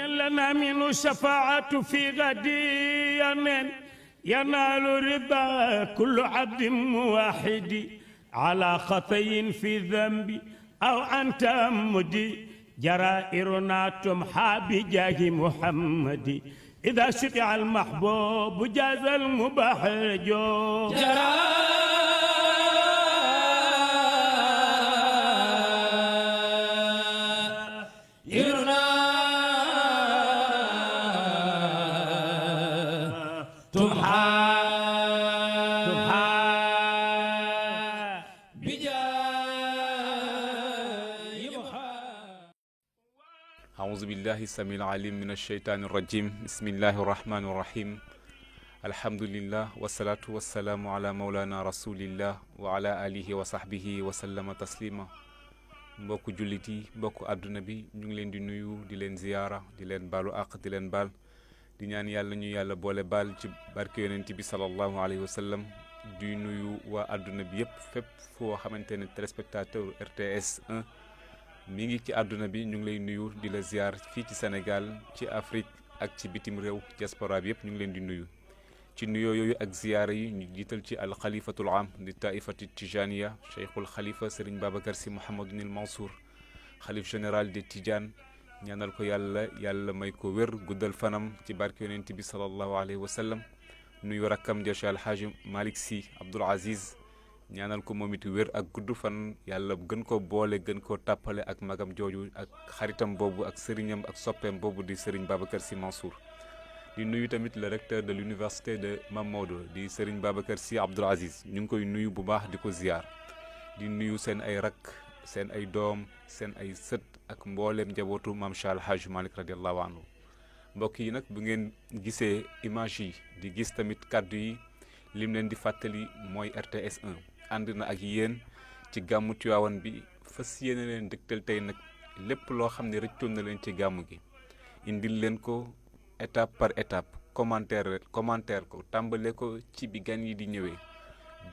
لنا من الشفاعة في غدي ينال ربا كل عبد واحد على خطي في ذنبي أو عن تأمدي جرائرنا تمحى بجاه محمد إذا شفع المحبوب جاز المباح جو جرائر بالله السميع العليم من الشيطان الرجيم بسم الله الرحمن الرحيم الحمد لله والصلاة والسلام على مولانا رسول الله وعلى آله وصحبه وسلم تسليما mbokku jullit yi mbokku àdduna bi ñu ngi leen di nuyu di leen ziyaara di leen baalu àq di leen baal di ñaan yàlla ñu yàlla boole baal ci barke yonent bi sallallahu alayhi wa sallam di nuyu waa àdduna bi yépp fépp foo xamante ne téléspectateur RTS 1 mi ngi ci àdduna bi ñu ngi lay nuyu di la ziar fii ci Sénégal ci Afrique ak ci bitim réew diaspora bi yëpp ñu ngi leen di nuyu ci nuyo yooyu ak ziyaara yi ñu jiital ci al alxalifatul am di taifati tijaniya cheikhul khalifa serigne Babacar si nil Mansour khalif général de Tidiane ñaanal ko yàlla yàlla may ko wér guddal fanam ci barke yonent bi sallallahu alayhi wa sallam nuyu rakam ja Cheikh Alxaaji Malick si Abdoul Aziz ñaanal ko moom it wér ak gudd fan yàlla gën ko boole gën koo tàppale ak magam jooju ak xaritam boobu ak sëriñam ak soppeem boobu di sëriñ Babacar Sy Mansour di nuyu tamit le recteur de l'université de Mamadou di sëriñ Babacar Sy Abdoul Aziz ñu ngi koy nuyu bu baax di ko ziar di nuyu seen ay rakk seen ay doom seen ay sët ak mbooleem njabootu maam Cheikh Al Hadj radiallahu mbokk yi nag bu ngeen gisee image yi di gis tamit kàddu yi lim leen di fàttali mooy RTS andina na ak yeen ci gamu bi fas yéene leen dëgtal tey nag lépp cegamugi. xam ne na len ci gamu gi indil len ko étape par étape commentaire commentaire ko tambale ko ci bi gan yi di ñewé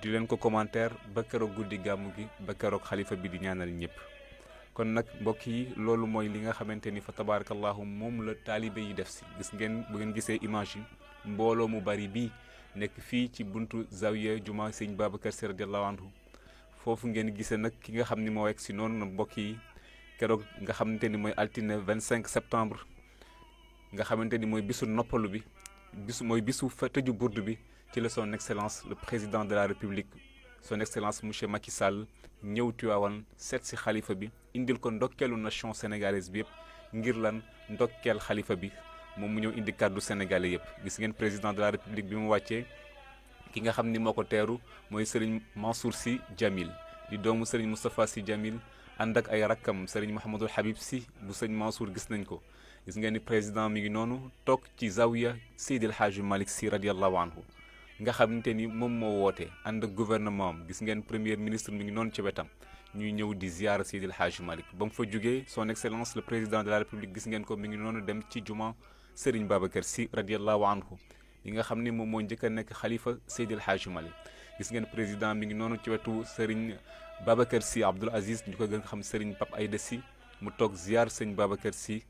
di len ko commentaire ba kéro guddi gamu gi ba kéro khalifa bi di ñaanal ñepp kon nak mbokk yi lolu moy li nga xamanteni fa tabarakallah moom la talibé yi def ci gis ngeen bu ngeen gisé image mbolo mu bari bi nekk fii ci buntu zawiya juma sëñ Babacar Sy radiyallahu anhu foofu ngeen gisee nag ki nga xam ni moo egg si noonu mbokk yi keroog nga xamante ni mooy altine 25 septembre nga xamante ni mooy bisu noppalu bi bisu mooy bisu fa tëju burdu bi ci la son excellence le président de la république son excellence monsieur Macky Sall ñëw Tiwaawan seet si xalifa bi indil ko ndokkeelu nation sénégalaise bi yëpp ngir lan ndokkeel xalifa bi moom mu ñëw indi kàddu sénégale yëpp gis ngeen président de la république bi mu wàccee ki nga xam ni moo ko teeru mooy sëriñ Mansour si Djamil di doomu sëriñ Moustapha si Djamil ànd ak ay rakkam sëriñ Mouhamadul Habib si bu sëñ Mansour gis nañ ko gis ngeen ni président mi ngi noonu toog ci zawiya Seydil Hadji Malick Sy radiallahu anhu nga xamante ni moom moo woote ànd ak gouvernement am gis ngeen premier ministre mi ngi noonu ci wetam ñuy ñëw di ziyaara Seydil Hadji Malick ba mu fa jógee son excellence le président de la république gis ngeen ko mi ngi noonu dem ci juma Serigne Babacar Sy radiallahu anhu yi nga xam ne moom moo njëkk a nekk xalifa Seydil Hadji Malick gis ngeen président mi ngi noonu ci wetu Serigne Babacar Sy Abdoul Aziz ñu ko gën xam Serigne Pape Aïda Sy mu toog ziar Serigne Babacar Sy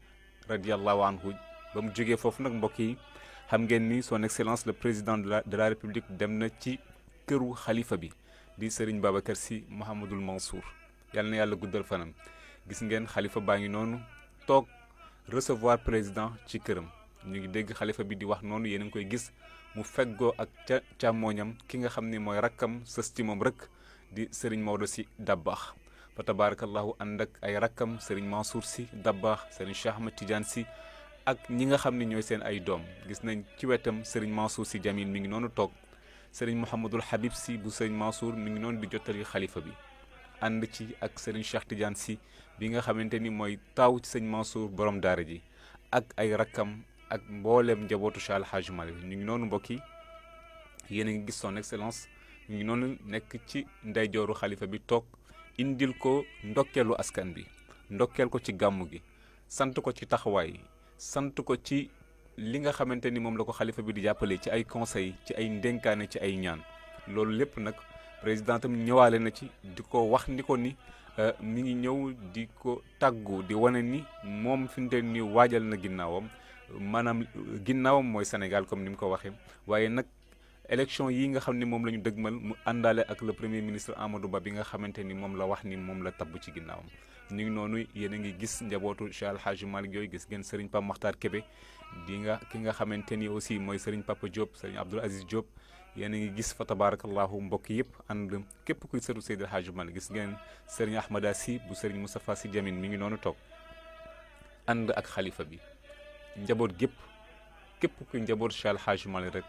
radiallahu anhu ba mu jógee foofu nag mbokk yi xam ngeen ni son excellence le président de la de république dem na ci këru xalifa bi di Serigne Babacar si Mouhamadul Mansour yal na yàlla guddal fanam gis ngeen xalifa baa ngi noonu recevoir président ci këram ñu ngi dégg xalifa bi di wax noonu yéen a ngi koy gis mu feggoo ak ca càmmooñam ki nga xam ni mooy rakkam sës ci moom rek di sëriñ Maodo si Dabbaax fa tabaarakallahu ànd ak ay rakkam sëriñ Mansour si Dabbaax sëriñ Cheikh Ahmad Tidiane si ak ñi nga xam ne ñooy seen ay doom gis nañ ci wetam sëriñ Mansour si Jamil mi ngi noonu toog sëriñ Mouhamadul Habib si bu sëriñ Mansour mi ngi noonu di jottali xalifa bi ànd ci ak sëriñ Cheikh Tidiane si bi nga xamante ni mooy taaw ci sëñ Mansour borom daara ji ak ay rakkam ak mbooleem njabootu Cheikh Al ñu ngi noonu mbokk yi yéen a ngi gis son excellence ñu ngi noonu nekk ci ndeyjooru xalifa bi toog indil ko ndokkeelu askan bi ndokkeel ko ci gàmm gi sant ko ci taxawaay sant ko ci li nga xamante ni moom la ko xalifa bi di jàppale ci ay conseil ci ay ndénkaane ci ay ñaan loolu lépp nag président tam ñëwale na ci di ko wax ni ko ni Eh, mi ngi ñëw di ko tàggu di wane ni moom fi mu ni waajal na ginnaawam maanaam eh, ginnaawam mooy Sénégal comme ni mu ko waxee waaye nag élection yi nga xam ne moom la ñu dëgmal mu àndaale ak le premier ministre Amadou Ba bi nga xamante ni moom la wax ni moom la tabb ci ginnaawam ni ngi noonu yéen a ngi gis njabootu Cheikh Al Hadj Malick yooyu gis ngeen Serigne Pape Makhtar Kébé di nga ki nga xamante ni aussi mooy Serigne Papa Diop Serigne Abdoul Aziz Diop. يعني جس فتبارك الله مبكيب عند كيف كويس رسيد الحاج مال جس جن سرني أحمد أسي بسرني مصطفى سي جامين مين نونو توك عند أك خليفة بي جبور جيب كيف كوي جبور شال حاج مال رك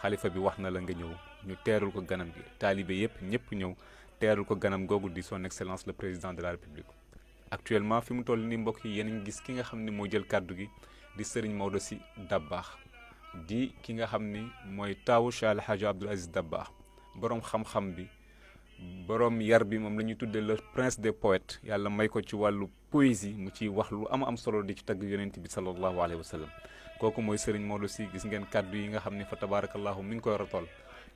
خليفة بي وحنا لنجنيو نتيرل كو جنام بي تالي يب نيب نيو تيرل كو جنام غوغو دي سون إكسلنس لبريزيدان دلار بيبليكو Actuellement, fi mu toll ni mbokk yi yeneen gis ki nga xam ne moo jël kàddu gi di Serigne Maodo si Dabbaax di ki nga xam ni mooy taawu Cheikh El Hadj Abdoul Aziz Dabakh boroom xam-xam bi boroom yar bi moom la ñuy tuddee le prince de powet yàlla may ko ci wàllu poésie mu ci wax lu am am solo di ci tagg yonent bi sallallahu alayhi wa sallam kooku mooy Serigne Modou Sy gis ngeen kàddu yi nga xam ne fa tabarakallahu mi ngi koy rotal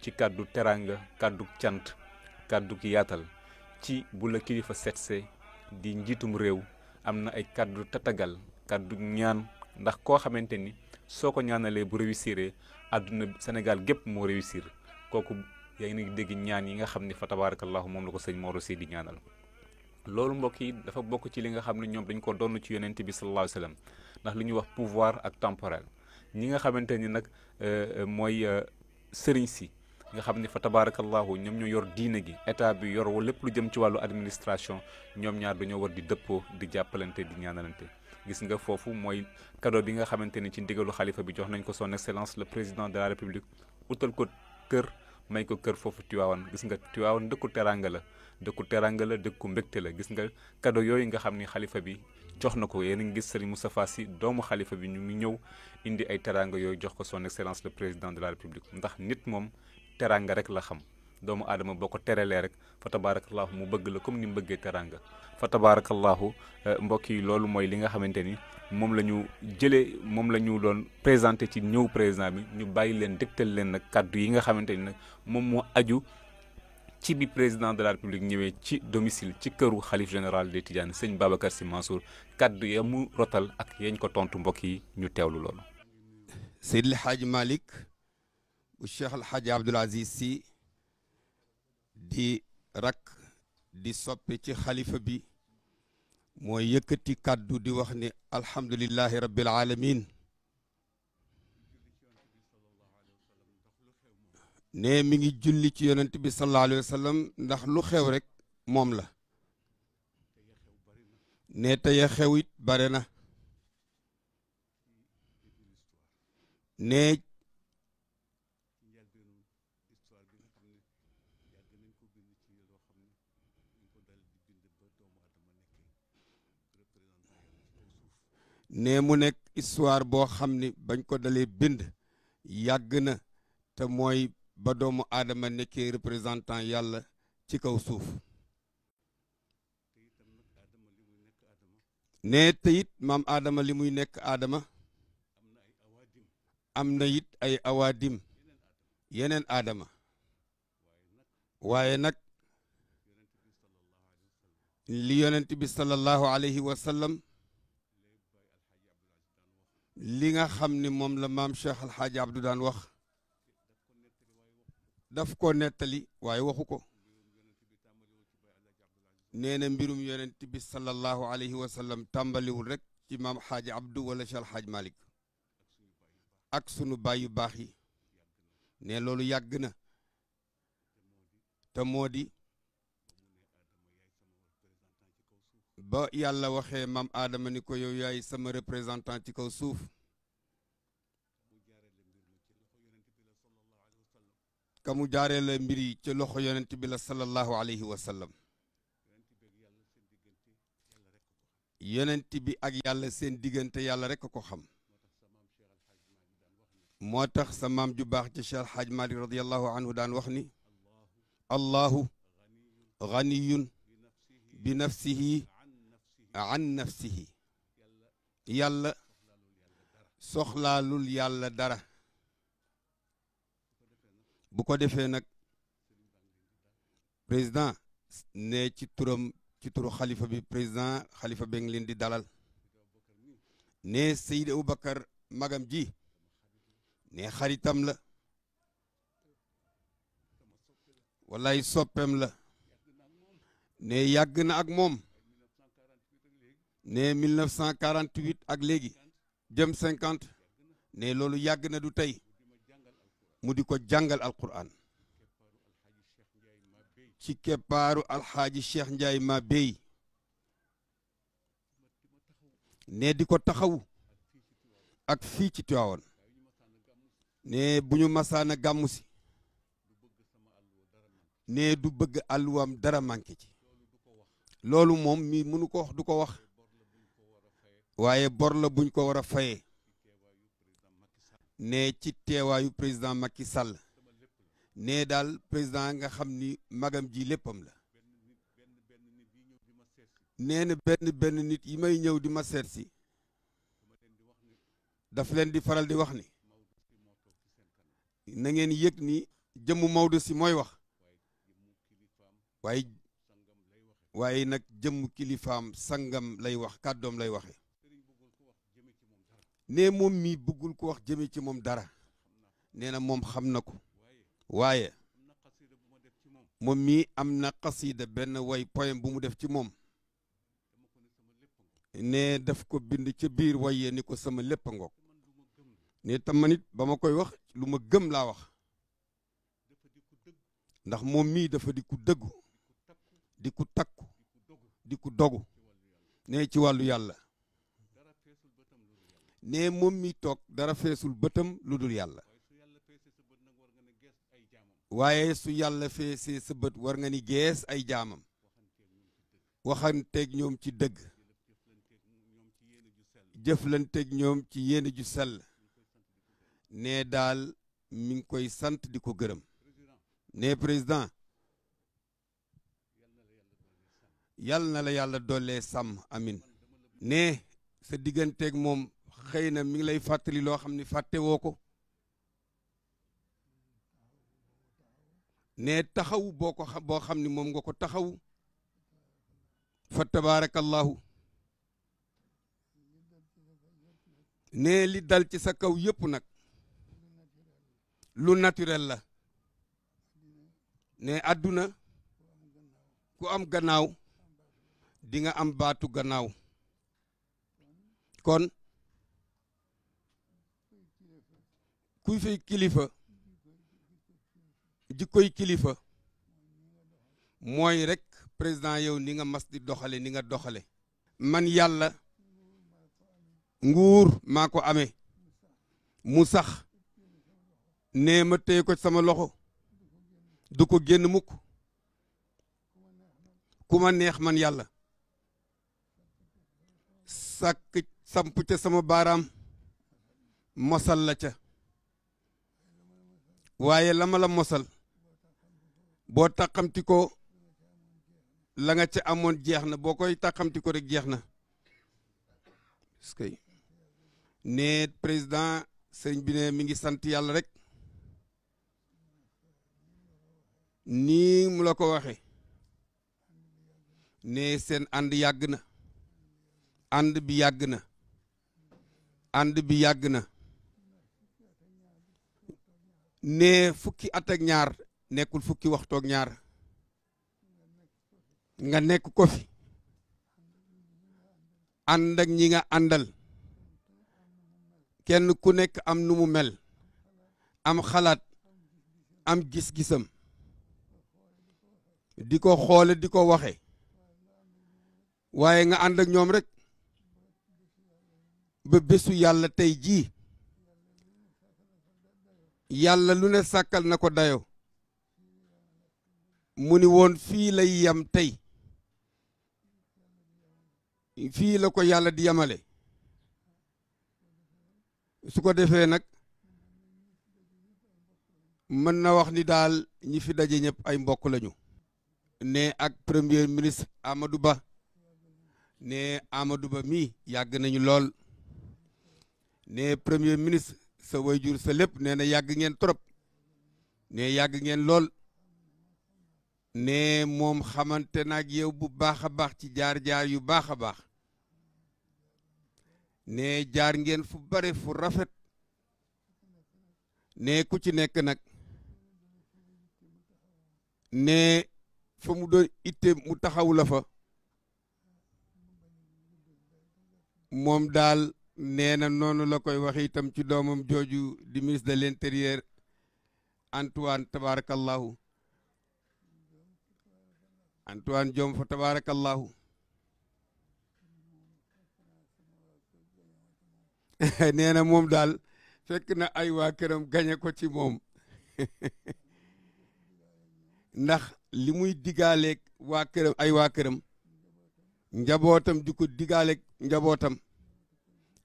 ci kàddu teraanga kàddu cant kàddu ki yaatal ci bu la kilifa setse di njiitum réew am na ay kàddu tatagal kàddu ñaan ndax koo xamante ni soo ko ñaanalee bu réussir àdduna Sénégal gépp moo réussir kooku yaa ngi dégg ñaan yi nga xam ne fa tabaarakallahu moom la ko sëñ Mor Sy di ñaanal loolu mbokk yi dafa bokk ci li nga xam ne ñoom dañu ko donn ci yonent bi sallallahu alayhi wasallam ndax li ñuy wax pouvoir ak temporel ñi nga xamante ni nag euh, euh, mooy euh, sëriñ si nga xam ne fa tabaarakallahu ñoom ñoo yor diine gi état bi yor lépp lu jëm ci wàllu administration ñoom ñaar dañoo war di dëppoo di jàppalante di ñaanalante gis nga foofu mooy kado bi nga xamante ni ci ndigalu xalifa bi jox nañ ko son excellence la président de la république utal ko kër may ko kër foofu Tiwaawan gis nga Tiwaawan dëkku teranga la dëkku teranga la dëkku mbégte la gis nga kado yooyu nga xam ni xalifa bi jox na ko yéen a ngi gis Serigne Moustapha Sy doomu xalifa bi ñu mu ñëw indi ay teranga yooyu jox ko son excellence le président de la république ndax nit moom teranga rek la xam doomu aadama boo ko teralee rek fa tabaarakallaahu mu bëgg la comme ni mu bëggee teraanga fa tabaarakallaahu euh, mbokk yi loolu mooy li nga xamante ni moom la ñu jëlee moom la ñu doon présenté ci ñëw président bi ñu bàyyi leen dégtal leen nag kàddu yi nga xamante ni nag moom moo aju ci bi président de la république ñëwee ci domicile ci këru xalif général des Tidianes sëñ Babacar Sy Mansour kàddu ya mu rotal ak yañ ko tontu mbokk yi ñu teewlu loolu di rak di soppi ci khalifa bi moy yëkkati kàddu di wax ni alhamdullilah rabbil alamin ne mi ngi julli ci yonent bi sallallahu alayhi wasallam ndax lu xew rek mom la ne tay xewit barena ne ne mu nekk histoire boo xam ni bañ ko dalee bind yàgg na te mooy ba doomu aadama nekkee représentant yàlla ci kaw suuf ne te it maam aadama li muy nekk aadama am na it ay awaadim yeneen aadama waaye nag li yonent bi sallallahu alayhi wa li nga xam ni moom la maam Cheikh El Hadj Abdou daan wax daf ko nettali waaye waxu ko nee na mbirum yonent bi sallallahu alayhi wa sallam tàmbaliwul rek ci maam Hadj Abdou wala Cheikh El Hadj Malick ak sunu baay yu baax yi ne loolu yàgg na te moo di ba yàlla waxe mam adama ni ko yow yaay sama représentant ci kaw souf kamu jare le la mbir ci loxo yonent bi la sallallahu alayhi wa sallam yonent bi ak yàlla sen digeunte yàlla rek ko xam motax sa mam ju bax ci Cheikh Alhaaj Malik radiyallahu anhu dan waxni allah allahu ganiyun bi nafsihi an nafsihi yàlla soxlaalul yàlla dara bu ko defee nag président ne ci turam ci turu xalifa bi président xalifa bi ngi leen di dalal ne Seydi Aboubacar magam ji ne xaritam la wallaay soppeem la ne yàgg na ak moom ne 1948 ak léegi jëm 50 ne loolu yàgg na du tey mu di ko jàngal alquran ci keppaaru alxaaji Cheikh Ndiaye ma béy ne di ko taxaw ak fii ci Tiwaawan ne bu ñu masaana gàmmu si ne du bëgg àlluwam dara manqué ci loolu moom mi mënu ko wax du ko wax waaye bor la buñ ko war a fayee ne ci teewaayu président Macky Sall ne daal président nga xam ni magam ji léppam la nee na benn benn nit yi may ñëw di ma seet si daf leen di faral di wax ni na ngeen yëg ni jëmmu Maodo si mooy wax waaye waaye nag jëmmu kilifaam sangam lay wax kàddoom lay waxe ne moom mii bëggul ko wax jëme ci moom dara nee na moom xam na ko waaye moom mii am na xasida benn way poème bu mu def ci moom ne daf ko bind ca biir waye ni ko sama lépp a ngoog ne tamanit ba ma koy wax lu ma gëm laa wax ndax moom mii dafa di ku dëggu di ku takku di ku dogu ne ci wàllu yàlla ne moom mi toog dara feesul bëtam lu dul yàlla waaye su yàlla feesee sa bët war nga ni gees ay jaamam waxanteeg ñoom ci dëgg jëflanteeg ñoom ci yéene ju sell ne daal mi ngi koy sant di ko gërëm ne président yàlla na la yàlla dollee sàmm amin ne sa digganteeg moom xëy na mi ngi lay fàttali loo xam ni fàtte woo ko ne taxawu boo boo xam ni moom nga ko taxaw fa tabaarakallahu ne li dal ci sa kaw yëpp nag lu naturel la ne àdduna ku am gannaaw dinga am baatu gannaaw kon kuy fay kilifa jikkoy kilifa mooy rek président yow ni nga mas di doxale ni nga doxale man yàlla nguur maa ko amee mu sax nee ma téye ko sama loxo du ko génn mukk kuma neex man yàlla sàkk samp ca sama baaraam mosal la ca waaye la ma la mosal boo taqamti la nga ca amoon jeex na boo koy taqamti rek jeex na ne président sëriñ bi ne mi ngi sant yàlla rek nii mu la ko waxe ne seen ànd yàgg na ànd bi yàgg na ànd bi yàgg na ne fukki at ñaar nekkul fukki waxtu ñaar nga nekk ko fi ñi nga àndal kenn ku nekk am nu mu mel am xalaat am gis-gisam di ko xoole di ko waxe waaye nga ànd ñoom rek ba bésu yàlla tey jii yàlla lu ne sàkkal na ko dayo mu ni woon fii lay yam tey fii la ko yàlla di yamale su ko defee nag mën na wax ni daal ñi fi daje ñëpp ay mbokk lañu ne ak premier ministre Amadou Ba ne Amadou mii yàgg nañu lool ne premier ministre sa wayjur sa lépp nee na yàgg ngeen trop ne yàgg ngeen lool ne moom xamante naag yow bu baax a baax ci jaar-jaar yu baax a baax ne jaar ngeen fu bare fu rafet ne ku ci nekk nag ne fa mu doon itte mu taxaw la fa moom daal nee na noonu la koy wax itam ci doomam jooju di ministre de l'intérieur Antoine tabarakallahu Antoine Diome fa tabarakallahu nee na moom daal fekk na ay waa këram gañe ko ci moom ndax li muy digaaleeg waa këram ay waa njabootam di ko digaaleeg njabootam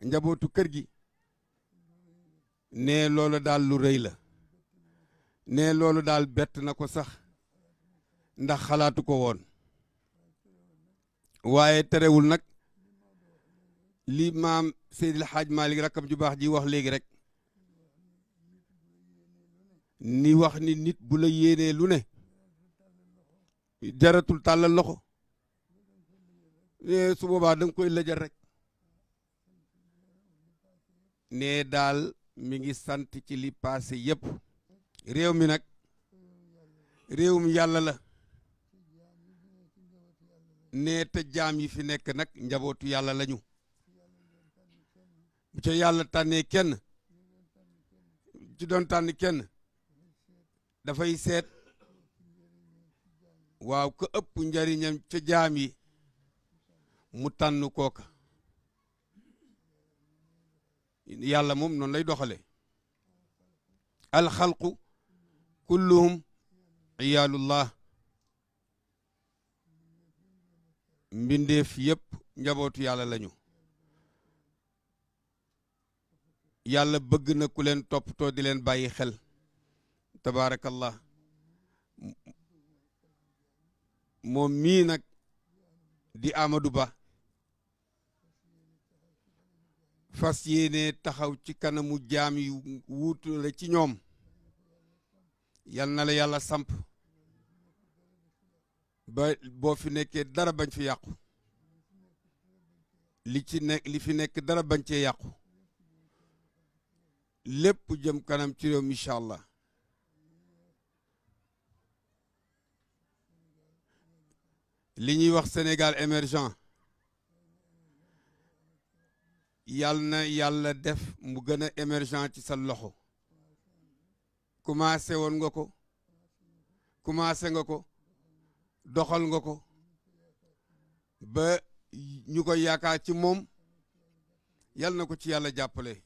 njabootu kër gi ne loolu daal lu rëy la ne loolu daal bett na ko sax ndax xalaatu ko woon waaye terewul nag li maam Seydil xaaj Malick rakkam ju baax ji wax léegi rek ni wax ni nit bula la lu ne jaratul tàllal loxo su boobaa da koy la jar rek ne daal mi ngi sant ci li passé yëpp réew mi nag réewum yàlla la ne te jaam yi fi nekk nag njabootu yàlla lañu bu ca yàlla tànnee kenn ci doon tànn kenn dafay seet waaw ko ëpp njariñam ca jaam yi mu tànn kooka yàlla moom noonu lay doxale alxalqu kulluhum iyaalullah mbindeef yépp njabootu yàlla lañu yàlla bëgg na ku leen toppatoo di leen bàyyi xel tabaarakallah moom mii nag di Amadou Ba fas yéene taxaw ci kanamu jaam yu wuutu la ci ñoom yal na la yàlla samp ba boo fi nekkee dara bañ fi yàqu li ci nekk li fi nekk dara bañ cee yàqu lépp jëm kanam ci réew mi incha allah li ñuy wax Sénégal émergent yal na yàlla def mu gën a émergent ci sa loxo commencé woon nga ko commencé nga ko doxal nga ko ba ñu ko yaakaar ci moom yal na ko ci yàlla jàppale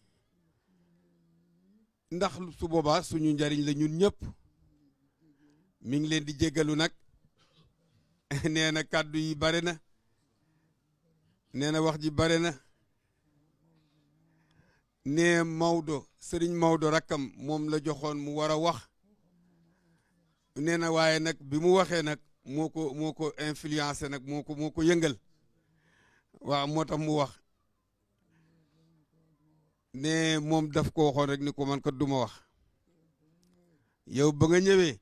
ndax su boobaa suñu njariñ la ñun ñëpp mi ngi leen di jéggalu nag nee na kàddu yi bare na nee na wax ji bare na ne Maodo Serigne Maodo rakkam moom la joxoon mu war a wax nee na waaye nag bi mu waxee nag moo ko moo ko influencé nag moo ko moo ko yëngal waaw moo mu wax ne moom daf ko waxoon rek ni ko man kat du ma wax yow ba nga ñëwee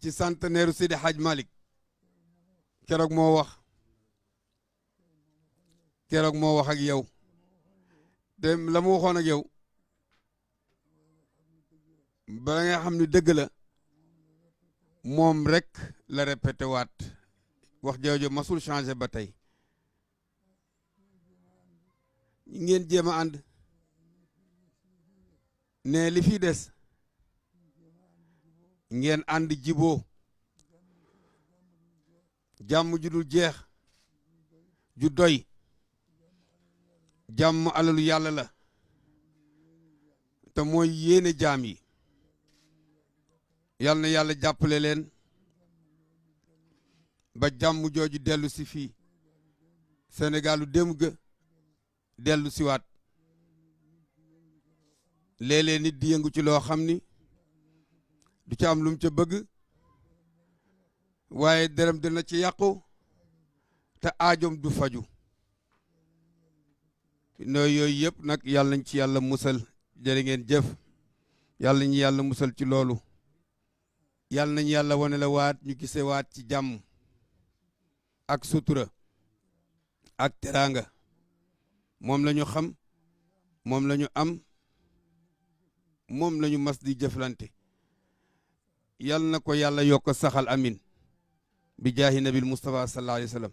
ci centenaire Sidi Hadj Malick keroog moo wax keroog moo wax ak yow. te la mu waxoon a yow bala nga xam ni dëgg la moom rek la répété waat wax jooju masul changé ba tey ngeen jéem a ànd ne li fi des ngeen ànd jiboo jàmm ju dul jeex ju doy jàmm alalu yàlla la te mooy yéene jaam yi yàlla na yàlla jàppale leen ba jàmm jooju dellu si fii Sénégalu dem ga dellu si waat léeg-léeg nit di yëngu ci loo xam ni du ci am lum ci bëgg waaye derem dina ci yàqu te aajoom du faju no yooyu yëpp nag yàlla nañ ci yàlla musal jërë ngeen jëf yàlla ñu yàlla musal ci loolu yàlla nañ yàlla wane la waat ñu gise waat ci jàmm ak sutura ak teraanga moom la ñu xam moom lañu am moom lañu mas di jëflante yàlla na ko yàlla yokk saxal amin bi jaahi nabil Mustafa sallallahu alayhi wa sallam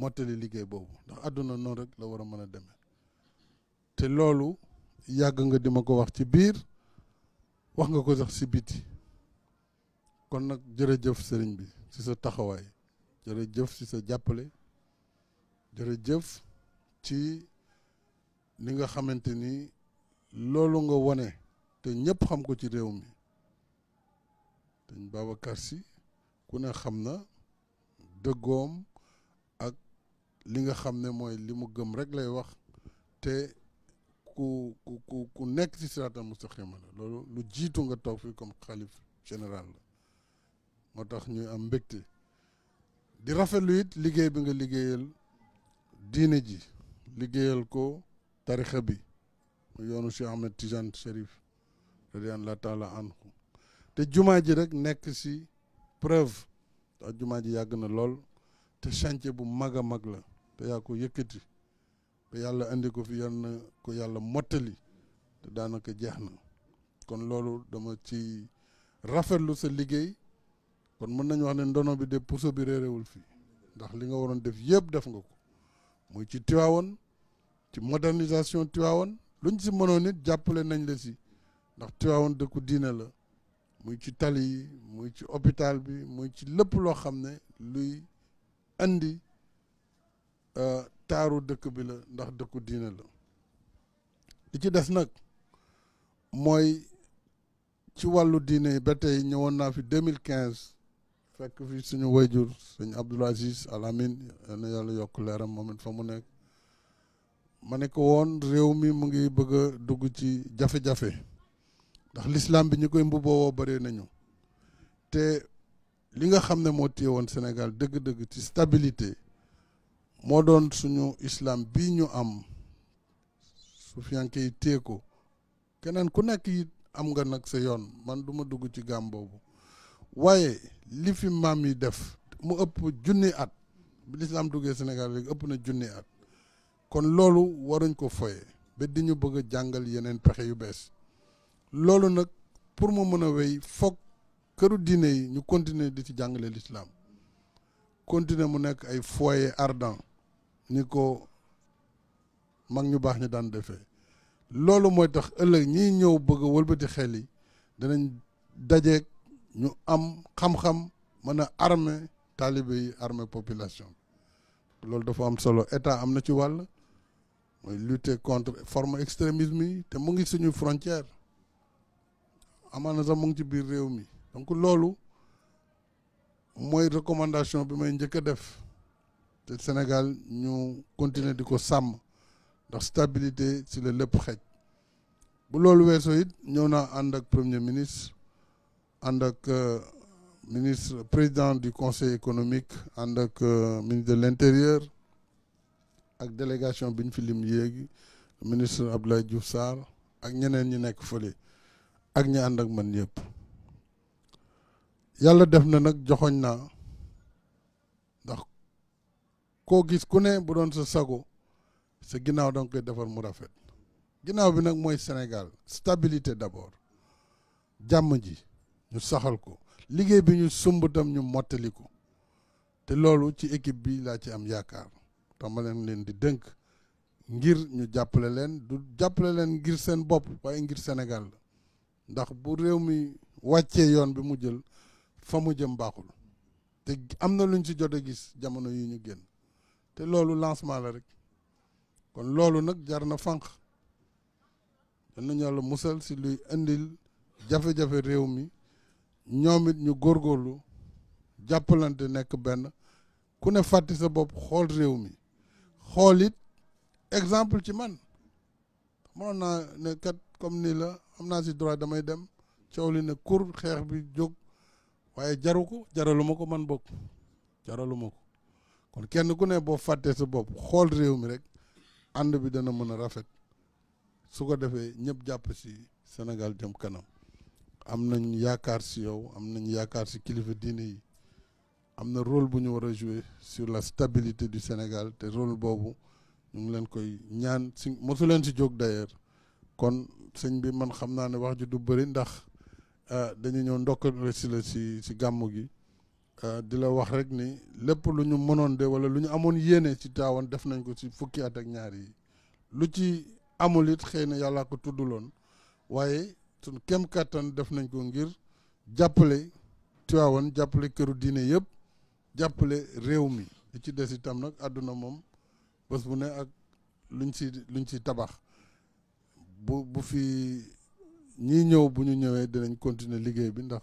mottali liggéey boobu ndax àdduna noonu rek la war a mën a demee te loolu yàgg nga di ma ko wax ci biir wax nga ko sax si biti kon nag jërëjëf sëriñ bi ci sa taxawaay jërëjëf si sa jàppale jërëjëf ci ni nga xamante ni loolu nga wone te ñëpp xam ko ci réew mi te Babacar Sy ku ne xam na dëggoom li nga xam ne mooy li mu gëm rek lay wax te ku ku ku ku nekk ci siraatal mustaqima la loolu lu jiitu nga toog fii comme xalif général la moo tax ñuy am mbégte di rafetlu it liggéey bi nga liggéeyal diine ji liggéeyal ko tarixa bi yoonu mu yoonu Cheikh Ahmed Tijane Cherif radiyallahu taala anhu te jumaa ji rek nekk ci preuve te jumaa ji yàgg na lool te chantier bu mag a mag la te yaa ko te yàlla indi ko fi yan na ko yàlla mottali te daanaka jeex na kon loolu dama ci rafetlu sa liggéey kon mën nañ wax ne ndono bi de puso bi réeréwul fii ndax li nga waroon def yëpp def nga ko muy ci Tivaouane ci modernisation Tivaouane luñ si mënoon it jàppale nañ la si ndax Tivaouane dëkku diine la muy ci tali muy ci hôpital bi muy ci lépp loo xam ne luy indi Euh, taaru dëkk bi la ndax dëkku diine la li ci des nag mooy ci wàllu diine ba tey ñëwoon naa fi 2015 fekk fi suñu wayjur sëñ Abdoul Aziz Al Amine na yàlla yokk leeram moom it fa mu nekk ma ne ko woon réew mi mu ngi bëgg dugg ci jafe-jafe ndax lislaam bi ñu koy mbubboo woo bëree nañu te li nga xam ne moo téye woon Sénégal dëgg-dëgg ci stabilité moo doon suñu islaam bi ñu am sufiyanke yi téye ko keneen ku nekk yi am nga nag sa yoon man du ma dugg ci gàm boobu waaye li fi maam yi def mu ëpp junni at bi lislaam duggee Sénégal léegi ëpp na junni at kon loolu waruñ ko foye ba di ñu bëgg a jàngal yeneen pexe yu bees loolu nag pour mu mën a wéy foog këru diine yi ñu continuer di ci jàngale lislaam continuer mu nekk ay foyer ardent ni ko mag ñu baax ñu daan defee loolu mooy tax ëllëg ñiy ñëw bëgg a wëlbati xel yi danañ dajeeg ñu am xam-xam mën a armer taalibe yi armer population loolu dafa am solo état am na ci wàll mooy lutter contre forme extrémisme yi te mu ngi suñu frontière amaana sax mu ngi ci biir réew mi donk loolu mooy recommandation bi may njëkk a def Le Sénégal nous continuer de ko la stabilité sur le lépp xej bu loolu weesoo nous avons un premier ministre un euh, ministre président du conseil économique un euh, ministre de l'intérieur une délégation de ñu fi lim ministre Abdoulaye Diouf Sarr ak ñeneen ñi nekk fële ak ñi ànd ak man yëpp yàlla def koo gis ku ne bu doon sa sago sa ginnaaw da nga koy defar mu rafet ginnaaw bi nag mooy Sénégal stabilité d'abord jàmm ji ñu saxal ko liggéey bi ñu sumb ñu mottali ko te loolu ci équipe bi laa ci am yaakaar tama leen leen di dënk ngir ñu jàppale leen du jàppale leen ngir seen bopp waaye ngir Sénégal la ndax bu réew mi wàccee yoon bi mu jël fa mu jëm baaxul te am na luñ ci jot a gis jamono yi ñu génn te loolu lancement la rek kon loolu nag jar na fànq dan nañu yàlla musal si luy indil jafe-jafe réew mi ñoom it ñu góorlu jàppalante nekk benn ku ne fàtti sa bopp xool réew mi xool it exemple ci man mënoon naa ne kat comme nii la am naa si droit damay dem coow li ne kur xeex bi jóg waaye jaru ko jaraluma ko man bokk jaraluma ko kon kenn ku ne boo fàttee sa bopp xool réew mi rek ànd bi dana mën a rafet su ko defee ñëpp jàpp si Sénégal jëm kanam am nañ yaakaar si yow am nañ yaakaar si kilifa diine yi am na rôle bu ñu war a jouer sur la stabilité du Sénégal te rôle boobu ñu leen koy ñaan si mosu leen si jóg d'ailleurs kon sëñ bi man xam naa ne wax ji du bëri ndax euh, dañu ñëw ndokk si la si si gàmmu gi di la wax rek ni lépp lu ñu mënoon de wala lu ñu amoon yéene ci Tiwaawan def nañ ko ci fukki at ak ñaar yi lu ci amul it xëy na yàllaa ko loon waaye suñ kem kàttan def nañ ko ngir jàppale Tiwaawan jàppale këru diine yëpp jàppale réew mi li ci des itam nag àdduna moom bés bu ne ak luñ si luñ si tabax bu bu fi ñii ñëw bu ñu ñëwee dinañ continuer liggéey bi ndax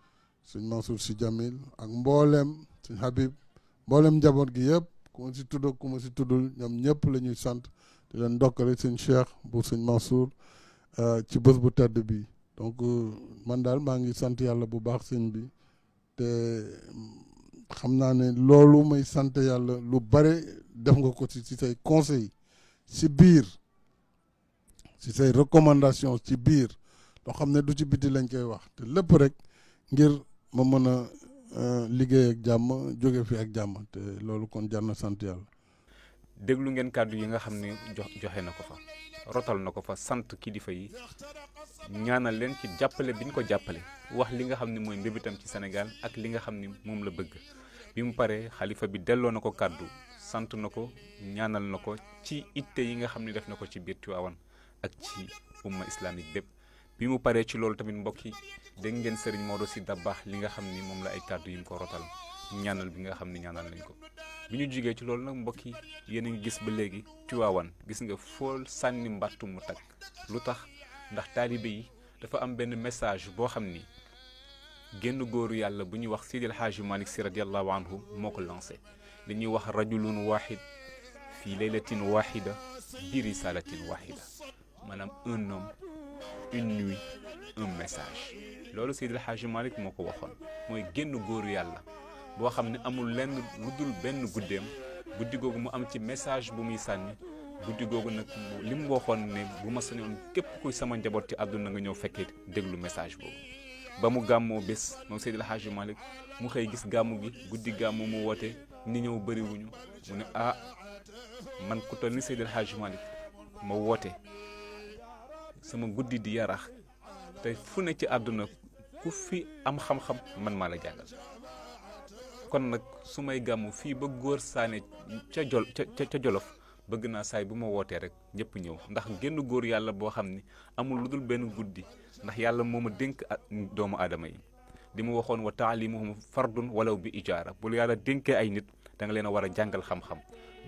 suñ Mansour si Jamil ak mbooleem si Habib mbooleem njaboot gi yëpp ku ma si tudd ku si tuddul ñoom ñëpp la ñuy sant di leen ndokkale suñ Cheikh bu suñ Mansour euh, ci bés bu tedd bi donc euh, man daal maa ngi sant yàlla bu baax sëñ bi te mm, xam naa ne loolu may sant yàlla lu bare def nga ko ci say conseil si biir si say recommandation ci biir loo xam ne du ci biti lañ koy wax te lépp rek ngir ma mën a euh, liggéey ak jàmm jóge fii ak jàmm te loolu kon jar na sant yàlla. déglu ngeen kàddu yi nga xam ni jox joxe na ko fa rotal na ko fa sant kilifa yi ñaanal leen ci jàppale bi ñu ko jàppale wax li nga xam ne mooy mbébétam ci Sénégal ak li nga xam ni moom la bëgg bi mu paree xalifa bi delloo na ko kàddu sant na ko ñaanal na ko ci itte yi nga xam ne def na ko ci biir Tiwaawan ak ci umma islamique bépp bi mu paree ci loolu tamit mbokk yi dégg ngeen sëriñ Modou Sy Dabakh li nga xam ni moom la ay kàddu yi mu ko rotal ñaanal bi nga xam ni ñaanal nañ ko bi ñu jugee ci loolu nag mbokk yi yéen a ngi gis ba léegi Tiwaawan gis nga foo sànni mbàttu mu tag lu tax ndax taalibe yi dafa am benn message boo xam ni génn góoru yàlla bu ñuy wax Seydi El Hadji Malick Sy radiyallahu moo ko lancé ñuy wax rajulun wahid fii laylatin wahida bi risalatin wahida maanaam un homme une nuit un message loolu Seydil Hadji Malick moo ko waxoon mooy génn góoru yàlla boo xam ne amul lenn lu dul benn guddeem guddi googu mu am ci message bu muy sànni guddi googu nag li mu waxoon ne bu ma sañoon képp kuy sama njaboot ci àdduna nga ñëw fekkee déglu message boobu ba mu gàmmoo bés moom Seydil Hadji Malick mu xëy gis gàmmu gi guddi gàmmu mu woote ni ñëw bëriwuñu mu ne ah man ku toll ni Seydil Hadji Malick ma woote sama guddi di yarax te fu ne ci àdduna ku fi am xam-xam man maa la jàngal kon nag su may gàmmu fii ba góor saane ca jol ca ca jolof bëgg naa saay bu ma wootee rek ñëpp ñëw ndax génn góor yàlla boo xam ni amul lu dul benn guddi ndax yàlla moo ma dénk doomu aadama yi li mu waxoon wa taalimuhum fardun walaw bi ijaara bul yàlla dénkee ay nit danga leen a war a jàngal xam-xam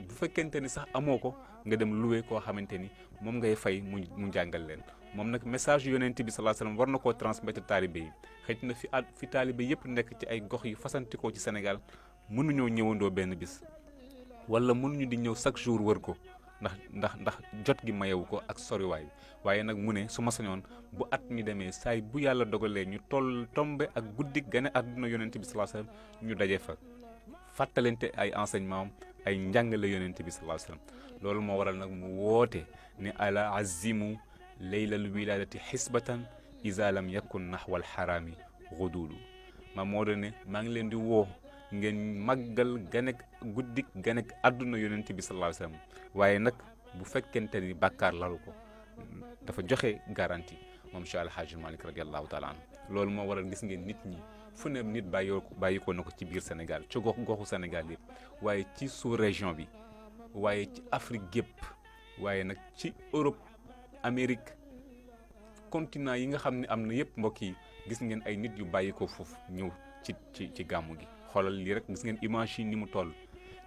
bu fekkente ni sax amoo ko nga dem loué koo xamante ni moom ngay fay mu mu jàngal leen moom nag message yonent bi sallallahu alayhi war na koo transmettre taalibe yi xëy na fi at fi taalibe yëpp nekk ci ay gox yu fasantikoo ci Sénégal mënuñoo ñëwandoo benn bis wala mënuñu di ñëw chaque jour wër ko ndax ndax ndax jot gi mayewu ko ak soriwaay waaye nag mu ne su ma sañoon bu at mi demee saay bu yàlla dogalee ñu toll tombe ak guddi gane àdduna yonent bi sallallahu ñu daje fa fàttalente ay enseignement ay njàngale yonent bi sallallahu alayhi wasallam loolu mo waral nak mu wote ni ala azimu laylal wiladati hisbatan iza lam yakun naxwal xaraami xudulu ma moo ne maa ngi leen di woo ngeen màggal ganek guddik ganek àdduna yonent bi sallallahu alayhi wasallam waaye nag bu fekkente ni bàkkaar lalu ko dafa joxe garantie moom Cheikh Alhaji Malick radiallahu taala anhu loolu waral gis ngeen nit ñi fu ne nit bàyyoo bàyyi ko na ko ci biir Sénégal ci gox goxu Sénégal yëpp waaye ci sous région bi waaye ci Afrique gépp waaye nag ci Europe Amérique continent yi nga xam ne am na yëpp mbokk yi gis ngeen ay nit yu bàyyi ko foofu ñëw ci ci ci gàmmu gi xoolal lii rek gis ngeen image yi ni mu toll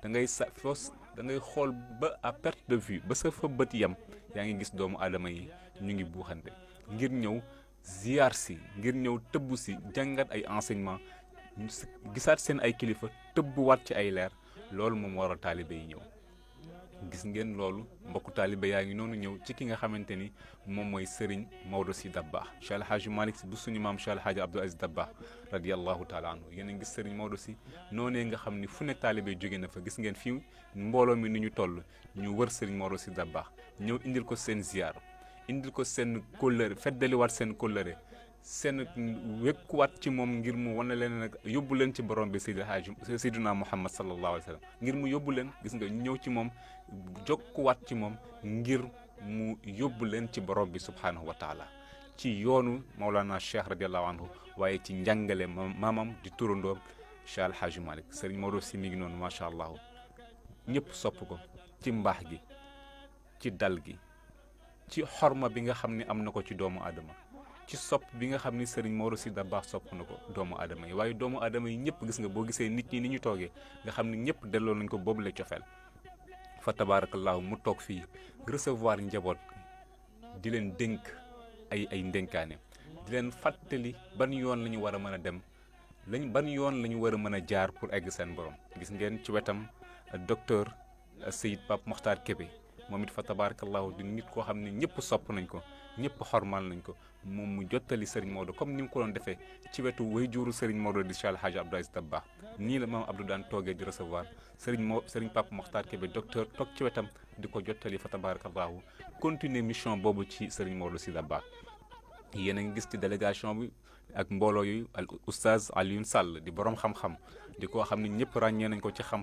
da ngay sa foos da ngay xool ba à perte de vue ba sa fa bët yam yaa ngi gis doomu aadama yi ñu ngi buuxante ngir ñëw. ziar si ngir ñëw tëbb si jàngat ay enseignement gisaat seen ay kilifa tëbbuwaat ci ay leer loolu moom waral taalibe yi ñëw gis ngeen loolu mbokku taalibe yaa ngi noonu ñëw ci ki nga xamante ni moom mooy sëriñ Maodo si Dabakh Cheikh Alhaaji Malick si bu suñu maam Cheikh Alhaaji Abdou Aziz Dabakh radiallahu taal anhu yéen a gis sëriñ Maodo si noonee nga xam ni fu ne taalibe jóge na fa gis ngeen fii mbooloo mi nu ñu toll ñu wër sëriñ Maodo si Dabakh ñëw indil ko seen ziar indil ko seen kóllëre feddaliwaat seen kóllëre seen wekkuwaat ci moom ngir mu wone leen nag yóbbu leen ci borom bi Seydi Haaj Seydina Muhammad sallallahu alayhi wa sallam ngir mu yóbbu leen gis nga ñëw ci moom jokkuwaat ci moom ngir mu yóbbu leen ci borom bi subhaanahu wa taala ci yoonu Maulana Cheikh radiallahu anhu waaye ci njàngale maamam di turandoom Cheikh Al Hadj Malick Serigne Maodo si mi ngi noonu macha allah ñépp sopp ko ci mbaax gi ci dal gi. ci xorma bi nga xam ni am na ko ci doomu aadama ci sopp bi nga xam ni sëriñ Mor Sida Bax sopp na ko doomu aadama yi waaye doomu aadama yi ñëpp gis nga boo gisee nit ñi ni ñu toogee nga xam ni ñëpp delloo nañ ko boobu la cofeel fa tabaarakallaahu mu toog fii recevoir njaboot di leen dénk ay ay ndénkaane di leen fàttali ban yoon la ñu war a mën a dem lañ ban yoon la ñu war a mën a jaar pour egg seen borom gis ngeen ci wetam docteur Seyid Pape Mokhtar Kébé moom it fa tabarakallahu di nit koo xam ne ñëpp sopp nañ ko ñëpp xormal nañ ko moom mu jottali Serigne Maodo comme ni mu ko doon defee ci wetu way juuru Serigne Maodo di Cheikh El Hadj Abdou Aziz Dabakh nii la maam Abdou daan toogee di recevoir Serigne Mo Serigne Pape Mokhtar Kébé docteur toog ci wetam di ko jottali fa tabarakallahu continuer mission boobu ci Serigne Maodo si Dabakh yéen a ngi gis ci délégation bi ak mbooloo yu al oustaz Alioune Sall di boroom xam-xam di ko xam ne ñëpp ràññee nañ ko ci xam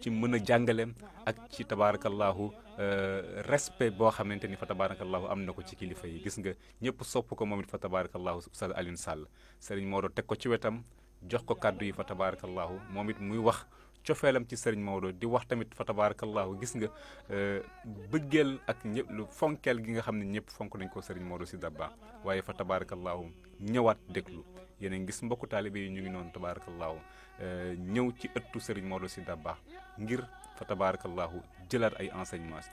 ci mën a jàngaleem ak ci tabaarakallaahu euh, respet boo xamante ni fa tabaarakallaahu am na ko ci kilifa yi gis nga ñëpp sopp ko moom it fa tabaarakallaahu Oustaz Alioune Sall Serigne Maodo teg ko ci wetam jox ko kàddu yi fa tabaarakallaahu moom it muy wax cofeelam ci Serigne Maodo di wax tamit fa tabaarakallaahu gis nga euh, bëggeel ak ñëpp lu fonkeel gi nga xam ne ñëpp fonk nañ ko Serigne moodo si dabba waaye fa tabaarakallaahu ñëwaat déglu yéen a ngi gis mbokku taalibe yi ñu ngi noonu Euh, ñëw ci ëttu Serigne Modou Sy Dabakh ngir fa tabaarakallaahu jëlaat ay enseignements.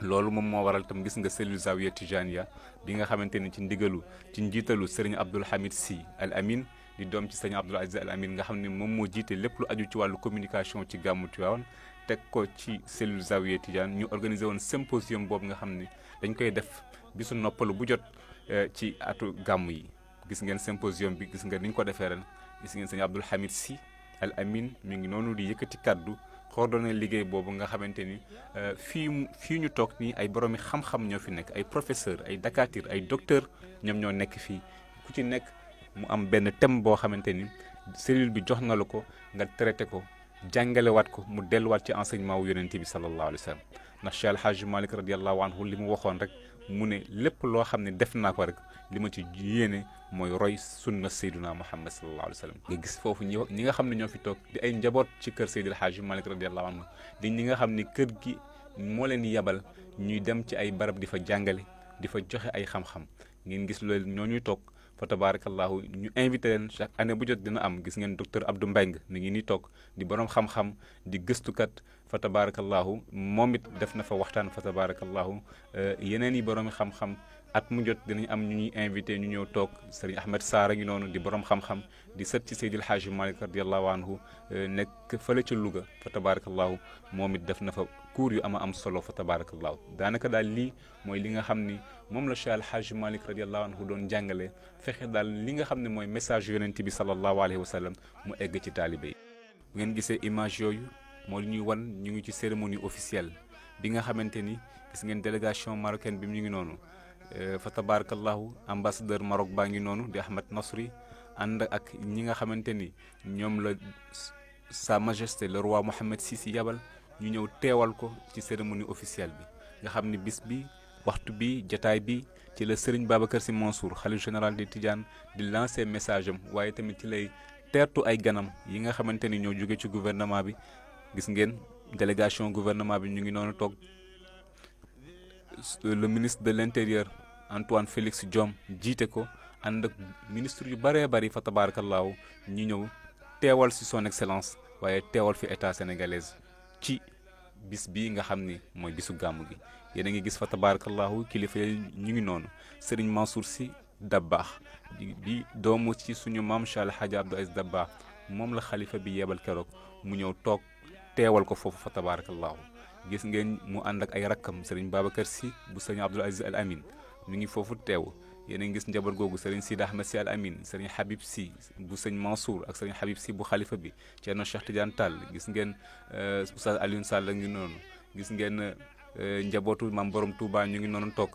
loolu moom moo waral tam gis nga cellule Zawiya Tijaniya bi nga xamante ni ci ndigalu ci njiitalu Serigne Abdoul Hamid Sy Al Amin di doom ci Serigne Abdoul Aziz Al Amin nga xam ni moom moo jiite lépp lu aju ci wàllu communication ci gàmmu Tiwaawan teg ko ci cellule Zawiya Tidiane ñu organisé woon symposium boobu nga xam ne dañ koy def bisu noppalu bu jot euh, ci atu gàmm yi gis ngeen symposium bi gis nga ni ko defee ren gis ngeen Serigne Abdoul Hamid Sy al amin mi ngi noonu di yëkkati kàddu coordonné liggéey boobu nga xamante ni euh, fii fii ñu toog nii ay boromi xam-xam ñoo fi nekk ay professeur ay dakatir ay docteur ñoom ñoo nekk fii ku ci nekk mu am benn thème boo xamante ni cellule bi jox na la ko nga traité ko jàngalewaat ko mu delluwaat ci enseignement wu yonente bi sallallahu alayhi wa sallam ndax Cheikh Alhaji Malick li mu waxoon rek mu ne lépp loo xam ne def naa ko rek li ma ci yéene mooy roy sunna sayduna muhammad sallallahu alayhi wa sallam nga gis foofu ñi ñi nga xam ne ñoo fi toog di ay njaboot ci kër Seydil Haaji Malick radiyallahu anhu di ñi nga xam ni kër gi moo leen yabal ñuy dem ci ay barab di fa jàngale di fa joxe ay xam-xam ngeen gis loolu ñoo ñuy toog fa tabarakallahu ñu invité len chaque année bu jot dina am gis ngeen docteur Abdou mbeng mi ngi ni tok di borom xam-xam di gëstukat fa tabarakallahu moom def na fa waxtan fa tabarakallahu yeneen yi borom xam-xam at mu jot dinañ am ñu ñuy invité ñu ñëw tok serigne Ahmed sara ngi nonu di borom xam-xam di sët ci Seydil haj malik radiyallahu anhu nek fële ci luga fa tabarakallahu def na fa cour yu ama am solo fa danaka daanaka daal lii li nga xamni mom la cheikh alxaaji malik radiyallahu anhu don jàngale fexe dal li nga xamné moy message yonnati bi sallallahu alayhi wa sallam mu egg ci talibé yi bu ngeen gisee image yoyu mo li ñuy wan ñu ngi ci cérémonie officielle bi nga xamante ni gis ngeen délégation marocaine bi mu ngi noonu fa tabarakallah ambassadeur Maroc ba ngi nonu di Ahmed Nasri ànd ak ñi nga xamante ni la sa majesté le roi Mohammed Sisi yabal ñu ñëw téwal ko ci cérémonie officielle bi nga xamni bis bi waxtu bi jotaay bi ci la serigne Babacar Sy Mansour xalif général di Tidiane di lancer message am waaye tamit ci lay tertu ay ganam yi nga xamanteni ñoo jóge ci gouvernement bi gis ngeen délégation gouvernement bi ñu ngi nonu tok le ministre de l'intérieur Antoine Félix diom jité ko ànd ak ministre yu bare bëri fa tabarakallah ñi ñew téwal ci son excellence waye téwal fi état sénégalaise ci bis bi nga xamni moy bisu gamu gi yéen ngi gis fa tabarakallahu kilifa yi ñu ngi noonu Serigne Mansour Sy Dabakh di doomu ci suñu mam Cheikh El Abdou Aziz Dabakh mom la khalifa bi yebal keroog mu ñëw tok teewal ko fofu fa tabarakallahu gis ngeen mu ànd ak ay rakam Serigne babakar si bu Serigne abdou Aziz Al Amin ñu ngi fofu teew yéen ngi gis njabar gogu Serigne Sidi Ahmed si Al Amin Serigne Habib si bu Serigne Mansour ak Serigne Habib si bu khalifa bi no Cheikh Tidiane Tall gis ngeen oustad aliou Sall ngi noonu gis ngeen. Euh, njabootu maam borom Touba ñu ngi noonu toog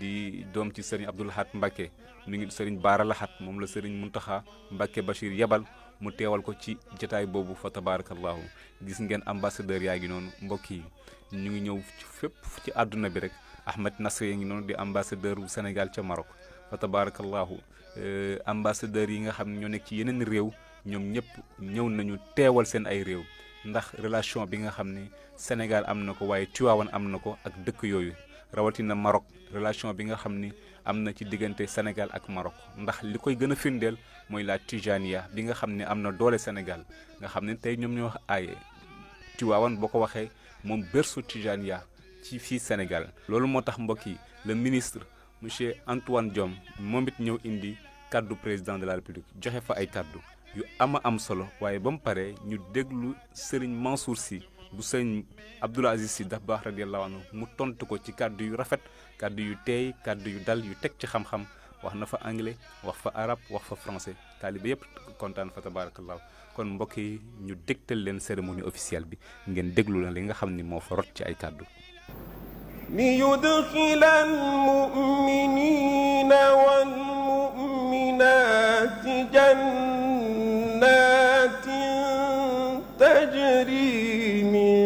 di doom ci sëriñ Abdou Lahad Mbacke mi ngi sëriñ Baara Lahad moom la sëriñ Mountakha Mbacke Bachir yebal mu teewal ko ci jataay boobu fa tabarakallahu gis ngeen ambassadeur yaa ngi noonu mbokk yi ñu ngi ñëw fépp ci àdduna bi rek Ahmed Nasr yaa ngi noonu di ambassadeur wu Sénégal ca Maroc fa tabarakallahu euh, ambassadeur yi nga xam ne ñoo nekk ci yeneen réew ñoom ñëpp ñëw nañu teewal seen ay réew ndax relation bi nga xam le Sénégal am na ko waaye am na ko ak dëkk yooyu rawatina Maroc relation bi nga ni Sénégal ak Maroc ndax li koy gën a la tijania bi nga am Sénégal nga xam ne tey ñoo wax Sénégal. loolu moo le ministre monsieur Antoine Diom moom it indi kaddu président de la République joxe fa yu ama am solo waaye ba mu paree ñu déglu sëriñ Mansour si bu sëriñ Abdoul Aziz si daf baax radiyallahu anhu mu tontu ko ci kàddu yu rafet kàddu yu teey kàddu yu dal yu teg ci xam-xam wax na fa anglais wax fa arab wax fa français taalibe yépp kontaan fa tabarakallahu kon mbokk yi ñu dégtal leen cérémonie officielle bi ngeen déglu la li nga xam ni moo fa rot ci ay kàddu ليدخل المؤمنين والمؤمنات جنات تجري من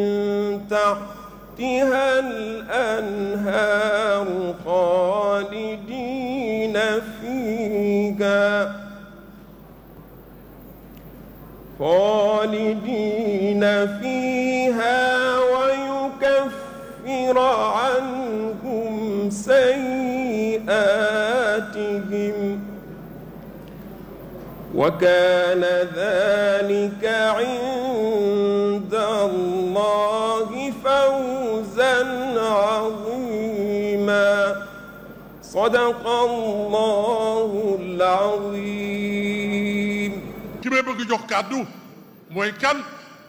تحتها الأنهار خالدين فيها خالدين فيها ويكفر عنها وكان ذلك عند الله فوزا عظيما صدق الله العظيم كيف بيبغي جوخ كادو موي كان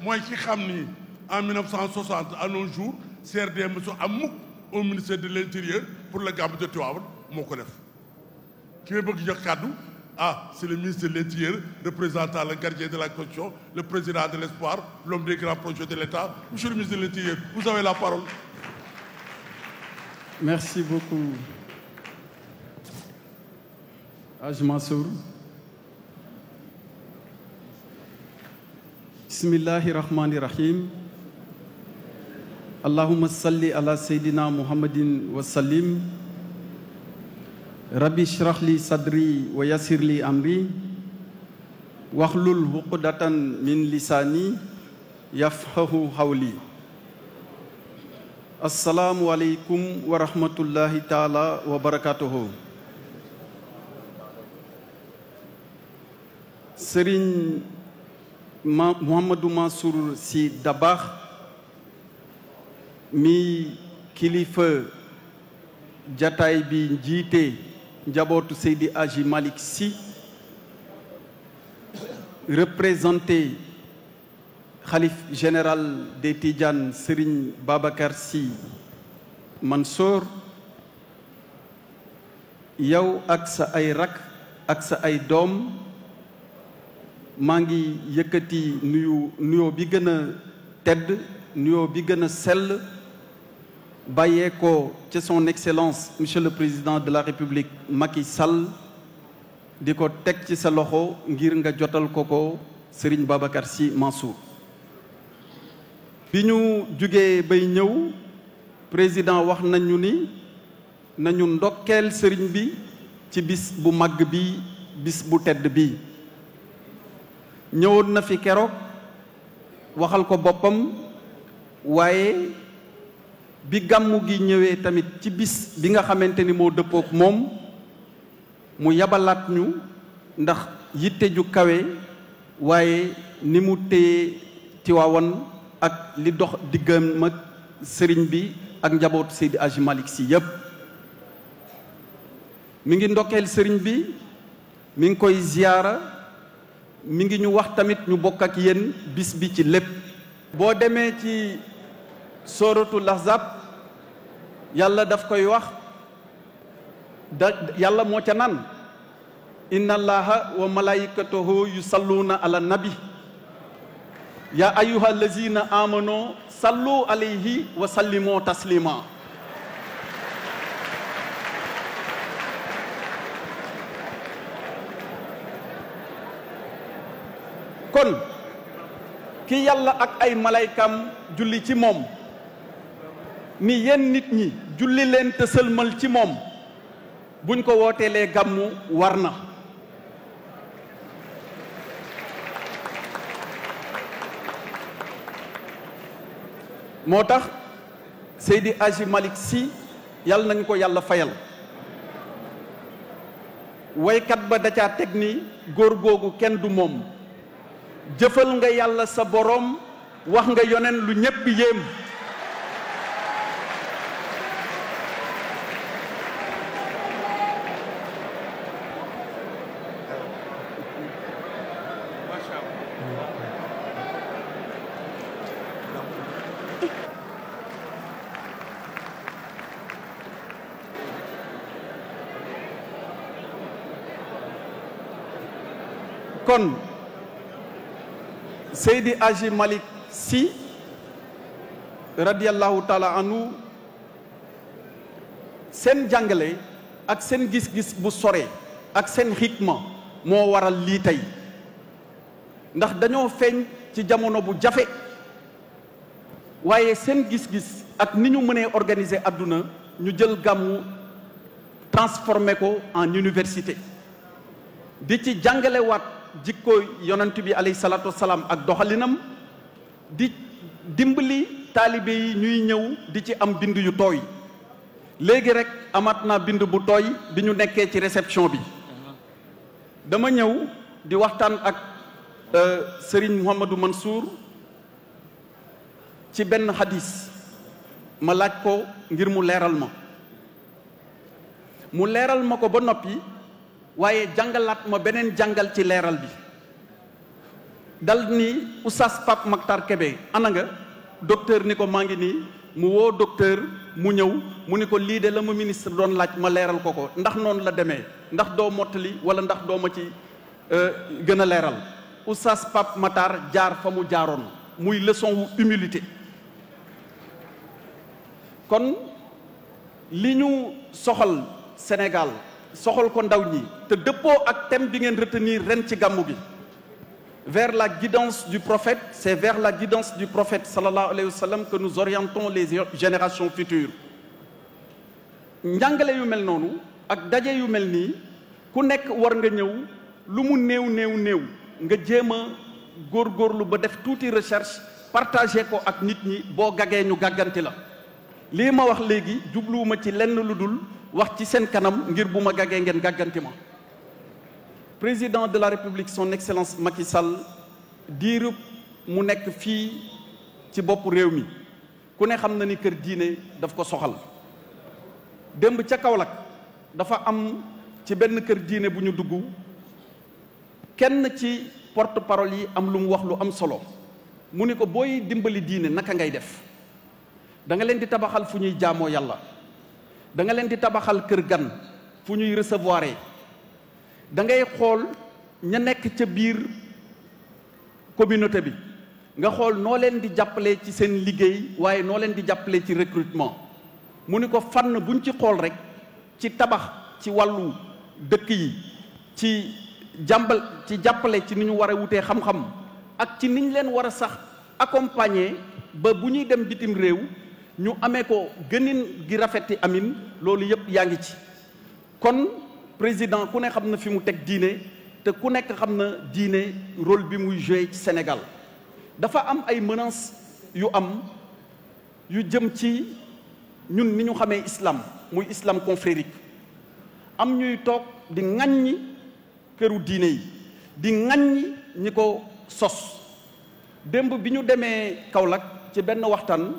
موي كي خامني ان 1960 ان اون جور سير دي امسو اموك او مينيستير دي لانتيريور بور لا غاب دي تواور موكو ديف كي بيبغي جوخ كادو Ah, c'est le ministre de l'Intérieur, représentant le gardien de la Constitution, le président de l'Espoir, l'homme des grands projets de l'État. Monsieur le ministre de l'Intérieur, vous avez la parole. Merci beaucoup. Aj ah, Mansour. Bismillahirrahmanirrahim. Allahumma salli ala Sayyidina Muhammadin wa sallim. rabbi shrah li sadri wa yassir li amri waxlul huqdatan min lisaani yafqahu xawli assalaamu aleykum wa rahmatullahi taala wa barakatuhu sëriñ ma Mouhamadou Mansour Sy Dabakh mi kilifa jataay bi njiite njabootu Seydi Hadji Malik Si, représenté Khalife général des Tidianes Serigne Babacar Si Mansour yow ak sa ay rak ak sa ay doom maa ngi bigana nuyu bi bàyyee ko son excellence monsieur le président de la république Macky Sall di ko teg ci sa loxo ngir nga jotal ko ko Serigne Babacar si Mansour. biñu bay président wax nañu ni nañu ndokkeel Serigne bi ci bis bu mag bi bis bu tedd bi ñewon na fi waxal ko bopam bi gàmmu gi ñëwee tamit ci bis bi nga xamante ni moo dëppook moom mu yabalaat ñu ndax yitte ju kawe waaye ni mu téye Tiwaawan ak li dox diggam ak sëriñ bi ak njabootu Seydi Aji si yépp mu ngi ndokkeel sëriñ bi mi ngi koy ziyaara mi ngi ñu wax tamit ñu bokk ak yenn bis bi ci lépp boo demee ci sooratul ahzab yàlla daf koy wax da yàlla moo ca nan inna allaha wa malaikatahu yusalluuna ala nabi yaa ayyuha allazina amano sallu alayhi wa sallimu taslima kon ki yàlla ak ay malaykam julli ci moom ni yenn nit ñi julli leen te sëlmal ci moom buñ ko wooteelee gàmmu war na moo tax Seydi Aji Malick si yàlla nañu ko yàlla fayal woykat ba da caa teg ni góor googu kenn du moom jëfal nga yàlla sa boroom wax nga yoneen lu ñépp yéem kon Seydi aji si, si radiyallahu taala anu sen jangale ak sen gis-gis bu sore ak sen hikma mo waral li tay ndax daño feñ ci jamono bu jafé waye sen gis-gis ak niñu mëne organiser aduna ñu jël gamu transformer ko en université di ci wat jikko yonent bi alayhi salaatu wasalaam ak doxalinam di dimbali taalibe yi ñuy ñëw di ci am bind yu tooy léegi rek amaat naa bind bu tooy bi ñu nekkee ci réception bi dama ñëw di waxtaan ak euh, Serigne Mouhamadou Mansour ci benn xadis ma laaj ko ngir mu leeral ma mu leeral ma ko ba noppi waaye jàngalaat ma beneen jàngal ci leeral bi dal ni oustaz Pape Makhtar Kébé ana nga docteur ni ko maa ngi nii mu woo docteur mu ñëw mu ni ko lii de la ma ministre doon laaj ma leeral ko ko ndax noonu la demee ndax doo mottali wala ndax doo ma ci euh, gën a leeral oustaz Pape Makhtar jaar fa mu jaaroon muy leçon wu humilité kon li ñu soxal Sénégal soxol ko ndaw ñi te dëppoo ak thème bi ngeen retenir ren ci gamu bi vers la guidance du prophète c'est vers la guidance du prophète sallallahu alayhi wa sallam que nous orientons les générations futures njàngale yu mel nonu ak daje yu mel ni. ku nek war nga ñew lu mu néew néew néew nga gor gor lu ba def touti recherche partagé ko ak nit ñi bo gagé ñu gàgganti la li ma wax légui djubluuma ci lenn ludul wax ci seen kanam ngir bu ma gàggee ngeen gàgganti ma président de la république son excellence Macky Sall diirub mu nekk fii ci boppu réew mi ku ne xam na ni kër diine daf ko soxal démb ca Kaolack dafa am ci benn kër diine bu ñu dugg kenn ci porte parole yi am lu mu wax lu am solo mu ni ko booy dimbali diine naka ngay def danga leen di tabaxal fu ñuy jaamoo yàlla da nga leen di tabaxal kër gan fu ñuy recevoir da ngay xool ña nekk ca biir communauté bi nga xool noo leen di jàppale ci seen liggéey waaye noo leen di jàppale ci recrutement mu ni ko fànn buñ ci xool rek ci tabax ci wàllu dëkk yi ci jàmbal ci jàppale ci ni ñu war a wutee xam-xam ak ci niñ leen war a sax accompagner ba bu ñuy dem bitim réew ñu amee ko gënin gi rafeti amin loolu yëpp yaa ngi ci kon président ku ne xam na fi mu teg diine te ku nekk xam na diine rôle bi muy joué ci Sénégal dafa am ay menaces yu am yu jëm ci ñun ni ñu xamee islam muy islam confrérique am ñuy toog di ŋaññi këru diine yi di ŋaññi ñi ko sos démb bi ñu demee Kaolack ci benn waxtaan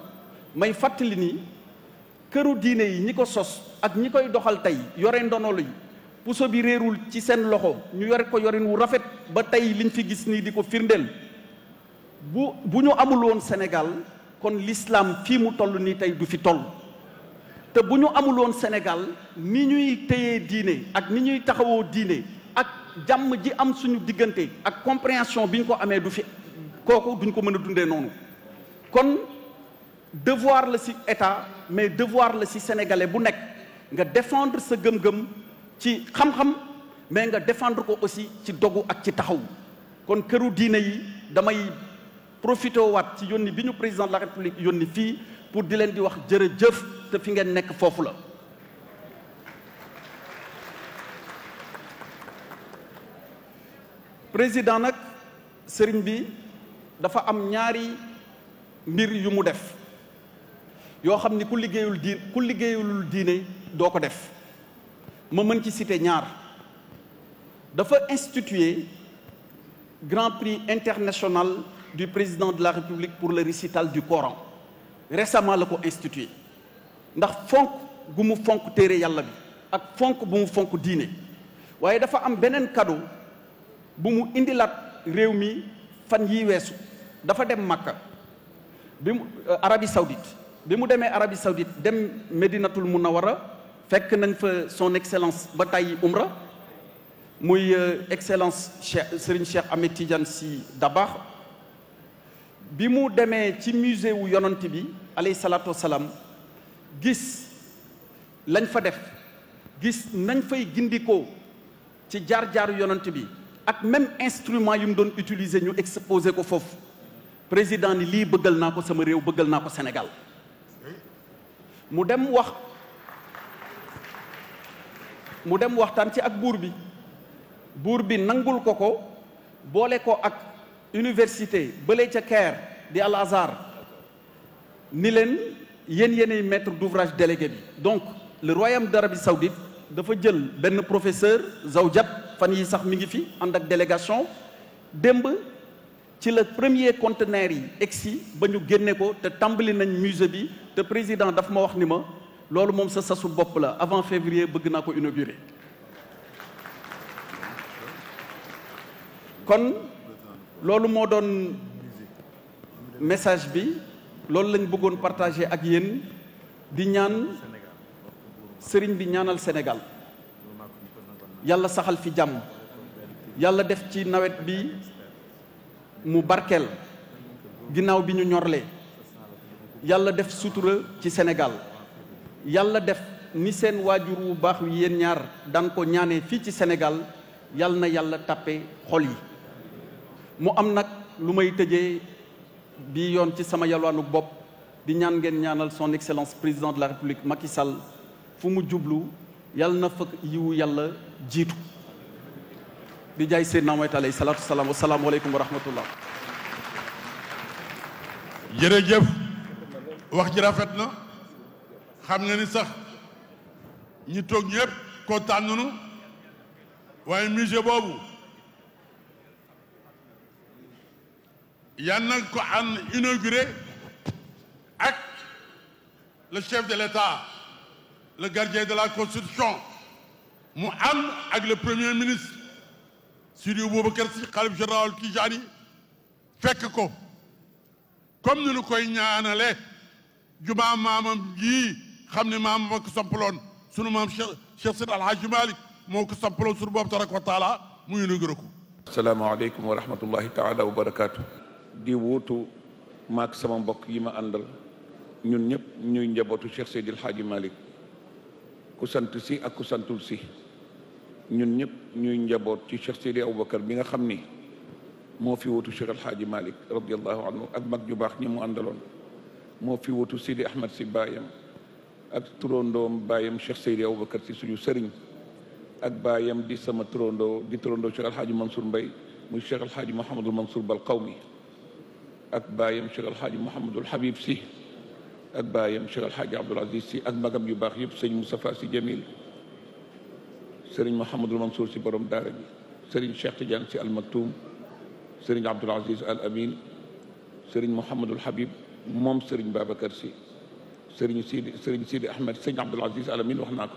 may fàttali nii këru diine yi ñi ko sos ak ñi koy doxal tey yore ndono yi puso bi réerul ci seen loxo ñu yore ko yorin wu rafet ba tey liñ fi gis nii di ko firndéel bu bu ñu amul woon senegal kon lislaam fii mu toll nii tey du fi toll te bu ñu amul woon Sénégal ni ñuy téyee diine ak ni ñuy taxawoo diine ak jàmm ji am suñu diggante ak compréhension bi ñu ko amee du fi kooku duñ ko mën a dundee noonu kon devoir la ci état mais devoir la ci sénégalais bu nekk nga défendre sa gëm-gëm ci xam-xam mais nga defendre ko aussi ci dogu ak ci taxaw kon këru diine yi damay profité waat ci yónni bi ñu président de la république yónni fii pour di leen di wax jërëjëf te fi ngeen nekk foofu la président nag sëriñ bi dafa am ñaari mbir yu mu def yo xamni ku diin ku def ma ci citer ñaar dafa instituer grand prix international du président de la république pour le récital du coran récemment la ko institué ndax fonk fonk ak fonk fonk dafa cadeau fan yi euh, Arabie Saoudite bimu Arabie Saoudite dem Medinatul Munawara fekk nañ son excellence Bataille umra muy euh, excellence Cheikh Serigne Cheikh Ahmed Tidiane Sy Dabakh bimu mu Allez ci musée wu bi alayhi salatu wassalam gis lañ fa def gis nañ fay gindiko, ci jar jar bi ak même instrument yum don utiliser ñu exposé ko fof président ni li bëggal nako sama Sénégal mu dem wax mu dem ci ak buur bi bi nangul koko, ko ko ak université bële ca Caire di Al Azhar ni leen yéen yéenay maître d'ouvrage délégué donc le royaume d'Arabie saoudite dafa jël benn professeur Zawjat fan yi sax mi ngi fi délégation démb ci le premier conteneur yi exi ba ñu génne ko te tàmbali nañ musée bi le président daf ma wax ni ma loolu moom sa sasu bopp la avant février bëgg naa ko inaugurer kon loolu moo doon message bi loolu lañ bëggoon partager ak yéen di ñaan sëriñ bi ñaanal Sénégal Yalla saxal fi jàmm Yalla def ci nawet bi mu barkel. ginnaaw bi ñu ñorlé. Yalla def sutura ci Sénégal yalla def ni sen wajuru wu baax wi yéen ñaar ko ñaané fi ci Sénégal yalla na yàlla xol yi mu am nak lumay bi yoon ci sama bop di ñaan ngeen ñaanal son excellence président de la république Macky Sall fu mu jublu yalla na fa yiwu yalla jitu di jay Seydina Muhammad alayhi salaatu salaam wa salaamu wa rahmatullah jërëjëf wax ji rafet na xam nga ni sax ñi toog ñëpp kontaan nañu waaye musée boobu yan nag ko an inauguré ak le chef de l'État le gardien de la constitution mu am ak le premier ministre Seydi Boubacar Sy xalif général Tijani fekk ko comme ni ñu koy ñaanale jumaa maamam jii xam ne maamam a ko sampaloon sunu maam Cheikh Cheikh Seydi El Hadji Malick moo ko sampaloon sunu wa taala mu inauguré ko asalaamaaleykum wa rahmatullahi taala wa barakaatu di wuutu maak sama mbokk yi ma àndal ñun ñëpp ñuy njabootu Cheikh Seydi El Hadji ku sant si ak ku santul si ñun ñëpp ñuy njaboot ci Cheikh Seydi Aboubacar bi nga xam ni moo fi wuutu Cheikh El Hadji Malick radiallahu anhu ak mag ju baax ñi mu àndaloon موفي في ووتو سيدي احمد سي بايام اك تروندوم بايام شيخ سيدي ابو بكر سي سونو سيرين اك بايام دي سما تروندو دي تروندو شيخ الحاج منصور مباي مو شيخ الحاج محمد المنصور بالقومي اك بايام شيخ الحاج محمد الحبيب سي اك بايام شيخ الحاج عبد العزيز سي اك ماغام يو باخ ييب سيغ مصطفى سي جميل سيرين محمد المنصور سي بروم دار سيرين شيخ تيجان سي المكتوم سيرين عبد العزيز الامين سيرين محمد الحبيب moom Serigne Babacar Sy Serigne Sidi Serigne Sidi Ahmed Serigne Abdoul Aziz Alamine wax naa ko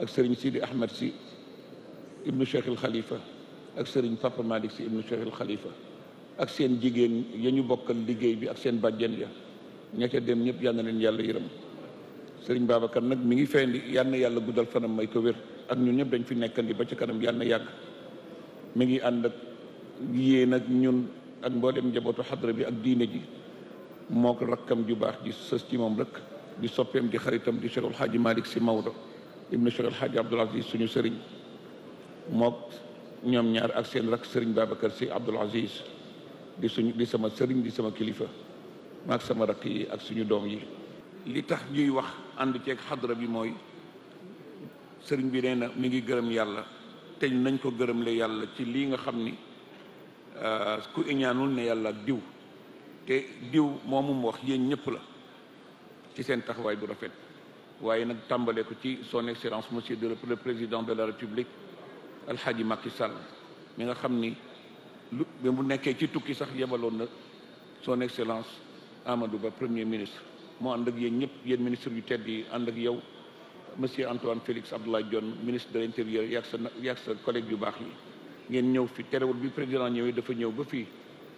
ak Serigne Sidi Ahmed Sy ibnu Cheikh El Khalifa ak Serigne Papa Malick Sy ibnu Cheikh El Khalifa ak seen jigéen ya ñu bokkal liggéey bi ak seen bàjjen ya ña ca dem ñëpp yal na leen yàlla yërëm Serigne Babacar nag mi ngi feeñ yal na yàlla guddal fanam may ko wér ak ñun ñëpp dañ fi nekkandi ba ca kanam yal na yàgg mi ngi ànd ak yéen ak ñun ak mboolem njabootu xadra bi ak diine ji. mook ko rakkam ju baax ji sës ci moom rek di soppeem ji xaritam di Cheikh El Hadj si Sy Maodo ibnu Cheikh xaaj Hadj Abdoul Aziz suñu sëriñ mook ñoom ñaar ak seen rak sëriñ Babacar si Abdoul Aziz di suñu di sama sëriñ di sama kilifa maak sama rakk yi ak suñu doom yi li tax ñuy wax ànd ceeg xadra bi mooy sëriñ bi nee na mu ngi gërëm yàlla te nañ ko gërëmle yàlla ci lii nga xam ni ah, ku iñaanul ne yàlla ak diw te diw momum wax la ci rafet son excellence monsieur le président de la république Hadji Macky Sall mi nga xamni ci son excellence Amadou Ba premier ministre ministre yu tedd yi Antoine Félix Abdoulaye ministre de l'Intérieur, sa sa collègue yu président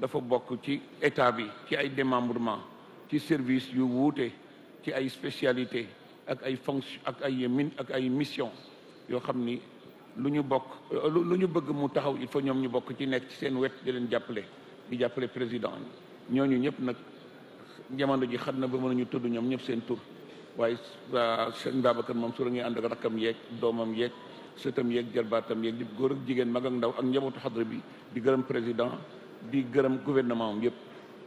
dafa bokk ci état bi ci ay démembrement ci service yu wuute ci ay spécialité ak ay fonction ak ay min ak ay mission yoo xam ni lu ñu bokk lu ñu bëgg mu taxaw il faut ñoom ñu bokk ci nekk ci seen wet di leen jàppale jàppale président ñooñu ñëpp nag jamono ji xam na ba mën mënuñu tudd ñoom ñëpp seen tur waaye ah, sëñ Babacar moom su la ngay ànd ak rakkam yeeg doomam yeeg sëtam yeeg jarbaatam yeeg góor ak jigéen mag ak ndaw ak njabootu xadra bi di gërëm président di gërëm gouvernement am yëpp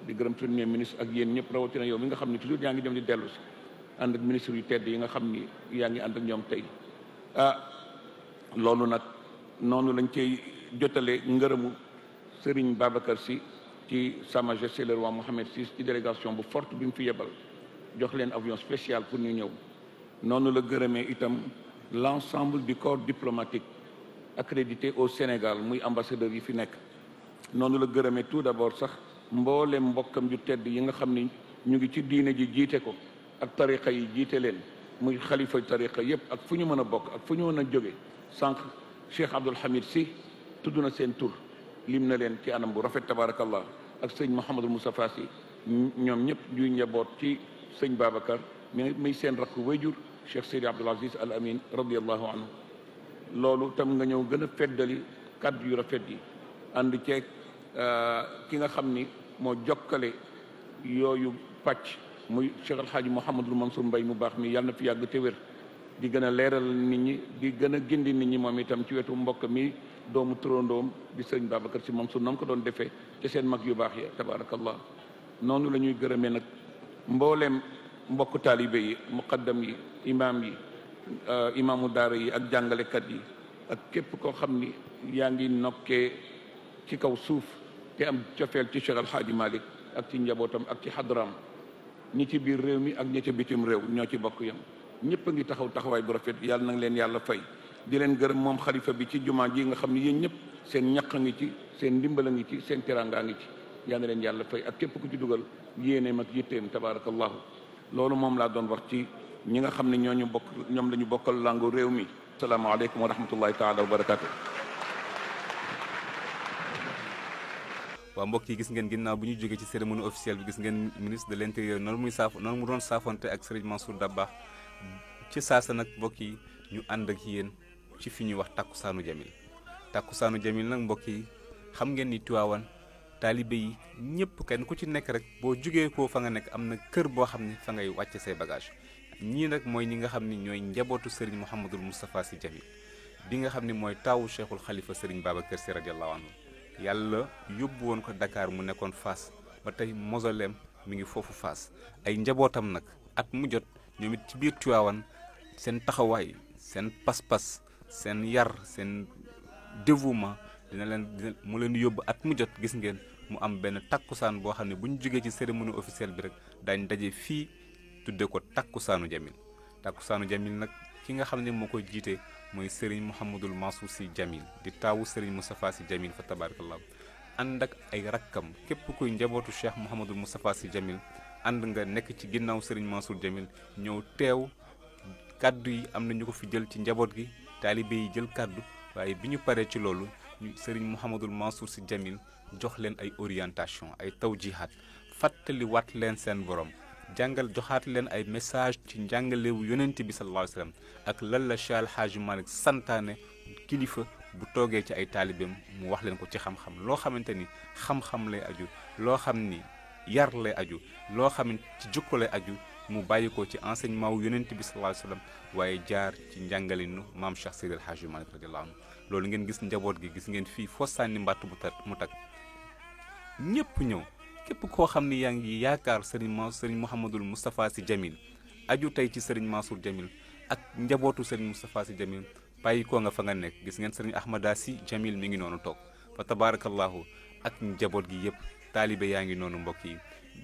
di gërëm premier ministre ak yéen ñëpp na yow mi nga xam ni toujours yaa ngi dem di dellu si ànd ak ministre yu tedd yi nga xam ni yaa ngi ànd ak ñoom tey ah loolu nag noonu lañ cay jotale ngërëmu Serigne Babacar si ci Sa Majesté le roi Mohamed VI ci délégation bu forte bi mu fi yebal jox leen avion spécial pour ñu ñëw noonu la gërëmee itam l'ensemble du corps diplomatique accrédité au Sénégal muy ambassadeur yi fi nekk nonu la gëreme tout d'abord sax mbolé mbokam ju tedd yi nga xamni ñu ngi ci diine ji jité ko ak tariqa yi jité len muy xalifa tariqa yépp ak fuñu mëna bok ak fuñu ñu joggé sank Cheikh Abdoul Hamid si tuduna sen tour tur lim na leen ci anam bu rafet tabarakallah ak seigne mohammed Moustapha si ñom ñëpp ñuy njaboot ci seigne Babacar mais muy seen rakk wayjur Cheikh Seydi Abdoul Aziz Al Amin allah anhu lolu tam nga ñëw gëna a feddali kàddu yu rafet yi ànd ci Euh, ki nga xam ni moo jokkale yooyu pàcc muy Cheikh El Hadj Mouhamadul su mbay mu baax mi yàlla na fi yàgg te wér di gën a leeral nit ñi di gën a gindi nit ñi moom itam ci wetu mbokk mi doomu turandoom di sëñ Babacar si Mansour na mu ko doon defee te seen mag yu baax ya tabaarakallah noonu la ñuy gërëmee nag mbooleem mbokk taalibe yi muqaddam yi imaam yi euh, imaamu daara yi ak jàngalekat yi ak képp koo xam ni yaa ngi nokkee ci kaw suuf te am cofeel ci Cheikh Al Hadji Malick ak ci njabootam ak ci xadraam ñi ci biir réew mi ak ñi ci bitim réew ñoo ci bokk yam ñëpp a ngi taxaw taxawaay bu rafet yàlla na leen yàlla fay di leen gërëm moom xalifa bi ci jumaa ji nga xam ne yéen ñëpp seen ñaq a ngi ci seen ndimbal a ngi ci seen teraanga a ngi ci yàlla na leen yàlla fay ak képp ku ci dugal yéeneem ak yitteem tabaarakallahu loolu moom laa doon wax ci ñi nga xam ne ñooñu bokk ñoom la ñu bokkal làngu réew mi asalaamaaleykum wa rahmatullahi taala wa barakatu waa mbokk yi gis ngeen ginnaaw bu ñu jógee ci cérémonie officielle bi gis ngeen ministre de l' intérieur noonu muy saaf noonu mu doon saafonte ak Serigne Mansour Dabakh ci saasa nag mbokk yi ñu ànd ak yéen ci fi ñuy wax saanu takkusaanu jamil takkusaanu jamil nag mbokk yi xam ngeen ni Tiwaawan taalibe yi ñëpp kenn ku ci nekk rek boo jógee koo fa nga nekk am na kër boo xam ne fa ngay wàcce say bagage ñii nag mooy ñi nga xam ne ñooy njabootu Serigne Mouhamadul Moustapha Sy Jamil bi nga xam ne mooy taawu cheikhul xalifa Serigne Babacar Sy radiallahu anhu yàlla yóbbu woon ko Dakar mu nekkoon Fass ba tey mausoleem mi ngi foofu fas ay njabootam nag at mu jot ñoom it ci biir Tiwaawan seen taxawaay seen pas-pas seen yar seen dévouement dina leen mu leen yóbbu at mu jot gis ngeen mu am benn takkusaan boo xam ne bu ñu jógee ci cérémonie officielle bi rek daañ daje fii tuddee ko takkusaanu Jamil takkusaanu Jamil nag ki nga xam ne moo ko jiite mooy Serigne Mouhamadul Mansour si Jamil di taawu sëriñ Moustapha si Jamil fa tabarakallah ànd ak ay rakkam képp kuy njabootu Cheikh Mouhamadul Moustapha si Jamil ànd nga nekk ci ginnaaw Serigne Mansour Jamil ñëw teew kàddu yi am na ñu ko fi jël ci njaboot gi taalibe yi jël kàddu waaye bi ñu paree ci loolu Serigne Mouhamadul Mansour si Jamil jox leen ay orientation ay fàttali fàttaliwaat leen seen borom. jàngal joxaat leen ay message ci njàngalewu yonent bi sallallahu alayhi ak lan la Cheikh Alhaji santaane kilifa bu toogee ci ay taalibeem mu wax leen ko ci xam-xam loo xamante ni xam-xam lay aju loo xam ni yar lay aju loo xam ci jukko lay aju mu bàyyi ko ci enseignement wu yonent bi sallallahu waaye jaar ci njàngalinu maam Cheikh Seydi Alhaji Malick radiyallahu anhu loolu ngeen gis njaboot gi gis ngeen fii foo sànni mbàtt mu tak ñëpp ñëw képp koo xam ni yaa ngi yaakaar Serigne Ma Serigne Mouhamadul Moustapha Sy Djamil aju tey ci Serigne Mansour Djamil ak njabootu Serigne Moustapha Sy Djamil bàyyi koo nga fa nga nekk gis ngeen Serigne Ahmada si Djamil mi ngi noonu toog fa tabaarakallahu ak njaboot gi yëpp taalibe yaa ngi noonu mbokk yi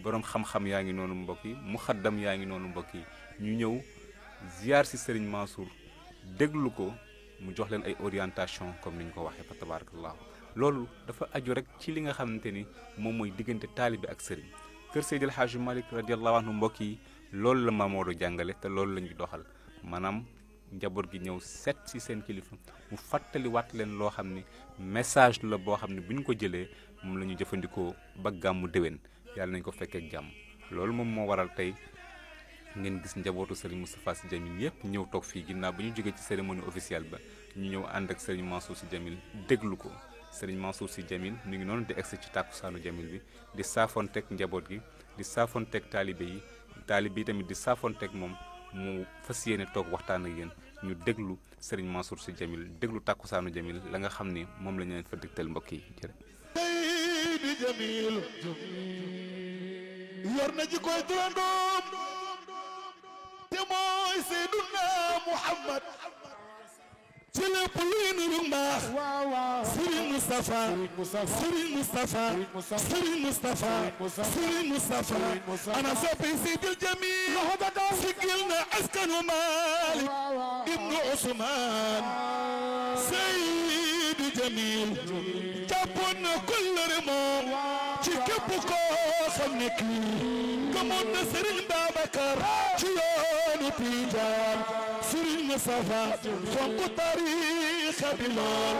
borom xam-xam yaa ngi noonu mbokk yi muxaddam yaa ngi noonu mbokk yi ñu ñëw ziar si Serigne Mansour déglu ko mu jox leen ay orientation comme ni ñu ko waxee fa tabaarakallahu loolu dafa aju rek ci li nga xamante ni moom mooy diggante taalibe ak sëriñ kër Seydil Hadji Malick radiyallahu anhu mbokk yi loolu la Mamadou jàngale te loolu la ñuy doxal maanaam njaboot gi ñëw set ci seen kilifa mu fàttaliwaat leen loo xam ni message la boo xam ne bu ñu ko jëlee moom la ñu jëfandikoo ba gàmmu déwén yàlla nañ ko fekkeek jàmm loolu moom moo waral tey ngeen gis njabootu Serigne Moustapha Sy Djamil yëpp ñëw toog fii ginnaaw ba ñu jógee ci cérémonie officielle ba ñu ñëw ànd ak Serigne Mansour Sy Djamil déglu ko serigne mansour si jamil mi ngi noonu di egsi ci tàkkusaanu jamil bi di saafonteeg njabot gi di saafonteeg taalibe yi taalibe tamit di saafonteeg mom mu fas yéene toog waxtaan ak yéen ñu deglu serigne mansour si jamil deglu tàkkusaanu jamil la nga xam ni moom la ñu leen fa dégtal mbokk yi jërë jamil yor na te muhammad ci lépp luy nuru mbaax Serigne Moustapha Serigne Moustapha Serigne Moustapha Serigne Moustapha ana soppi Seydil Jamil sigil na askanu Malik ibnu Usman Seydi Jamil jàppoon na kóllëre moom ci képp koo xam ne kii gëmoon na Serigne Babacar ci yoonu Tijaan sëriñ Moustapha fonk tariixa bi lool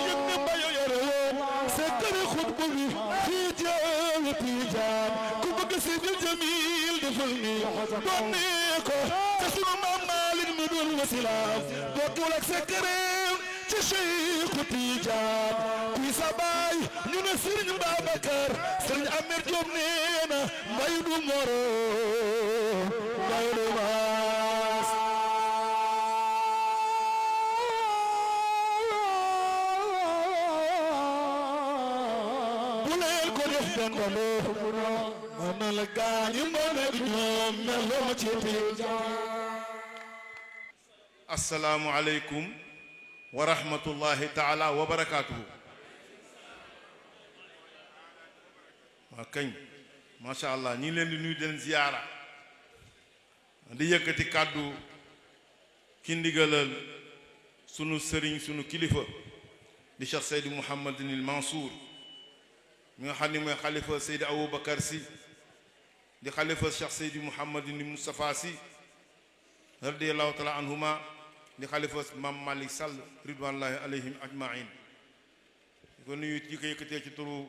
yëg ne mbayo yore woon sekkari xutbu bi fii jëwe tiijaan ku bëgg Seydil Jamil defal ni doon ne ko te sunu maam Maalik mi doon wasilaam bokkul ak sekkareem ci Cheikhu Tiijaan kuy sa baay ñu ne sëriñ Babacar sëriñ Amer Diop nee na mbay du moro السلام عليكم ورحمة الله تعالى وبركاته ما كان ما شاء الله نيلن لين زياره دي يكتي كادو كندي نديغال سنو سرين سنو كليفه دي شيخ سيد محمد المنصور mi nga xam ne mooy xalifa Seydi Aboubacar Sy di xalifa Cheikh Seydi Mouhamadou Moustapha Sy radiallahu taala anhuma di xalifa Mame Malick Sall ridwanullahi alayhim ajmain ko nuyu ñi yëkkatee ci turu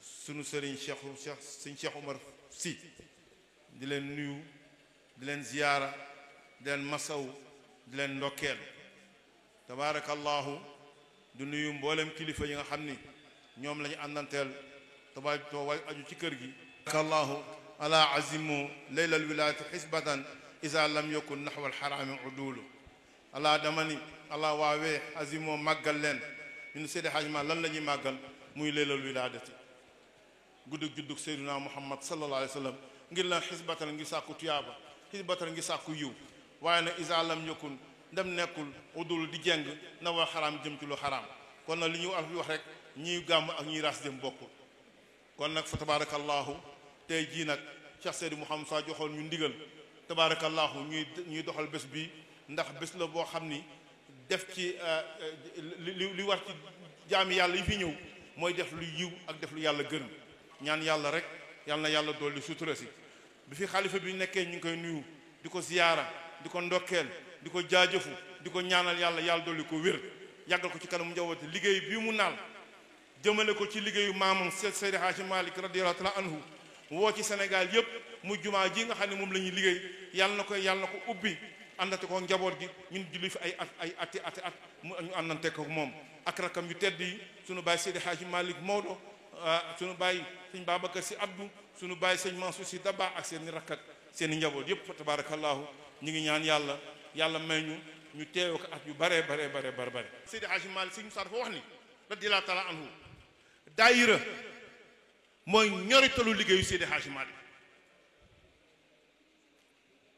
sunu sëriñ Cheikh Cheikh si Cheikh Omar Sy di leen nuyu di leen ziyaara di leen masaw di leen ndokkeel tabaarakallahu du nuyu mboolem kilifa yi nga xam ni ñom lañu andantel àndanteel to way aju ci kër gi allahu ala azimu leyla wilayat hisbatan iza lam yakun al haram udulu ala damani ala wawe azimoo magal len ñu Seydi hajma lan lañu magal màggal muy leylal wilaadati guddug juddug sayyidina Muhammad sallallahu alayhi wasallam ngir la hisbatan ngi sàkku tiyaba hisbatan ngi sàkku yu waye na iza lam yakun ndem nekul udul di jeng na wa haram jëm ci lu haram kon na li ñu wax rek ñiy gàmm ak ñiy ras dem bokkul kon nag fa tabaarakallaahu tey jii nag Cheikh Seydi Mouhamed Sa joxoon ñu ndigal tabaarakallaahu ñuy ñuy doxal bés bi ndax bés la boo xam ni def ci euh, li li war ci jaami yàlla yi fi ñëw mooy def lu yiw ak def lu yàlla gërëm ñaan yàlla rek yàlla na yàlla dolli sutura si bi fi xalifa bi nekkee ñu ngi koy nuyu di ko ziyaara di ko ndokkeel di ko jaajëfu di ko ñaanal yàlla yàlla dolli ko wér yàggal ko ci kanam njaboot liggéey bii mu naal jëmale ko ci liggéeyu maamam Seydi Hadji Malick radiyallahu taala anhu woo ci Sénégal yëpp mu jumaa ji nga xam ne moom la ñuy liggéey yàlla na koy yàlla na ko ubbi àndate ko njaboot gi ñun julli fi ay at ay ati ati at mu ñu àndante ko moom ak rakam yu tedd yi sunu baay Seydi Hadji Malick Maodo ah, sunu baay sëñ Babacar si Abdou sunu baay sëñ Mansour si Daba ak seen i rakk ak seen i njaboot yëpp tabarakallahu ñu ngi ñaan yàlla yàlla may ñu ñu teewe ko at yu baree baree baree bare bare Seydi Hadji Malick sëñ Moussa dafa wax ni radiyallahu daayira mooy ñoritalu liggéeyu Seydi Hadji Malick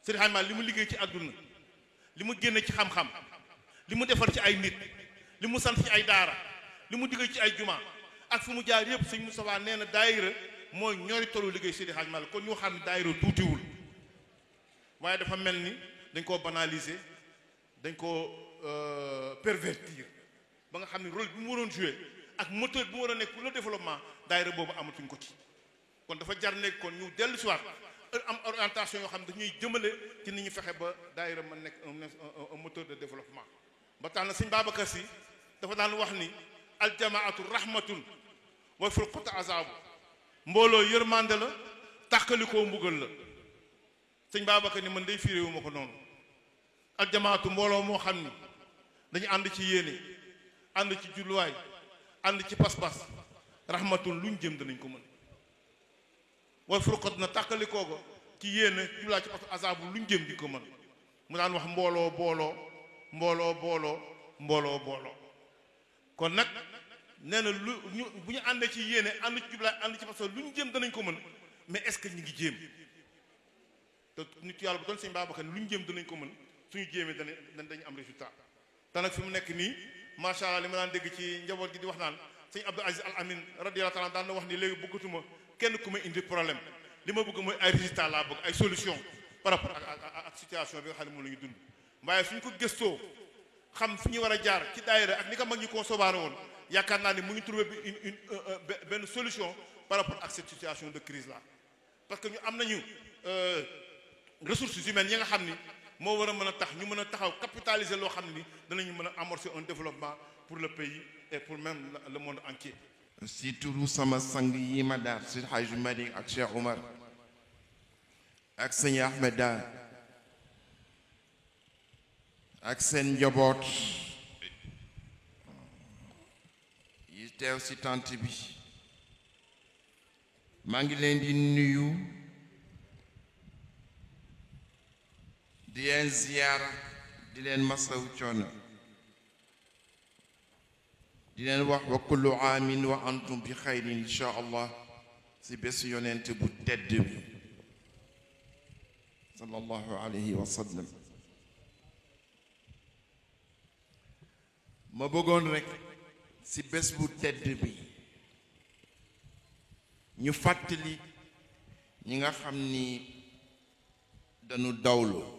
Seydi Hadji Malick li mu liggéey ci àdduna li mu génn ci xam-xam li mu defar ci ay nit li mu sant ci ay daara li mu diggee ci ay juma ak fu mu jaar yëpp sëñ Moustapha nee na daayira mooy ñoritalu liggéeyu Seydi Hadji Malick kon ñu xam ne daayira tuutiwul waaye dafa mel ni dañ koo banaliser dañ koo euh, pervertir ba nga xam ne rôle bi mu waroon jouer ak moteur bu wara nek le développement daayira bobu amatuñ ko ci kon dafa jar nek kon ñu delu ci wat am orientation yo xam dañuy jëmele ci ni ñu fexe ba daayira mën nek un moteur de développement ba tax na sëñ Babacar si dafa daan wax ni al jamaatu rahmatun wa fil furqatu azab mbolo yërmande la takaliko mbugal la sëñ Babacar ni man day fi ma ko noonu aljamaatu mbooloo moo xam ni dañu ànd ci yene ànd ci julluway ànd ci pas-pas rahmatul luñ jëm danañ ko mën wal furqat na tàqalikoo ko ci yéene julaa ci pas azabu luñ jëm di ko mën mu daan wax mbooloo booloo mbooloo booloo mbooloo booloo kon nag nee na lu ñu bu ñu àndee ci yéene ànd ci jublaay ànd ci pas luñ jëm danañ ko mën mais est-ce que ñu ngi jéem te nit yàlla bu doon sëñ lu luñ jëm danañ ko mën suñu jéemee danañ dañu am résultat te fi mu nekk nii macha allah li ma daan dégg ci njaboot ji di wax naan sëñ Abdou Aziz Al Amin radiyallahu taala daan na wax ni léegi bëggatuma kenn ku may indi problème li ma bëgg mooy ay résultat laa bëgg ay solution par rapport ak situation bi nga xam ne moom la ñu dund waaye suñ ko xam fu ñu war a jaar ci daayira ak ni ko mag ñi koo sobaare woon yaakaar naa ni mu ngi trouvé une benn solution par rapport ak situation de crise là parce que ñu am nañu euh, ressources humaines yi nga xam ni mo wara a tax ñu mën taxaw capitaliser lo xamni dañu danañu mën amorcer un développement pour le pays et pour même le monde entier. si turu sama sang yi ma daar si Hajj mari ak Cheikh Omar ak sëñ Ahmed da ak sen njaboot yi teew si tant bi ma ngi leen di nuyu. di leen ziyaara di leen masawu coono di leen wax wa kullu aamin wa antum bi xayrin insha allah si bés yonent bu tedd bi sallallahu alayhi wa sallam ma bëggoon rekk si bés bu tedd bi ñu fàttali ñi nga xam ni dañu dawlu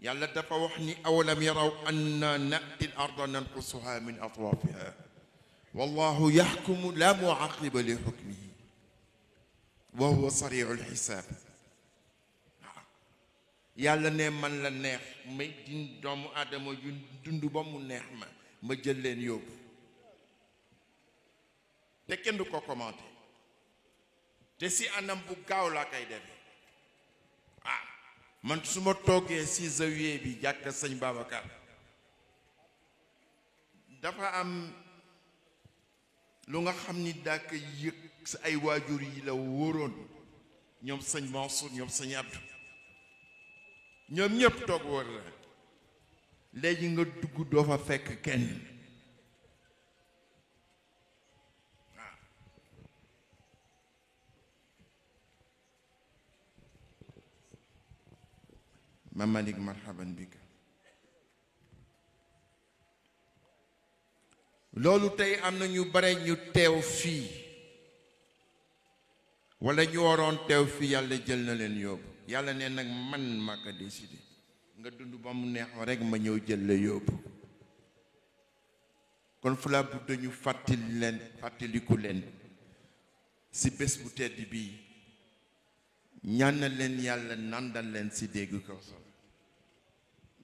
يلا دفع وحني أولم يروا أن نأتي الأرض ننقصها من أطوافها والله يحكم لا معقب لحكمه وهو سريع الحساب يلا نعم من لنخ نعم. ما يدين دوم آدم ويدين دوم نخ ما ما جلين يوب تكين دوكو كومانتي تسي أنا بقاو لا كايدري man su ma toogee si zawiye bi jàkk sañ Babacar dafa am lu nga xam ni dàkk yëg sa ay waajur yi la wóoroon ñoom sëñ Mansour ñoom sëñ Abdou ñoom ñëpp toog wóor la léegi nga dugg doo fa fekk kenn ma malik bi bika loolu tey am na ñu bare ñu teew fii walla ñu waroon teew fii yàlla jël na leen yóbbu yàlla ne nag man maa ko nga dund ba mu neex rekk ma ñëw jël la yóbbu kon fu laa bëgg dañu leen fàttaliku leen ci bés bu tedd bii ñaanal leen yàlla nandal leen ci dégg kaw sol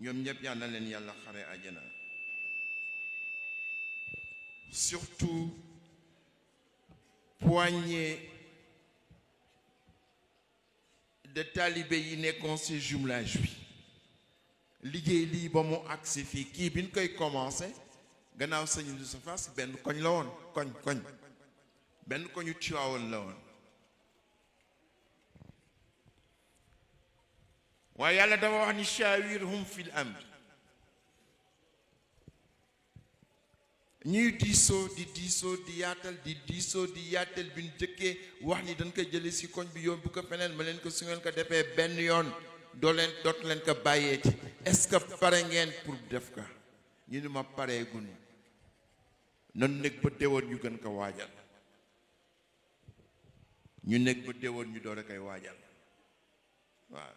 ñom ñep yàlla na leen yalla xaré àjjana surtout poignée de talibé yi nekkoon si jumelage bi liggéey li ba mu agsi fii kii bi ñu koy commencé gannaaw sëñ Moustapha si benn koñ la won koñ koñ benn koñu tiwaawon la won waaye yàlla dafa wax ni shawirhum fil amri ñuy diisoo di diisoo di yaatal di diisoo di yaatal bi ñu jëkkee wax ni dañ ko jële si koñ bi yóbbu ko feneen ma leen ko su ko defee benn yoon doo leen doot leen ko bàyyeeti est-ce pare ngeen pour def ko ñu ni ma paree gun nan nekk ba déwoon ñu gën ko waajal ñu nekk ba déwoon ñu doo a koy waajal waaw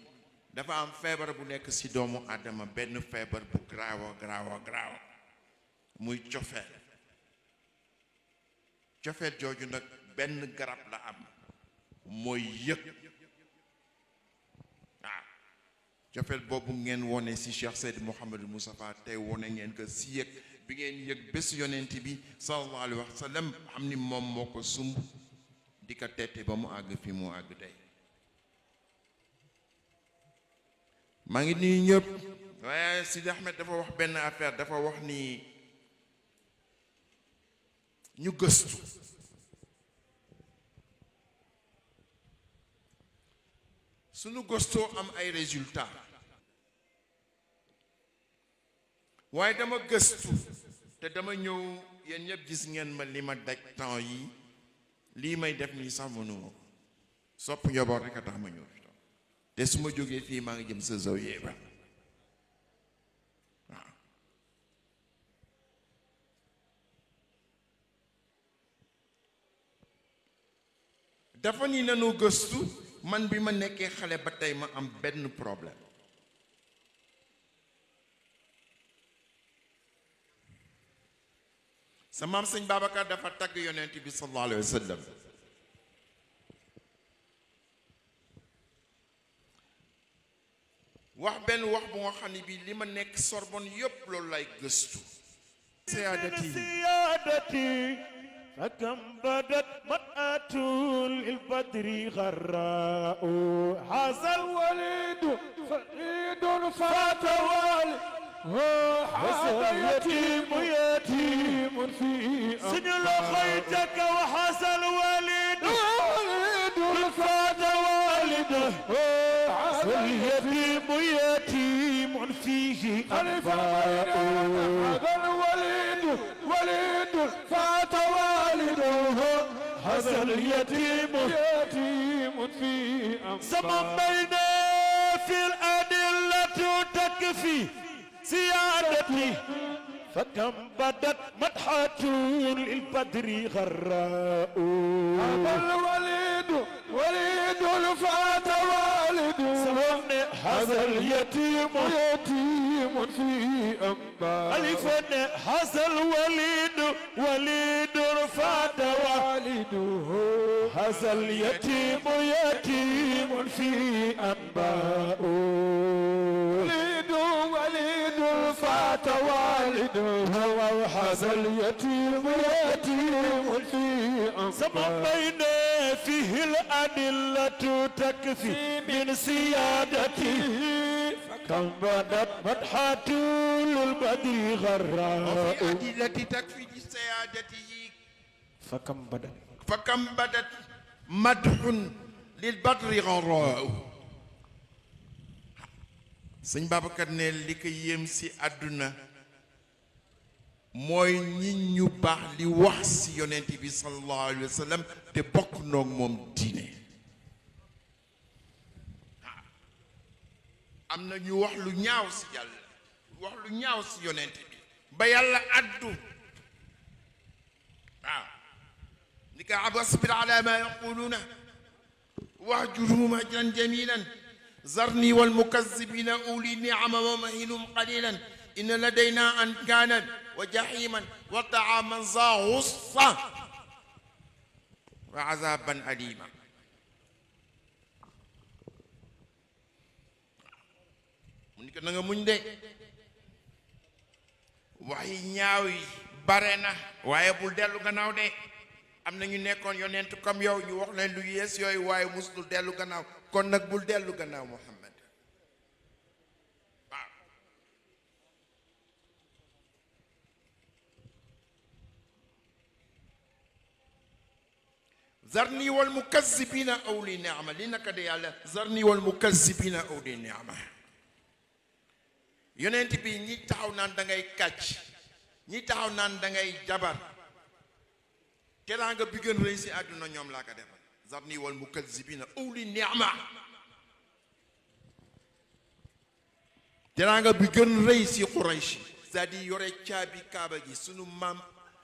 dafa am feebar bu nekk ci doomu Adama benn feebar bu graawa graawa graawa muy cofeel cofeel jooju nag benn garab la am mooy yëg waaw cofeel boobu ngeen wone si Cheikh Seydi Mouhamadou Moustapha tey wone ngeen ko si yëg bi ngeen yëg bés yonent bi sallallahu alayhi wa sallam xam ni moom moo ko sumb di ko ba mu àgg fi mu àgg tey ma ngi nuyu ñëpp waaye Sidi Ahmed dafa wax benn affaire dafa wax ni ñu gëstu suñu gëstoo am ay résultat waaye dama gëstu te dama ñëw yéen ñëpp gis ngeen ma li ma daj temps yi lii may def nii sax mënuma ko sopp njaboot rek a tax ma ñëw te su ma jógee fii maa ngi jëm sa zawiya ba waaw dafa ni nanu gëstu man bi ma nekkee xale ba tey ma am benn problème sa maam sëñ Babacar dafa tagg yonent bi sallallahu alayhi wa wax benn wax bu nga xam ne bii li ma nekk Sorbonne yëpp loolu lay gëstu. سيادتي فكم بدت مرأة للبدر غراء حاز الوليد فريد فات هذا يتيم يتيم في سجل خيتك وحاز الوليد فريد فات والده اليتيم فيه أنباء هذا الوليد وليد فات والده هذا اليتيم يتيم فيه زمن بين في الأدلة تكفي زيادتي فكم بدت مدحة للبدر غراء هذا الوليد وليد الفات والدي هذا اليتيم يتيم في أمبا ألف هذا الوليد وليد الفات والد هذا اليتيم يتيم في أنبا فات والده وحز اليتيم يتيم في زمن بين فيه الأدلة تكفي من سيادته كم بدت مدحة للبدر غراء وفي أدلة تكفي لسيادته فكم بدت فكم بدت مدح للبدر غراء sëñ Babacar ne li ko yéem si àdduna mooy ñi ñu baax li wax si yonent bi sallallahu alayhi wa sallam te bokk noog moom diine am na ñu wax lu ñaaw si yàlla wax lu ñaaw si yonent bi ba yàlla addu waaw ni ko wasbir ala ma yaquluuna wahjurhum hajran jamilan ذرني والمكذبين أولي النعم ومهلهم قليلا إن لدينا أنكالا وجحيما وطعاما ذا غصة وعذابا أليما mu ko na nga muñ de wax yi ñaaw yi bare na waaye bul dellu gannaaw de am na ñu nekkoon yonent comme yow ñu wax leen lu yees yooyu waaye musul dellu gannaaw kon nak bul delu gannaaw Muhammad zarni wal mukazzibina aw li ni'ma linaka naka de yàlla zarni wal mukazzibina aw li ni'ma yonent bi ñi taxaw naan da ngay katch ñi taxaw naan da ngay jabar teraanga bi gën rëy si àdduna ñoom laa ko defal nii ذرني والمكذبين أولي النعمة teraanga bi gën rëy si Quraysh c'est-à-dire yore caabi kaaba gi sunu maam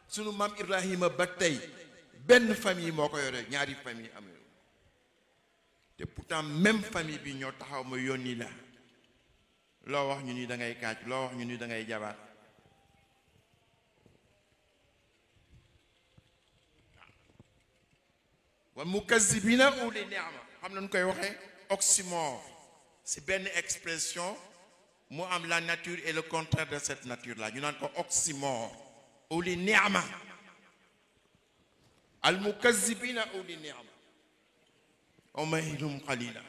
sunu maam Ibrahima ba tey benn famille moo ko yore ñaari famille am te pourtant même famille bi ñoo taxaw ma yónni la loo wax ñu nii da ngay kàcc loo wax ñu nii da ngay jabaat wa mukazibina uli ni'ma xam oxymore c'est ben expression mu am la nature et le contraire de cette nature là ñu a ko oxymore uli ni'ma al mukazibina uli ni'ma omaylum qalila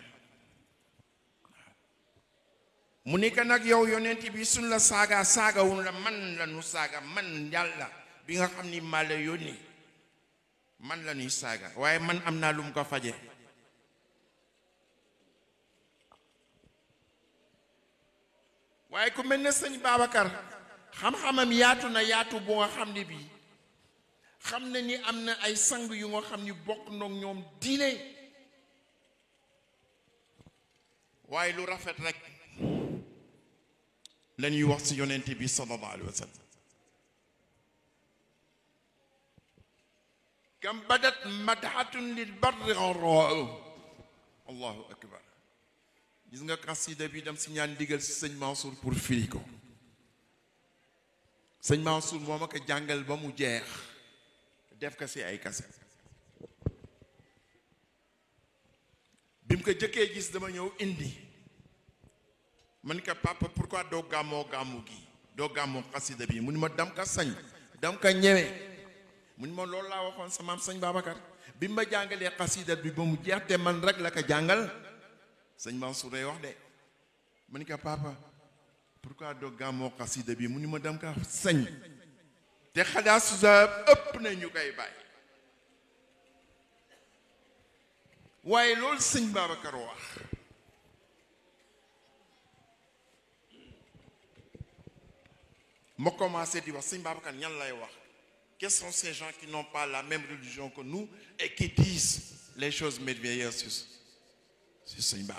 mu ka nak yow yonent bi sun la saga, la man la nu saga, man yalla. bi nga xamni man lañuy saaga waaye man am naa lu mu ko faje waaye ku mel ne sëñ Babacar xam-xamam yaatu na yaatu bu nga xam ne bii xam na ni am na ay sang yu nga xam ni bokk ndoog ñoom diine waaye lu rafet rek la ñuy wax ci yonent bi sallallahu alayhi wa sallam كم بدت مدحة للبر غراء allahu akbar gis nga xasida bi dem si ñaan ndigal si sëñ Mansour pour firi ko sëñ Mansour moo ma jàngal ba mu jeex def ko si ay kase bi mu ko jëkkee gis dama ñëw indi man ko papa pourquoi doo gàmmoo gàmmu gi doo gàmmoo xasida bi mu ni ma dam ka sañ dam ka ñeme mun ma loolu laa waxoon sa maam sëñ Babacar bi ma jàngalee xasida bi ba mu jeex te man rek la ko jàngal sëñ Mansour day wax de man ko pour pourquoi doo gàmmoo xasida bi mu ni ma dem ka sëñ te xalaat sa ëpp na ñu koy bàyyi waaye loolu sëñ Babacar wax ma commencé di wax sëñ Babacar ñan lay wax Quels sont ces gens qui n'ont pas la même religion que nous et qui disent les choses merveilleuses sur Seigneur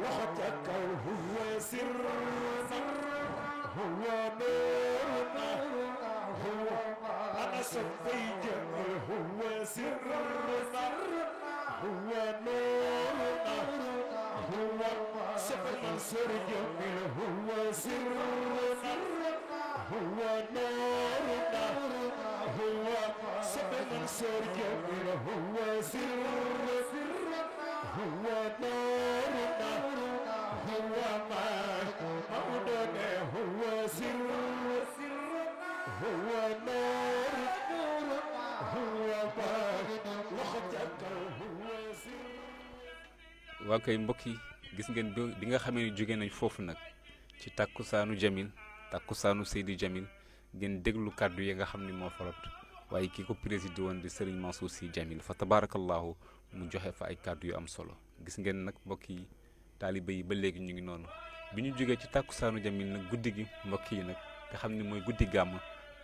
وخطك هو سر هو نورنا هو أنا صفي هو سرنا هو نورنا هو شف المنصور جميل هو سرنا هو نورنا هو شف المنصور جميل هو سرنا هو نورنا Wakai mboki النور هو باهد وخدك هو سر واكاي مبكي gis ngeen jamin nga xamee ni jóge nañ foofu nag ci takkusaanu jamil takkusaanu seydi jamil ngeen ya farot si jamil fa mu joxe fa ay kàddu yu am solo gis nak nag mbokk yi taaliba yi ba léegi ñu ngi noonu bi ñu jógee ci takkusaanu jamil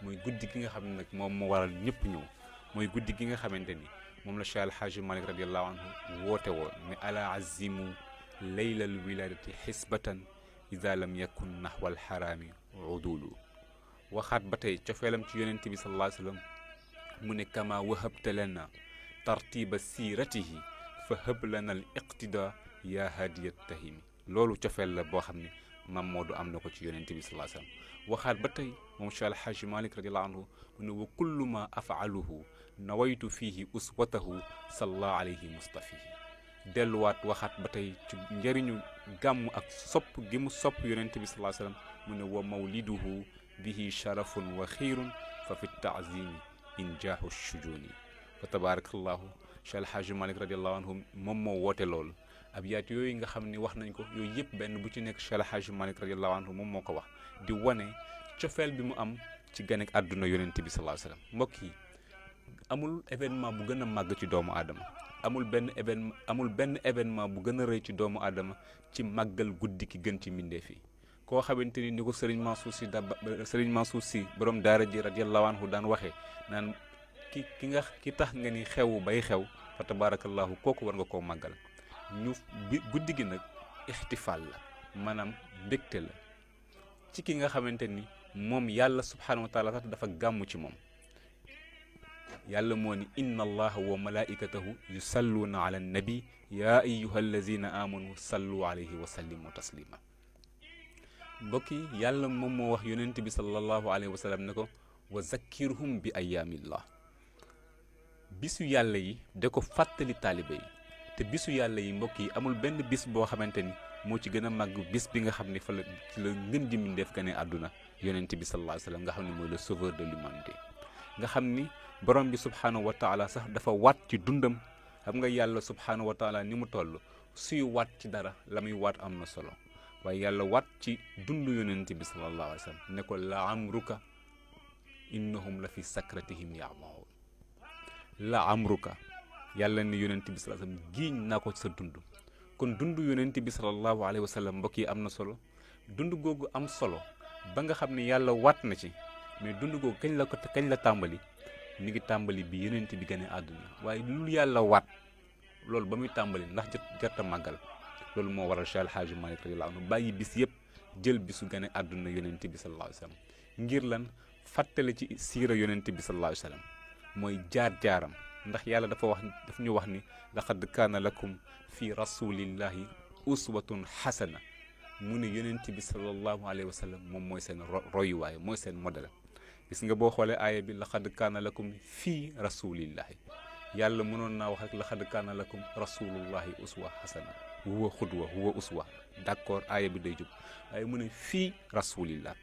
moy guddi gi nga xamne nak mom mo waral ñëpp ñëw moy guddi gi nga xamanteni mom la Cheikh Al Hadj malik radiyallahu anhu wote won ni ala azimu laylal wiladati hisbatan idha lam yakun naxwa alxaraami udulu waxaat batay ci cofeelam ci yonent bi sallallahu alayhi wasallam mune kama wahabta lana tartiba siiratihi fa hab lana al iqtida yaa hadiyat tahimi ci cofeel la bo xam mam modou am nako ci yonent bi sallallahu alayhi wasallam waxat waxaat ba tey moom Cheikh Alhaji Malick radiallahu anhu mu ne wa kullu ma afaaluhu nawaytu fihi uswatahu sallallahu alayhi mustafihi delluwaat waxaat ba tey ci njëriñu gàmm ak sopp gi mu sopp yonent bi sallallahu alayhi wasallam mu ne wa mawliduhu bihi sharafun wa xiirun fa fi taazimi injaahu shujuni fa tabarakallahu Cheikh Alhaji Malick radiallahu anhu moom moo woote loolu abyaat yooyu nga xam ni wax nañ ko yooyu yëpp benn bu ci nekk Cheikh Alhaji Malick radiallahu anhu moom moo ko wax di wane cofeel bi mu am ci gane àdduna yonent bi sallallahu alayhi mbokk yi amul événement bu gën a màgg ci doomu aadama amul benn événement amul benn événement bu gën a rëy ci doomu aadama ci màggal guddi ki gën ci mbindeef yi koo xamante ni ni ko Serigne Mansour si da Serigne Mansour Sy borom daara ji radiyallahu anhu daan waxee naan ki ki nga ki tax nga ni xew bay xew fa tabarakallahu kooku war nga koo màggal ñu guddi gi nag ixtifaal la maanaam mbégte la ci ki nga xamante ni موم يالا سبحانه وتعالى taala dafa gàmm ci moom yàlla moo ni inna allaha wa malaikatahu yusalluuna ala nabi yaa ayuha allazina amanu sallu alayhi wa sallimu taslima mbokk yi yàlla moom moo wax yonent bi salallahu alayhi wa sallam ne ko wa zakkirhum bi ayaamillah bisu yàlla yi da ko fàttali taalibe yi te bisu yàlla yi mbokk yi amul benn bis boo xamante ni moo ci gën a màgg bis bi nga xam ne fa la ci la ngën gane àdduna yonent bi sallallahu alayhi wa nga xam ne mooy le sauveur de l'humanité nga xam ni borom bi subhaanahu wa taala sax dafa waat ci dundam xam nga yàlla subhaanahu wa taala ni mu toll suy waat ci dara la muy waat am na solo waaye yàlla waat ci dund yonent bi sallallahu alayhi wa sallam ne ko la amruka innahum la fi sakratihim yamahoon la amruka yàlla ni yonent bi sallallahu alayhi wa sallam giiñ naa ko sa dund kon dund yonent bi sallallahu alayhi wa sallam mbokk yi am na solo dund googu am solo ba nga xam ne yàlla wat na ci mais dund googu kañ la ko kañ la tàmbali mi ngi tàmbali bi yeneent bi gën a àdduna waaye lu yàlla waat loolu ba muy tàmbali ndax jot jot a màggal loolu moo waral Cheikh El Hadj Malick radiyallahu anhu bàyyi bis yëpp jël bi su a àdduna yonent bi sallallahu alayhi ngir lan fàttale ci siira yonent bi sallallahu alayhi mooy jaar-jaaram ndax yàlla dafa wax daf ñu wax ni la laqad kaana lakum fi rasulillahi uswatun xasana mu ne yonent bi sallallahu alayhi wa sallam moom mooy seen royuwaay mooy seen modèle gis nga boo xoolee aaya bi laqad kaana lakum fii rasulillahi yàlla mënoon naa wax rek laqad kaana lakum rasulullahi uswa xasana huwa xudwa huwa uswa d' accord aaya bi day jub waaye mu ne fii rasulillah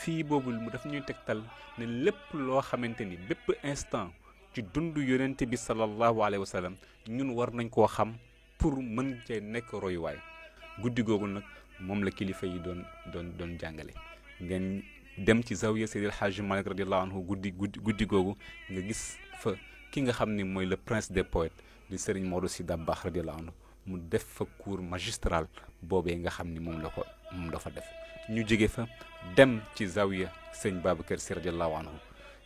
fii boobu mu daf ñuy tegtal ne lépp loo xamante ni bépp instant ci dund yonent bi sallallahu alayhi wa sallam ñun war nañ koo xam pour mën cee nekk royuwaay guddi googu nag moom la kilifa yi doon doon doon jàngale ngeen dem ci zawiya Seydil Hadji Malick radiyallahu anhu guddi guddi guddi googu nga gis fa ki nga xam ni mooy le prince des poètes di Serigne si Sy Dabakh radiyallahu anhu mu def fa cours magistral boobee nga xam ni moom la ko moom dafa def ñu jóge fa dem ci zawiya sëñ Babacar Sy radiyallahu anhu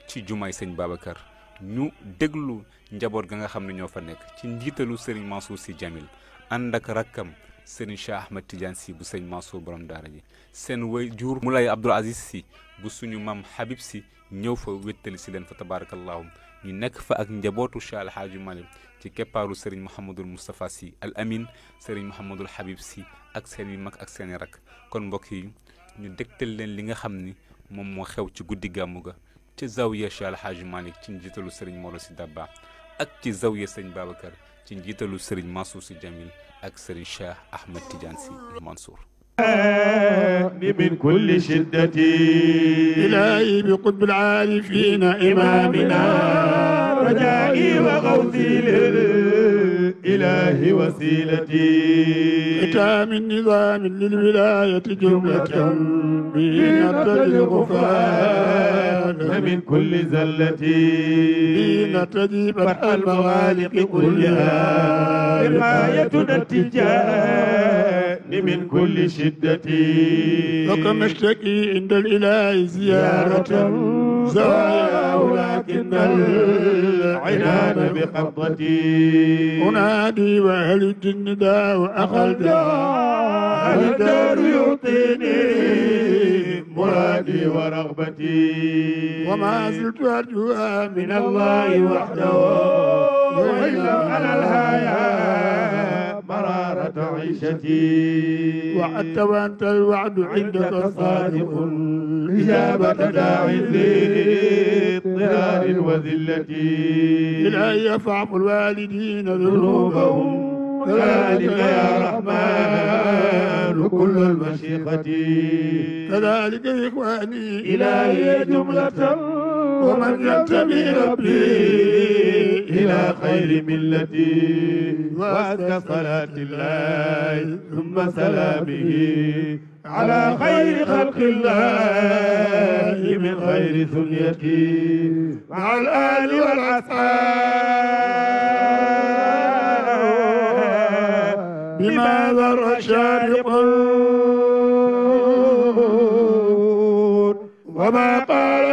ci jumaay sëñ Babacar ñu déglu njaboot ga nga xam ne ñoo fa nekk ci njiitalu Serigne Mansour Sy Jamil ànd ak rakkam sëriñ Cheikh Ahmed Tidiane si bu sëñ Mansour borom daara ji seen way jur Moulay Abdoul Aziz si bu suñu maam Habib si ñëw fa wéttali si leen fa tabaarakallaahu ñu nekk fa ak njabootu Cheikh Al Hadj Malick ci keppaaru sëriñ Mouhamadul Moustapha si al amin sëriñ Mouhamadul xabib si ak seen i mag ak seen i kon mbokk yi ñu dégtal leen li nga xam ni moom moo xew ci guddi gàmmu ga ci zawiya Cheikh Al Hadj Malick ci njiitalu sëriñ Moro si Dabba ak ci zawiya sëñ Babacar. ci njiitalu Serigne Mansour Sy Djamil ak Serigne Cheikh Ahmed Tidiane Sy Mansour من كل شدة إلهي بقطب العارفين إمامنا رجائي وغوثي لله الإله وسيلتي ختام النظام للولاية جملة بين تجد غفران من كل زلتي بين تجيب الموالق كلها رعايتنا التجاه من كل شدتي وكما اشتكي عند الإله زيارة زوايا ولكن العنان بقبضتي أنادي وألد النداء وأخل دار الدار يعطيني مرادي ورغبتي وما زلت أرجوها من الله وحده وإلا على الهيام مرارة عيشتي وحتى وأنت الوعد عندك صادق إجابة داعي لي اضطرار وذلة إلهي فاعف الوالدين ذنوبهم كذلك يا رحمن كل المشيقة كذلك إخواني إلهي جملة ومن ينتمي ربي إلى خير ملتي وأزكى صلاة الله ثم سلامه على خير خلق الله من خير ثنيتي مع الآل والأصحاب بما ذر الشارق وما قال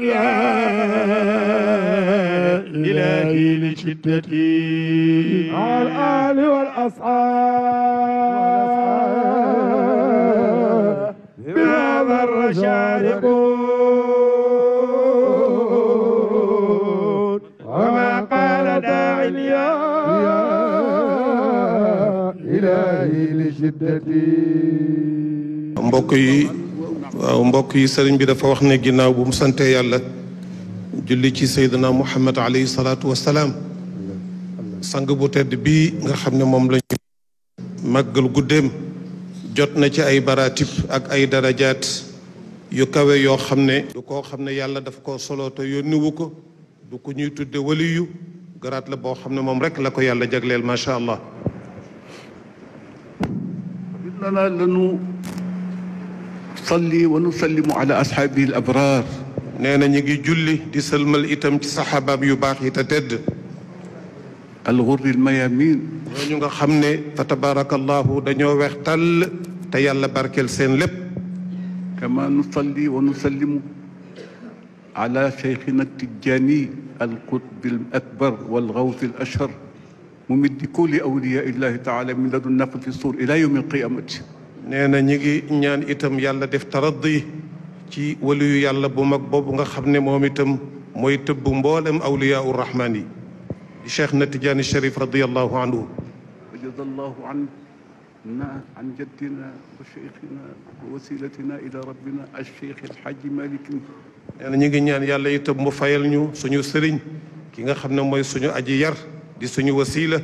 إلهي لشدتي مع الأهل والأصحاب بهذا الرشاد وما قال داعي اليوم إلهي لشدتي mbokk waaw mbokk yi sëriñ bi dafa wax ne ginnaaw bu mu sante yàlla julli ci sayduna muhammad alayhi salatu wasalaam sang bu tedd bii nga xam ne moom la ñu jot na ci ay baratib ak ay darajaat yu kawe yoo xam ne du koo xam yàlla dafa ko solo to yónniwu ko du ko ñuy tudde waliyu garaat la boo xam ne moom rek la ko yàlla jagleel macha allah صلي ونسلم على أصحابه الأبرار نانا نيجي جولي دي سلم الإتم تصحابا بيباقي تتد الغر الميامين نيجي خمني فتبارك الله دانيو وقتل تيال باركل سين لب كما نصلي ونسلم على شيخنا التجاني القطب الأكبر والغوث الأشهر ممد كل أولياء الله تعالى من لدن في الصور إلى يوم القيامة نانا نيغي نيان إتم يالا دف تردي تي وليو يالا بومك بوب نغا خبني موم إتم مويت بومبولم أولياء الرحماني الشيخ نتجان الشريف رضي الله عنه وجز الله عن عن جدنا وشيخنا ووسيلتنا إلى ربنا الشيخ الحاج مالك نانا نيغي نيان يالا إتم مفايل نيو سنيو سرين كيغا خبني موي سنيو أجي يار دي سنيو وسيلة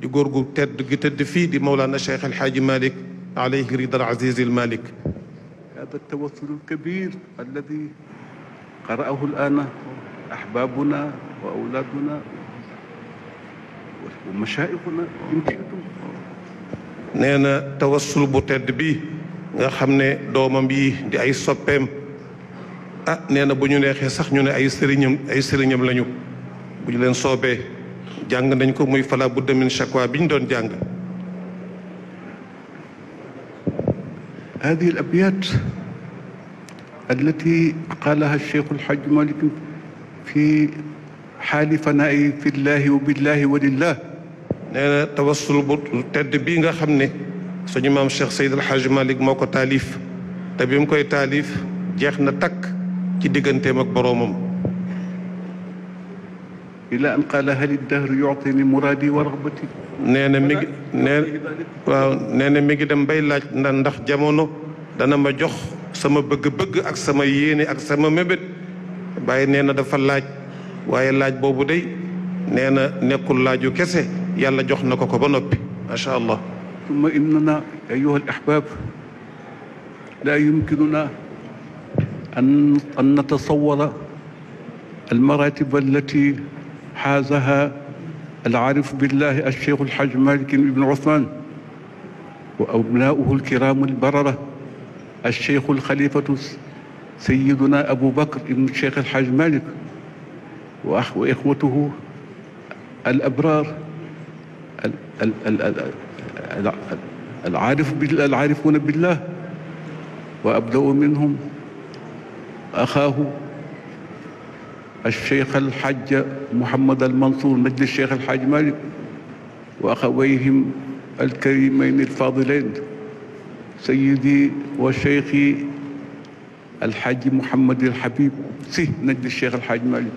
دي غورغو تيد غي تيد في دي مولانا الشيخ الحاج مالك عليه رضا العزيز المالك هذا التوسل الكبير الذي قرأه الآن أحبابنا وأولادنا ومشايخنا يمكنهم nee na tawassul bu tedd bi nga xam ne doomam yi di ay soppeem ah nee na bu ñu neexee sax ñu ne ay sëriñam ay sëriñam lañu bu ñu leen soobee jàng nañ ko muy fala budda min shakwa bi ñu doon jàng هذه الأبيات التي قالها الشيخ الحج مالك في حال فناء في الله وبالله ولله نانا توصل تد بيغا خمني سوني امام الشيخ سيد الحاج مالك موكو تاليف تبيم كوي تاليف جيخنا تك تي ديغنتي مك بروموم الى ان قال هل الدهر يعطيني مرادي ورغبتي نانا ميغ نانا واو نانا ميغي دم باي لاج ناندخ جامونو دا نما جوخ سما بغ بغ اك سما ييني اك سما ميبت باي نانا دا فا لاج واي لاج بوبو داي نانا نيكول لاجو كيسه يالا جوخ نكو كو با نوبي ما شاء الله ثم اننا ايها الاحباب لا يمكننا ان نتصور المراتب التي حازها العارف بالله الشيخ الحاج مالك بن عثمان وأبناؤه الكرام البررة الشيخ الخليفة سيدنا أبو بكر بن الشيخ الحاج مالك وإخوته الأبرار العارف العارفون بالله وأبدأ منهم أخاه الشيخ الحج محمد المنصور مجد الشيخ الحاج مالك وأخويهم الكريمين الفاضلين سيدي وشيخي الحاج محمد الحبيب سي نجد الشيخ الحاج مالك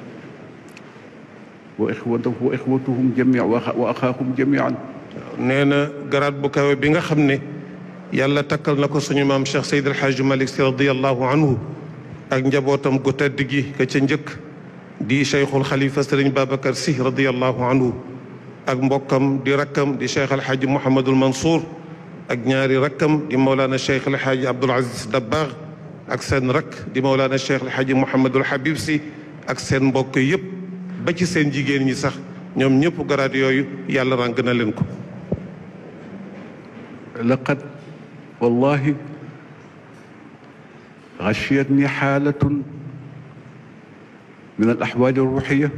وإخوته وإخوتهم جميع وأخاهم جميعا نينا قرات garaat bu kawe يلا تكل نكو سنو مام شيخ سيد الحاج مالك رضي الله عنه Hadji Malick Sy radiyallahu di cheikhul khalifa sëriñ Babacar Sy radiallahu anhu ak mbokkam di rakkam di cheikh alxaaji al Mansour ak ñaari rakkam di mawlaana cheikh alxaaji Abdoul Aziz Dabakh ak seen rakk di mawlaana cheikh alxaaji al Habib Sy ak seen mbokk yëpp ba ci seen jigéen ñi sax ñoom ñëpp garaat yooyu yàlla ràng na leen ko laqad wallahi gashiyatni xaalatun من الأحوال الروحية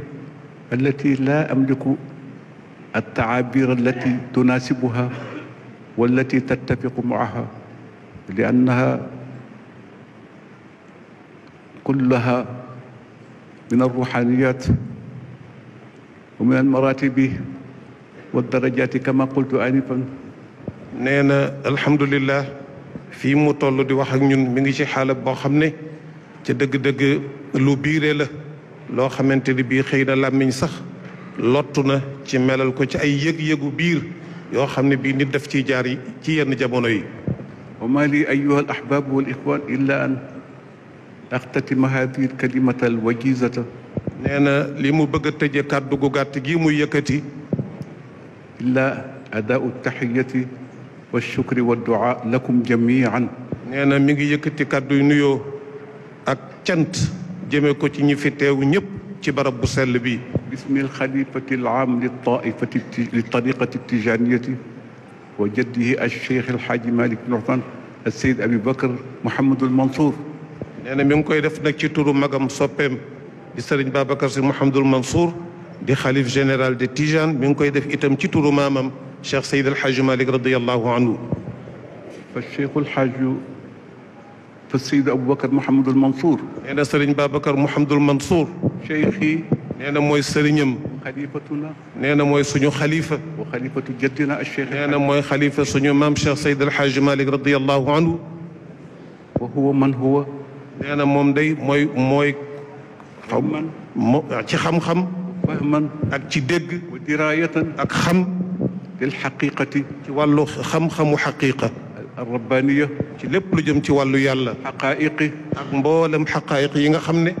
التي لا أملك التعابير التي تناسبها والتي تتفق معها لأنها كلها من الروحانيات ومن المراتب والدرجات كما قلت آنفا نينا الحمد لله في mu toll di wax ak ñun mi ngi ci loo xamante ni bii xëy na làmmiñ sax lottu na ci melal ko ci ay yëg-yëgu biir yoo xam ne bii nit daf ciy jaar ci yenn jamono yi wa ma li ayuha al ahbab wal ixwan illa an axtatima hadihi al kalimata al wajizata nee na li mu bëgg a tëje kàddu gu gàtt gi muy yëkkati illa adaau tahiyati wa shukri wa duaa lakum jamian nee na mi ngi yëkkati kàddu nuyoo ak cant جمي كو ني في تيو نييب تي بارب بو سيل بي بسم الخليفه العام للطائفه للطريقه التيجانيه وجده الشيخ الحاج مالك بن عثمان السيد ابي بكر محمد المنصور انا مي نكوي ديف نا تي تورو ماغام سوبيم دي سيرن بابا بكر سي محمد المنصور دي خليفه جنرال دي تيجان مي نكوي ديف ايتام تي تورو مامام شيخ سيد الحاج مالك رضي الله عنه فالشيخ الحاج فالسيد ابو بكر محمد المنصور انا سرين ابو بكر محمد المنصور شيخي نانا موي سرينم خليفتنا نانا موي سونو خليفه وخليفه جدنا الشيخ نانا موي خليفه سونو مام شيخ سيد الحاج مالك رضي الله عنه وهو من هو نانا موم داي موي موي تي خم خم فهما اك تي دغ ودرايه اك خم للحقيقه تي والو خم خم حقيقه الربانية لب لجم توال يالا حقائق مبولم حقائق ينغ خمني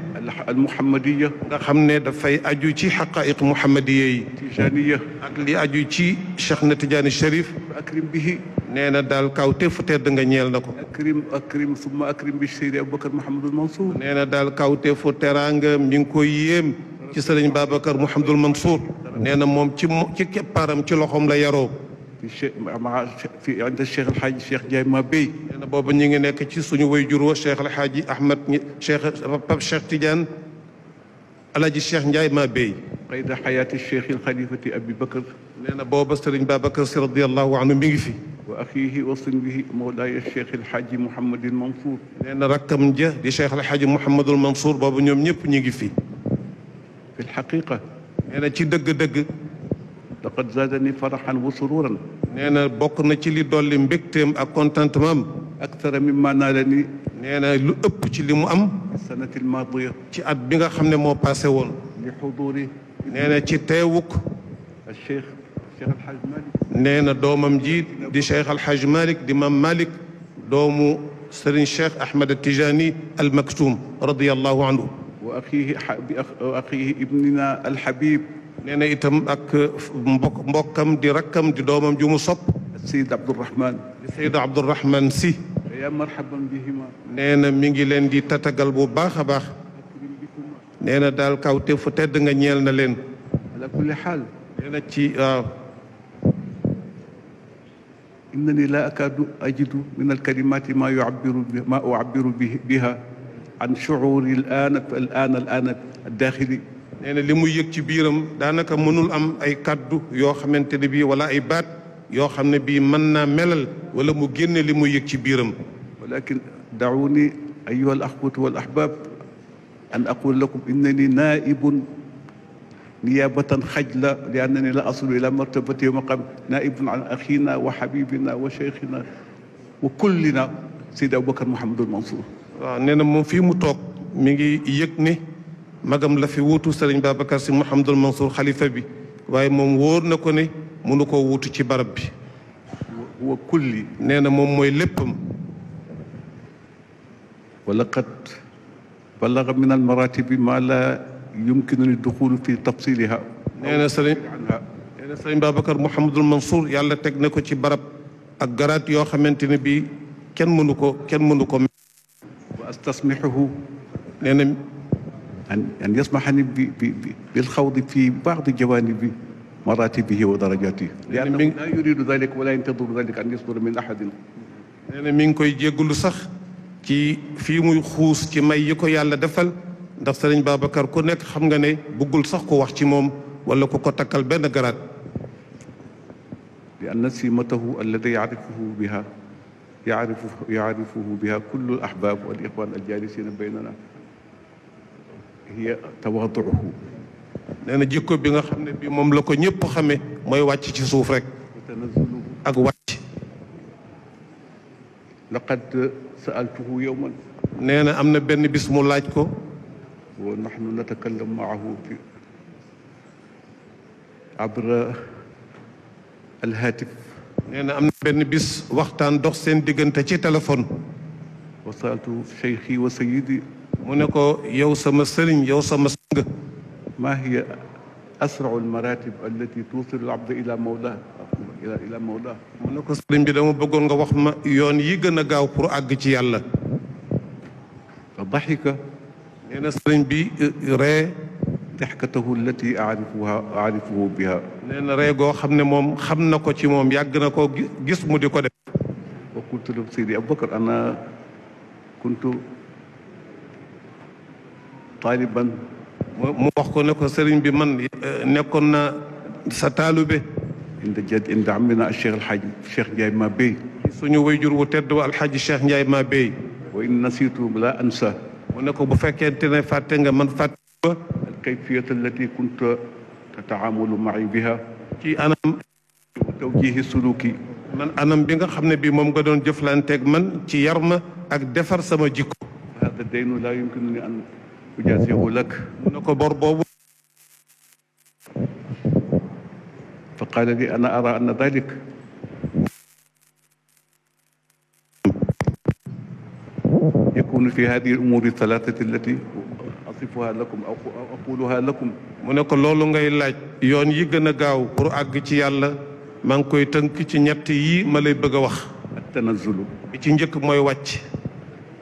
المحمدية خمني دفاي أجوتي حقائق محمدية تجانية أكلي أجوتي شيخ نتجاني الشريف أكرم به نينا دال كاو تفتر دنغ نيال نكو أكرم أكرم ثم أكرم بشيري أبو بكر محمد المنصور نينا دال كاو تفتر عنغ منكو ييم ci serigne babakar mohamdoul mansour neena mom ci ci param ci loxom la yaroo fi ma fi عند الشيخ الحاج Cheikh Ndiaye Mabéye. nee na boobu ñu ngi nekk ci suñu wayjur wa Cheikh El Hadj Ahmed Cheikh Pape Cheikh Tidiane El Hadj Cheikh Ndiaye Mabéye. قيد حياة الشيخ الخليفة أبي بكر. nee na booba Sëriñ Babacar Si radiyallahu anhu mi ngi fi. وأخيه وصله مولاي الشيخ الحاج محمد المنصور. nee na rakkam ja di Cheikh El Hadj Mouhamadou Mansour boobu ñoom ñëpp ñu ngi fi. في الحقيقة. nee na ci dëgg-dëgg. لقد زادني فرحا وسرورا. nee na bokk na ci li dolli mbégteem ak أكثر مما نالني نينا لو أب تي لي مو أم السنة الماضية تي اد بيغا خامني مو باسي وون لحضوري نينا تي تيوك الشيخ الشيخ الحاج مالك نينا دومام جي دي شيخ الحاج مالك دي مام مالك دومو سرين الشيخ أحمد التجاني المكتوم رضي الله عنه وأخيه, وأخيه ابننا الحبيب nee itam ak mbok mbokam di rakam di domam ju mu sopp Seyid Abdourahman Seyid Abdourahman si ya marhaban bihima nee mi ngi len di tatagal bu baax a baax nee na kaw te fu tedd nga ñeel na len ala kulli xaal nee na ci waaw إنني لا أكاد أجد من الكلمات ما يعبر ما أعبر بها عن شعوري الآن الآن الآن الداخلي neena na yek ci biram danaka mënul am ay kàddu yo xamanteni bi wala ay bat yo xamne bi man na melal wala mu génne li yek ci biram walakin da'uni ayyuha al akhwat wal ahbab an aqul lakum innani na'ib نيابة خجلة لأنني لا أصل إلى مرتبتي ومقام نائب عن أخينا وحبيبنا وشيخنا وكلنا سيد أبو بكر محمد المنصور. nee مو في مو توك ميغي يكني magam la fi wuutu sëriñ Babacar si Mouhamadul Mansour xalifa bi waaye moom wóor na ko ne mënu koo wuutu ci barab bi wa kulli nee na moom mooy léppam wa laqad balaga min al maratibi ma la yumkinu ni duxulu fi tafsiliha nee na sëriñ nee na sëriñ Babacar Mouhamadul Mansour yàlla teg na ko ci barab ak garaat yoo xamante ne bii kenn mënu ko kenn mënu ko wa astasmixuhu nee na أن أن يسمحني بالخوض في بعض جوانب مراتبه ودرجاته يعني لأنه من... لا يريد ذلك ولا ينتظر ذلك أن يصدر من أحد أنا يعني من كوي جيغلو koy كي في موي fii كي ماي يكو يالا yi ko yàlla defal ndax sëriñ Babacar ku nekk xam nga ne bëggul sax ku wax ci moom wala ku ko takkal benn garaat لأن سمته الذي يعرفه بها يعرفه يعرفه بها كل الأحباب والإخوان الجالسين بيننا هي تواضعه لأن جيكو بيغا خامني بي موم لاكو نييب خامي موي واتي سي سوف رك اك واتي لقد سالته يوما نانا امنا بن بس الله لاجكو ونحن نتكلم معه في عبر الهاتف نانا امنا بن بس وقتان دوخ سين ديغنتا سي تليفون وسالته شيخي وسيدي منكو يو سما سرين يو سما ما هي اسرع المراتب التي توصل العبد الى مولاه الى الى مولاه منكو سرين بي داما بغون nga wax ma yon yi gëna فضحك نينا سرين بي ري ضحكته التي اعرفها اعرفه بها نينا ري غو خامني موم خامناكو سي موم ياغ نكو غيس مو ديكو وقلت له سيدي انا كنت taaliban mu wax ko ne ko sëriñ bi man nekkoon na sa taalube inda jad inda amina cheikh alhaj cheikh ndiaye ma bey suñu wayjur wu tedd wa alhaji cheikh ndiaye ma bey wa in nasitu la ansa mu ne ko bu fekkente ne fàtte nga man fàtte ba alkayfiyat allati kunta tataamalu ma'i biha ci anam tawjihi suluki man anam bi nga xam ne bi moom nga doon jëflanteeg man ci yarma ak defar sama jikko hada daynu la yumkinu ni an أجازه لك فقال لي أنا أرى أن ذلك يكون في هذه الأمور الثلاثة التي أصفها لكم أو أقولها لكم منك لولو غي لاج يون يي غنا غاو بور اغ سي يالا مان كوي تانك سي نيات يي مالاي بيغا واخ التنزل سي نجهك موي واتش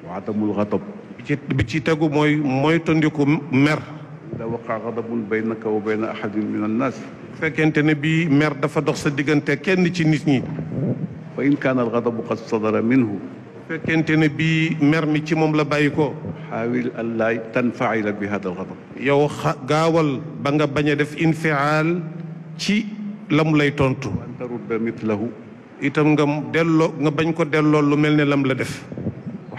وعدم الغضب ci bi ci tegu mooy mooy tondiku mer ida waqa gadabun baynaka wa bayna ahadin min annaas fekkente ne bi mer dafa dox sa diggante kenn ci nit ñi wa in kaana algadabu qad sadara minhu fekkente ne bi mer mi ci moom la bàyyi ko xaawil an laa tanfaila bi hada algadab yow gaawal ba nga bañ a def infiaal ci la mu lay tontu an tarudda mithlahu itam nga delloo nga bañ ko delloo lu mel ne lam la def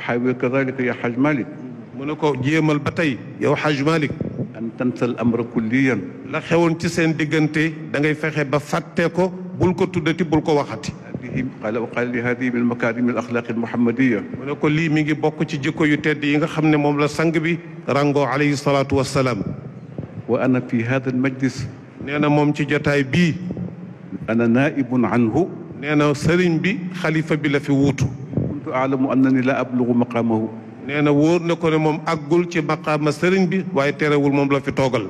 حيوي كذلك يا حاج مالك منكو جيمال باتاي يا حاج مالك ان تمثل الامر كليا لا خيون تي سين ديغنتي داغي فخه با فاتيكو بول كو تودتي بول كو واخاتي قال وقال لي هذه من مكارم الاخلاق المحمديه منكو لي ميغي بوكو تي جيكو يو تيد ييغا خامني موم لا سانغ بي رانغو عليه الصلاه والسلام وانا في هذا المجلس نانا موم تي جوتاي بي انا نائب عنه نانا سيرن بي خليفه بلا لا في ووتو كنت اعلم انني لا ابلغ مقامه نانا وور نكو ني موم اغول سي مقام سيرن بي واي تيرهول موم لا في توغال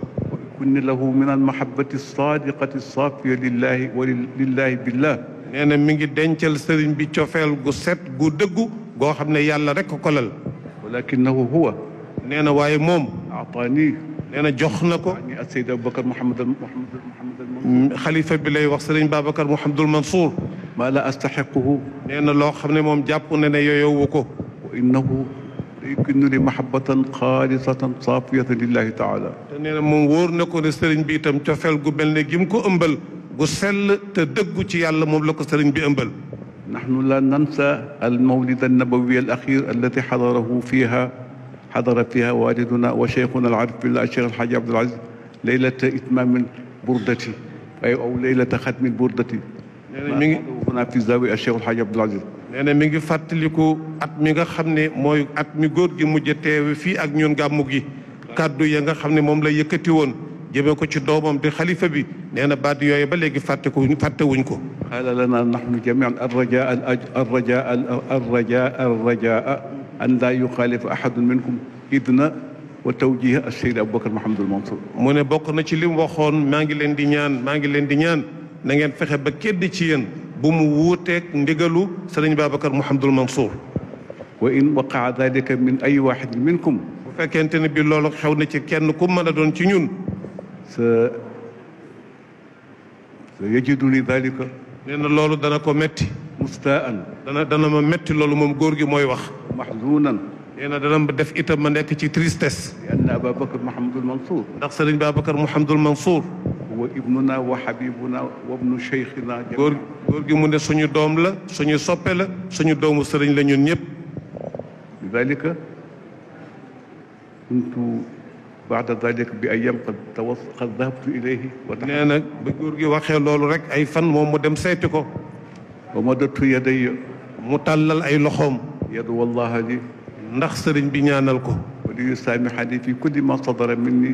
كن له من المحبه الصادقه الصافيه لله ولله بالله نانا ميغي دنتال سيرن بي تيوفال غو سيت غو دغو غو خامني يالا رك كولال ولكنه هو نانا واي موم اعطاني نانا جوخناكو السيد ابو بكر محمد محمد محمد خليفه بلاي واخ سيرن بابكر محمد المنصور ما لا استحقه لان لو خمني موم جابو نني يويوكو وانه يكن لي محبه خالصه صافيه لله تعالى تنين موم وور نكو ني سيرن بي تام تيوفل غو ملني جيمكو امبل غو سل تا دغو تي يالا موم لاكو سيرن بي امبل نحن لا ننسى المولد النبوي الاخير الذي حضره فيها حضر فيها والدنا وشيخنا العارف بالله الشيخ الحاج عبد العزيز ليله اتمام بردتي او ليله ختم بردتي nee na mi ngi naa fi zawi Cheikh Alhaji Abdoul Aziz nee na mi ngi fàttaliku at mi nga xam ne mooy at mi góor gi mujj teewe fii ak ñun gàmmu gi kàddu ya nga xam ne moom la yëkkati woon jëmee ko ci doomam di xalifa bi nee na baat yooyu ba léegi fàtte ko fàttewuñ ko qaala lana nahnu jamian arraja arraja arraja arraja an laa yuxaalifa ahadun minkum idna wa tawjih Seydi Aboubacar Mouhamadul Mansour mu ne bokk na ci li mu waxoon maa ngi leen di ñaan maa ngi leen di ñaan na ngeen fexe ba kédd ci yéen bu mu wuuteeg ndigalu serigne Babacar Mouhamadul Mansour wa in waqaa dhalika min ay waxidin minkum bu fekkente ne bi loolu xew na ci kenn ku mën a doon ci ñun sa sa yajidu ni dhalika nee na loolu dana ko metti mustaan dana dana ma metti loolu moom góor gi mooy wax mahzunan nee na dana def itam ma nekk ci tristesse li anna Ababacar Mouhamadul Mansour ndax serigne Babacar Mouhamadul Mansour wa ibnuna wa habibuna wa ibnu cheikhina góor góor gi mu ne suñu doom la suñu soppe la suñu doomu sëriñ la ñun ñëpp lidalika kuntu baada dalik bi ayam qad tawas qad dahabtu ilayhi wa nee na ba góor gi waxee loolu rek ay fan moom mu dem seeti ko wa madatu yadaya mu tàllal ay loxoom yadu wallaha li ndax sëriñ bi ñaanal ko wa li yusaamihani fi kulli ma sadara minni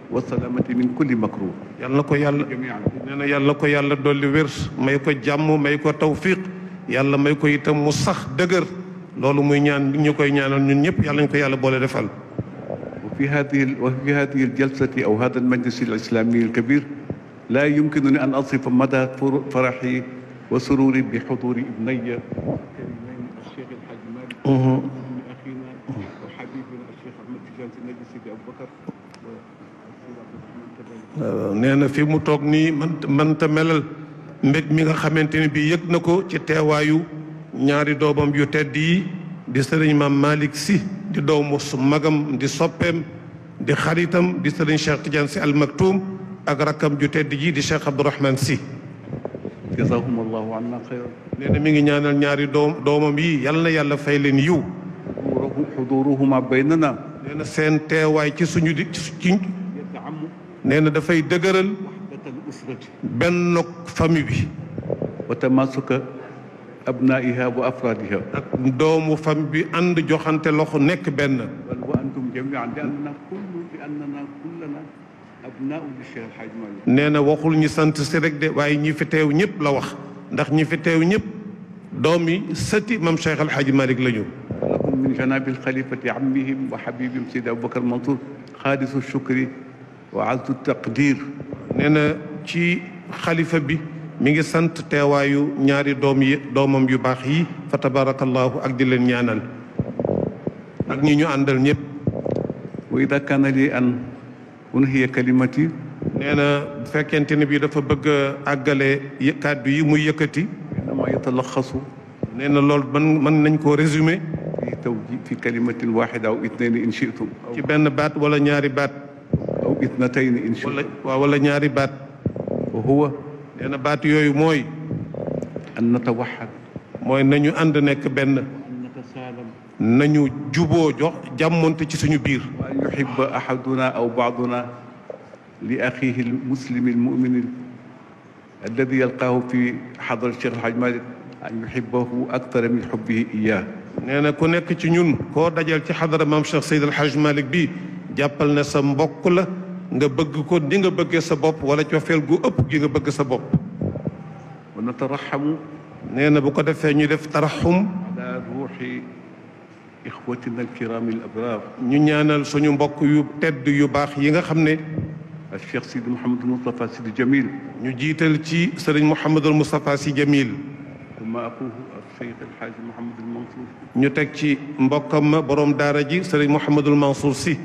والسلامة من كل مكروه يلا كو يلا إننا يلا كو يلا دولي ورس ما يكو جامو ما يكو توفيق يلا ما يكو يتم مصح دقر لولو مي نيان نيكو نيان نيب يلا نكو يلا بولي دفل وفي هذه وفي هذه الجلسة أو هذا المجلس الإسلامي الكبير لا يمكنني أن أصف مدى فرحي وسروري بحضور ابني الكريمين الشيخ الحاج مالك nee na fi mu toog nii man mënta melal mbég mi nga xamante ni bii yëg na ko ci teewaayu ñaari doomam yu tedd yi di sëriñ maam Malick si di doomu su magam di soppeem di xaritam di sëriñ Cheikh Tidiane si Al Maktoum ak rakkam ju tedd ji di Cheikh Abdourahmane si. jazakumullahu anna xayra. nee na mi ngi ñaanal ñaari doom doomam yi yal na yàlla fay leen yiw. xuduruhuma baynana. nee na seen teewaay ci suñu di ci nee na dafay dëgëral benn famille bi wa tamasuka abnaiha wa afradiha ak doomu famille bi ànd joxante loxo nekk benn wa antum jamian li annana kullu li annana kullana abnau li cheikh alhaj malik nee na waxul ñu sant si rek de waaye ñi fi teew ñëpp la wax ndax ñi fi teew ñëpp doom yi sëti mam cheikh alhaj malik la ñu min janabil xalifati ammihim wa habibim sidi aboubacar mansour xaadisu shukri وعلت التقدير ننا تي خليفه بي ميغي سانت تيوايو نياري دومي دومم يو فتبارك الله اك دي لن نيانال اك ني ني كان لي ان ونهي كلمتي نينا فكنتي نبي دا فا بغ اغال يكاد يي مو يكتي ما يتلخص ننا لول من من نانكو ريزومي في كلمه واحده او اثنين ان شئتم تي بن بات ولا نياري بات اثنتين ان شاء الله ولا نياري بات وهو انا بات يوي موي ان نتوحد موي نانيو اند نيك بن نانيو جوبو جو جامونتي سي سونو بير يحب احدنا او بعضنا لاخيه المسلم المؤمن الذي يلقاه في حضر الشيخ الحاج مالك ان يحبه اكثر من حبه اياه نانا كو نيك سي نون كو داجال سي حضر مام الشيخ سيد الحاج مالك بي جابل نسا مبوك لا nga bëgg ko ni nga bëggee sa bopp wala cofeel gu ëpp gi nga bëgg sa bopp wa nataraxamu nee na bu ko defee ñu def taraxum ala ruuxi ixwatina alkiram alabrar ñu ñaanal suñu mbokk yu tedd yu baax yi nga xam ne الشيخ سيدي محمد المصطفى سيدي جميل نجيتل تي سيدي محمد المصطفى سيدي جميل ثم اخوه الشيخ الحاج محمد المنصور ني تك تي مبوكم بروم دارا جي سيدي محمد المنصور سي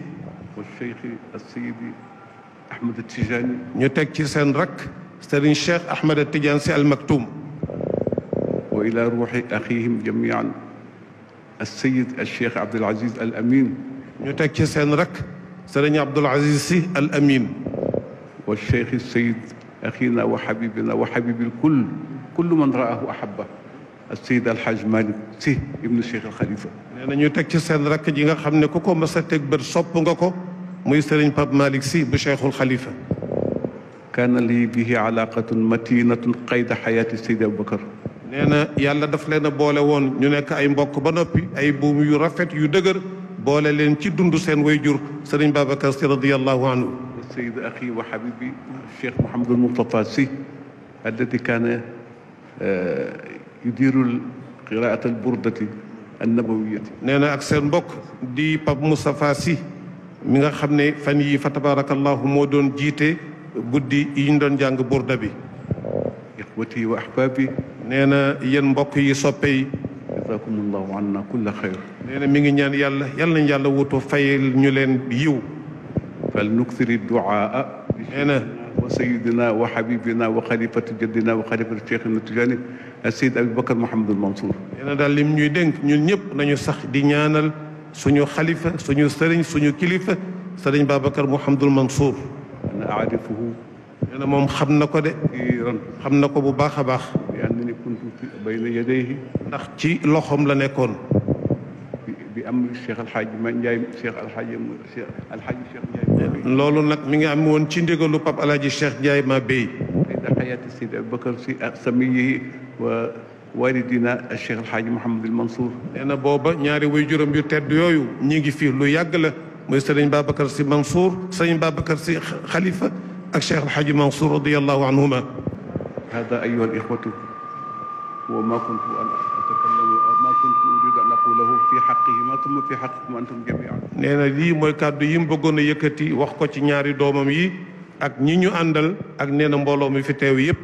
والشيخ السيدي احمد التجاني ني تك سي سن رك سيرين Cheikh احمد التجاني سي المكتوم والى روح اخيهم جميعا السيد الشيخ عبد العزيز الأمين سن رك سيرين عبد العزيز سي الأمين والشيخ السيد أخينا وحبيبنا وحبيب الكل كل من رآه أحبه السيد الحاج مالك سي ابن الشيخ الخليفة سن رك جيغا تك بير برصب غاكو ميسرين باب مالكسي بشيخ الخليفة كان لي به علاقة متينة قيد حياة السيد أبو بكر نانا يالا دفلنا بولا وون نيونيك اي مبوك با نوبي اي بوم يو رافيت يو دغر بولا لين تي دوندو سين ويجور سيرن بابا كاس رضي الله عنه السيد اخي وحبيبي الشيخ محمد المصطفى سي الذي كان آه، يدير قراءة البردة النبوية نانا اك سين مبوك دي باب مصطفى سي mi nga xam ne fan yii fa tabarakallahu moo doon jiite guddi yi ñu doon jàng burda bi ixwati wa ahbaabi nee na yéen mbokk yi soppe yi jazakumullahu anna kulla xayr nee na mi ngi ñaan yàlla yàlla nañ yàlla wutu fayal ñu leen yiw fal nuksiri duaa nee na wa sayidina wa xabibina wa xalifati jaddina wa xalifati cheikhina tijani asayid abubakar mahamadul mansour nee na daal lim ñuy dénk ñun ñëpp nañu sax di ñaanal سنو خليفة سنو سرين سنو كليفة سرين بابا محمد المنصور أنا أعرفه أنا مم خم نكود إيران خم نكود أبو باخ باخ لأنني كنت بين يديه نختي لخم لنا كون بأمر الشيخ الحاج من جاي الشيخ الحاج الشيخ الحاج الشيخ جاي لولو نك مين عمون تشيندي قولو باب الحاج الشيخ جاي ما بي حياة السيد أبو بكر سميه و والدنا الشيخ الحاج محمد المنصور انا بابا نياري وي جورم يو تيد يويو نيغي في لو ياغلا موي سيرن بابكر سي منصور سيرن بابكر سي خليفه اك الشيخ الحاج منصور رضي الله عنهما هذا ايها الاخوه وما كنت ان اتكلم ما كنت اريد ان اقوله في حقهما ثم في حقكم انتم جميعا نينا لي موي كادو يم بغون ييكتي واخكو سي نياري دومام يي اك ني ني اندال اك نينا مبولو مي في تيو ييب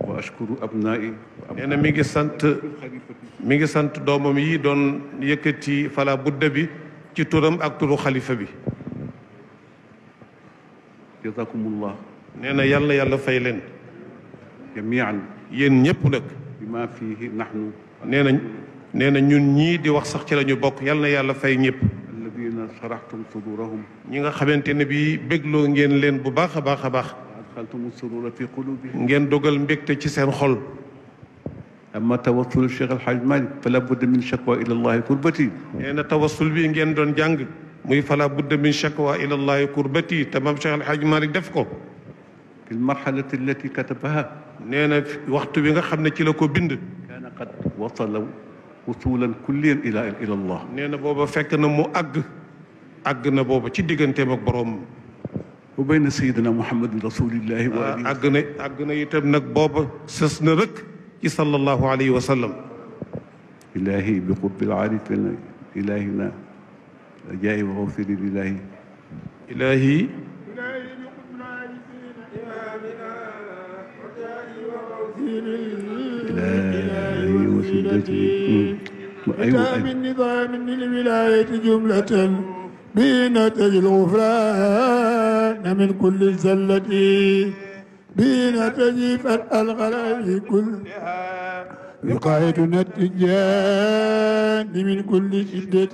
واشكر ابنائي nee mi ngi sant mi ngi sant doomam yi doon yëkkati fala budda bi ci turam ak turu xalifa bi jazakumullah nee na yàlla yàlla fay leen jamian yéen ñëpp nag bi ma fihi nahnu nee na nee na ñun ñii di wax sax ci la bokk yàlla na yàlla fay ñëpp alladina sarahtum sudurahum ñi nga xamante ne bi bégloo ngeen leen bu baax a baax a baax adxaltum surura fi qulubi ngeen dogal mbégte ci seen xol اما توصل الشيخ الحاج مالك فلا بد من شكوى الى الله كربتي إيه، انا توصل بي نين دون جانغ موي فلا بد من شكوى الى الله كربتي تمام شيخ الحاج مالك دفكو في المرحله التي كتبها نينا إيه، في وقت بيغا خامنا سي لاكو بند كان قد وصل وصولا كليا الى الى الله نينا بوبا فكنا مو اغ اغنا بوبا سي ديغنتي بروم وبين سيدنا محمد رسول الله وعلي اغنا اغنا يتم نك بوبا سسنا رك صلى الله عليه وسلم إلهي بقب العارف إلهنا أجائب غوثي للإلهي إلهي إلهي وسيدتي كتاب النظام للولاية جملة بنتج الغفران من كل الزلة بين تجيب الغلال كلها وقايتنا التجان من كل شدة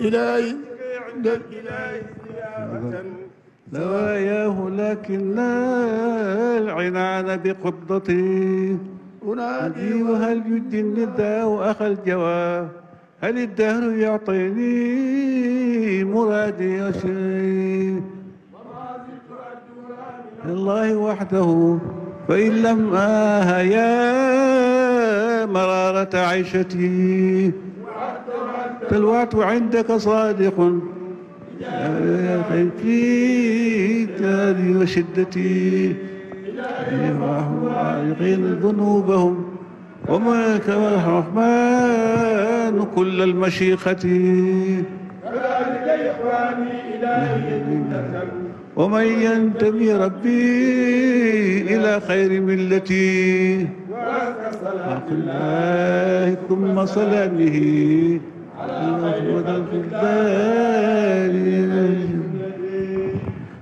إلهي عند الإله زواياه لكن لا العنان بقبضتي أنادي وهل يجد النداء وأخ الجواب هل الدهر يعطيني مرادي يا الله وحده فإن لم آه يا مرارة عيشتي فالوعد عندك صادق في داري وشدتي وهو عالقين ذنوبهم وما كما الرحمن كل المشيخة كذلك يا إخواني إلهي إنك ومن ينتمي ربي إلى خير ملتي الله ثم صلى به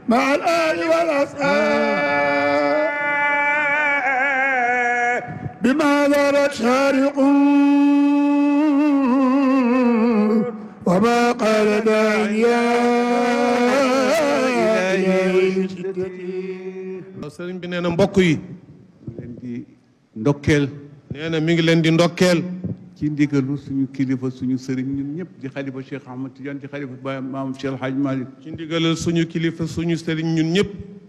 مع الآل والأصحاب بما ذرت شارق وما قال داعيا sëriñ bi nee na mbokk yi. leen di ndokkeel. mi ngi leen di ndokkeel. ci ndigalu suñu kilifa suñu sëriñ ñun ñëpp di xalifa Cheikh Ahmad Tidiane di xalifa Baye maam Cheikh Alhaaj Malick. ci ndigalal suñu kilifa suñu sëriñ ñun ñëpp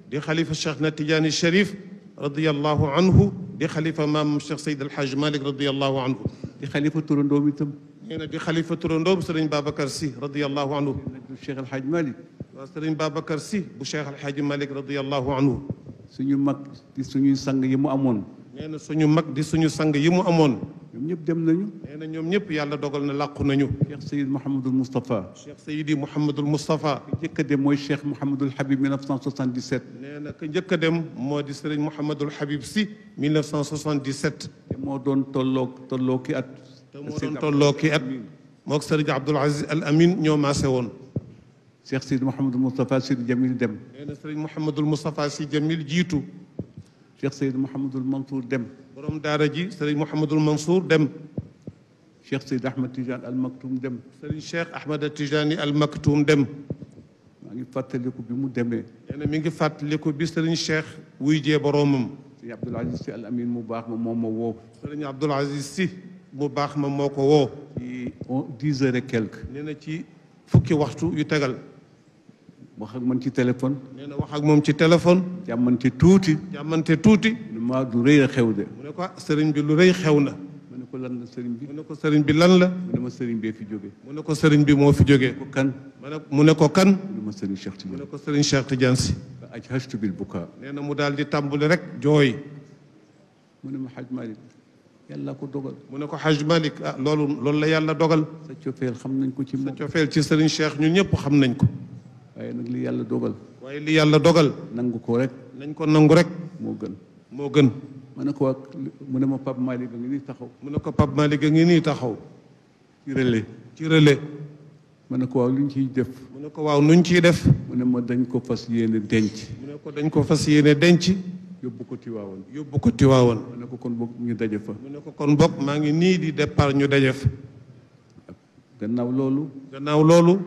di xalifa Cheikh na Tidiane Cherif radiyallahu anhu di xalifa maam Cheikh Seydou Alhaaj Malick radiyallahu anhu. di xalifa turandoom itam. nee na di xalifa turandoom sëriñ Babacar Sy radiyallahu anhu. Cheikh Alhaaj Malick. waaw sëriñ Babacar Sy bu Cheikh Alhaaj Malick radiyallahu anhu. suñu mag di suñu sang yi mu amoon. neena suñu mag di suñu sang yi mu amoon. ñom ñep dem nañu. neena ñom ñep yàlla dogal na laqku nañu. Cheikh sayyid mohammedul mustafa Cheikh sayyidi mohammedul mustafa ki njëkk a dem mooy Cheikh mohammedul Habib 1977. neena ka njëkk dem moo di sëriñ Mouhamadul Habib si 1977. mo doon tolok tolloo ki at. mo doon tolloo ki at mok serigne abdul Aziz Al Amin ñoo maase woon. شيخ سيد محمد المصطفى سيد جميل دم سيد محمد المصطفى سيد جميل جيتو شيخ سيد محمد المنصور دم بروم دارا جي سيد محمد المنصور دم شيخ سيد احمد تيجان المكتوم دم سيد شيخ احمد التجاني المكتوم دم ماغي فاتليكو بيمو ديمي انا ميغي فاتليكو بي سيد الشيخ ويجي بروموم سيد عبد العزيز سي الامين مباخ ما مو مو وو سيد عبد العزيز سي مباخ ما موكو وو 10 كيلك نينا سي فوكي وقتو يو تغال wax ak man ci téléphone nee na wax ak moom ci téléphone jàmmante tuuti jàmmante tuuti mu ne maa du rëy la xew de mu ne ko sëriñ bi lu rëy xew na mu ne ko lan la sëriñ bi mu ne ko sëriñ bi lan la mu ne ma sëriñ bee fi jóge mu ne ko sëriñ bi moo fi jóge ko kan mu ne ko kan mu ne ma sëriñ Cheikh Tidiane mu ne ko sëriñ Cheikh Tidiane si ajhastu bil buka nee na mu daal di tàmbali rek jooy mu ne ma xaj Malick yàlla ko dogal mu ne ko xaj Malick ah loolu loolu la yàlla dogal sa cofeel xam nañ ko ci moom sa cofeel ci sëriñ Cheikh ñun ñëpp xam nañ ko waaye nag li yàlla dogal. waaye li yàlla dogal. nangu ko rek. nañ ko nangu rek. moo gën moo gën. ma ne ko ak mu ne ma Pape Malick a ngi nii taxaw. mu ne ko Pape Malick a ngi nii taxaw. ci ci relais. ma ne ko waaw lu ñu ciy def. mu ne ko waaw nu ñu ciy def. mu ne ma dañ ko fas denc. dañ ko fas yéene denc. yóbbu ko Tiwaawan. yóbbu ko Tiwaawan. mu ne ko kon boog ñu daje fa. mu ne ko kon boog maa ngi nii di départ ñu daje fa. gannaaw loolu. gannaaw loolu.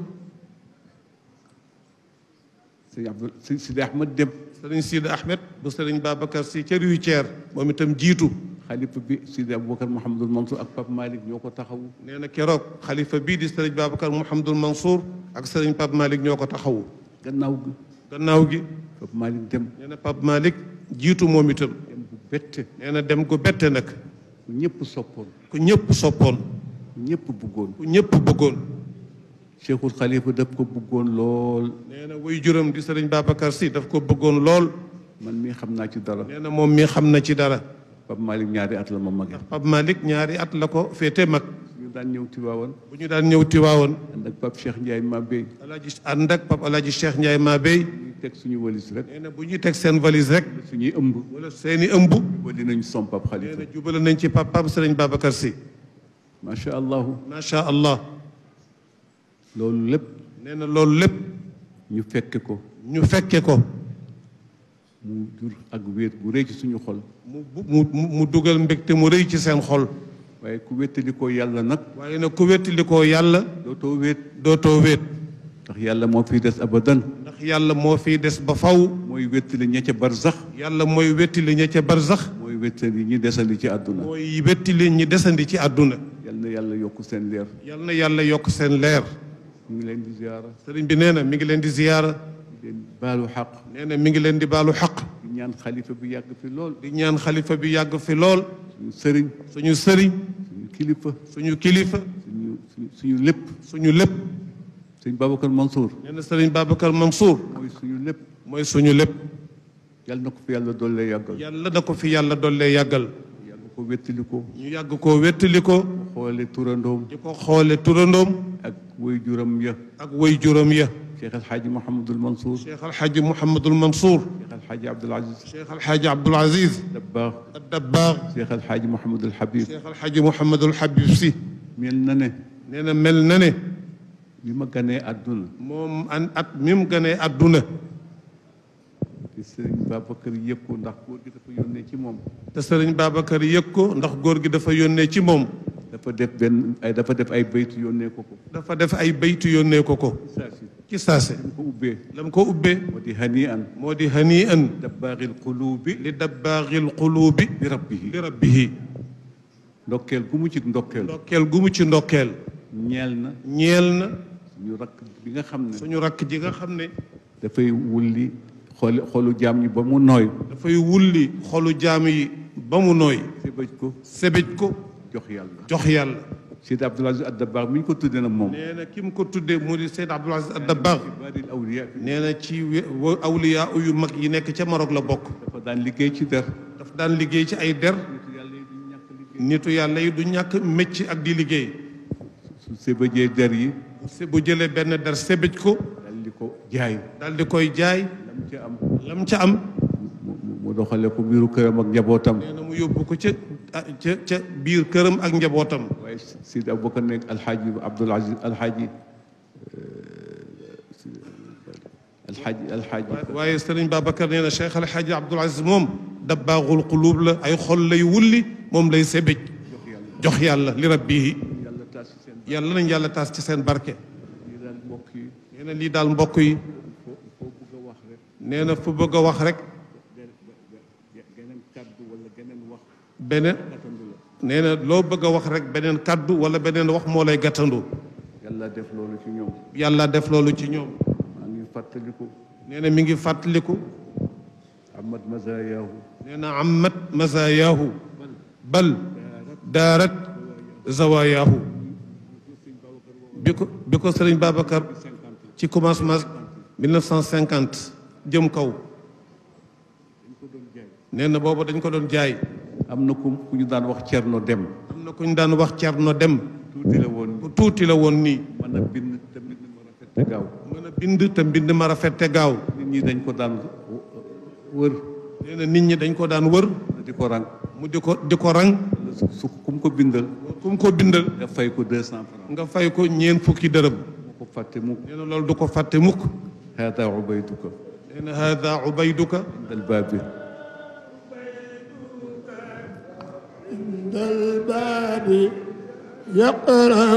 sëñ Abdou sëñ Sidi Ahmed dem sëriñ Sidi Ahmed bu sëriñ Babacar si cër yu ceer moom itam jiitu xalifa bi Sidi Aboubacar Mouhamadul Mansour ak Pape Malick ñoo ko taxawu nee na keroog xalifa bii di sëriñ Babacar Mouhamadul Mansour ak sëriñ Pape Malick ñoo ko taxawu gannaaw gi gannaaw gi Pape Malick dem nee na Pape Malick jiitu moom itam dem gu bette nee na dem gu bette nag ku ñëpp soppoon ku ñëpp soppoon ku ñëpp bëggoon ku ñëpp bëggoon cheikhul xalifa daf ko bëggoon lool. nee na wuy juróom di sëriñ Babacar si daf ko bëggoon lool. man mii xam naa ci dara. nee na moom mii xam na ci dara. Pape Malick ñaari at la ma magee. Pape ñaari at la ko féete mag. bu ñu daan ñëw Tiwaawoon. bu ñu daan ñëw Tiwaawoon. ànd ak Pape Cheikh Ndiaye Mabey. alaaji ànd ak Pape alaaji Cheikh Ndiaye Mabey. teg suñu valise rek. nee na bu ñuy teg seen valise rek. suñuy ëmb. wala seen i ëmb. jubali nañ som Pape Khalifa. nee na jubale nañ ci papaam sëriñ Babacar si. macha allah. macha allah. loolu lépp nee na loolu lépp ñu fekke ko ñu fekke ko mu jur ak wéet bu rëy ci suñu xol mu mu dugal mbégte mu rëy ci seen xol waaye ku wéttali koo yàlla nag waaye nag ku wéttali koo yàlla dootoo wéet dootoo wéet ndax yàlla moo fiy des abadan ndax yàlla moo fi des ba faw mooy wéttali ña ca barzax yàlla mooy wéttali ña ca barzax mooy wéttali ñi desandi ci àdduna mooy wéttali ñi desandi ci àdduna yal na yàlla yokk seen leer yal na yàlla yokk seen leer mi ngi leen di ziyaara sëriñ bi nee na mi ngi leen di ziyaara di leen baalu xaq nee na mi ngi leen di baalu xaq di ñaan xalifa bi yàgg fi lool di ñaan xalifa bi yàgg fi lool suñu sëriñ suñu sëriñ suñu kilifa suñu kilifa suñu suñu lépp suñu lépp sëriñ Babacar Mansour nee na sëriñ Babacar Mansour mooy suñu lépp mooy suñu lépp yàlla na ko fi yàlla dollee yàggal yàlla na ko fi yàlla dollee yàggal شيخ الحاج محمد المنصور شيخ الحاج محمد المنصور شيخ الحاج عبد العزيز شيخ الحاج عبد العزيز الدباغ الدباغ شيخ الحاج محمد الحبيب شيخ الحاج محمد الحبيب سي ميل ناني نينا ميل ناني بما كان ادنا موم ان ات ميم كان ادنا te sëriñ Babacar yëg ko ndax góor gi dafa yónnee ci moom. te sëriñ Babacar yëg ko ndax góor gi dafa yónnee ci moom. dafa def benn ay dafa def ay baytu yónnee ko ko. dafa def ay baytu yónnee ko ko. ci saase. lam ko ubbee. lam ko ubbee. moo di hani an. moo di hani an. dabbaaxil quluubi. li dabbaaxil quluubi. li rabbihi li rabbihi. ndokkeel gu mu ci ndokkeel. ndokkeel suñu rakk bi nga xam suñu rakk ji nga xam ne. dafay wulli. xol xolu jaam ñi ba mu nooy dafay wulli xolu jaam yi ba mu nooy sebej ko sebej ko jox yàlla jox yàlla سيد عبد العزيز الدباغ مين كنت تدنا موم نينا كيم كنت تدي مودي سيد عبد العزيز الدباغ بار الاولياء نينا تي اولياء يو ماك يي نيك تي ماروك لا بوك دا دان ليغي تي در دا دان ليغي تي اي در nitu yàlla yi du ñàkk mécc ak di liggéey su sébëjee der yi bu jëlee benn der sébëj ko dal di ko jaay dal di koy jaay ca am lam ca am. mu doxale ko biiru këram ak njabootam. nee na mu yóbbu ko ca ca ca biir këram ak njabootam. waaye Sidi Aboubacar nekk alxaaji Abdoul Aziz alxaaji eh, alxaaji alxaaji. waaye sëriñ Babacar nee na Cheikh alxaaji Abdoul Aziz moom dabbaaxul xuluub la ay xol lay wulli moom lay sebej jox yàlla li rabbi yàlla nañ yàlla taas ci seen barke. lii daal mbokk yi. nee na fu bëgg a wax rek beneen nee na loo bëgg a wax rek beneen kàddu wala beneen wax moo lay gàttandu yàlla def loolu ci ñoom yàlla def loolu ci ñoom maa ngi fàttaliku nee na mi ngi fàttaliku amat mazayaahu nee na amat mazayaahu bal daarat zawayaahu bi ko bi ko sëriñ Babacar ci commencement 1950 jëm kaw nee na booba dañ ko doon jaay am na ku ñu daan wax cerno dem am na ku ñu daan wax cerno dem tuuti la woon nii tuuti la woon nii mën bind te mbind ma rafet te gaaw mën a bind te mbind ma rafet te gaaw nit dañ ko daan wër nit ñi dañ ko daan wër di ko rang mu di ko di ko rang su kum ko bindal kum ko bindal nga fay ko deux cent francs nga fay ko ñeent fukki dërëm du ko fàtte mukk nee na loolu du ko fàtte mukk xeeta ubaytuka إن هذا عبيدك عند الباب عند الباب يقرأ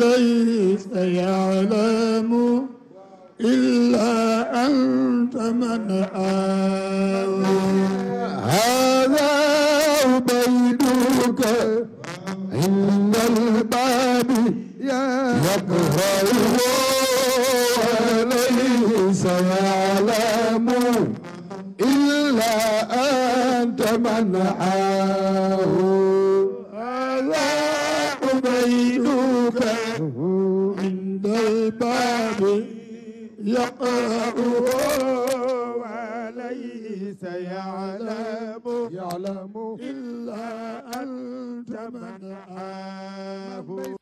وليس يعلم إلا أنت من آوى هذا عبيدك عند الباب يقرأ سيعلم إلا أنت من عاه ألا عبيدك عند الباب يقرأ عليه سيعلم يعلم إلا أنت من عاه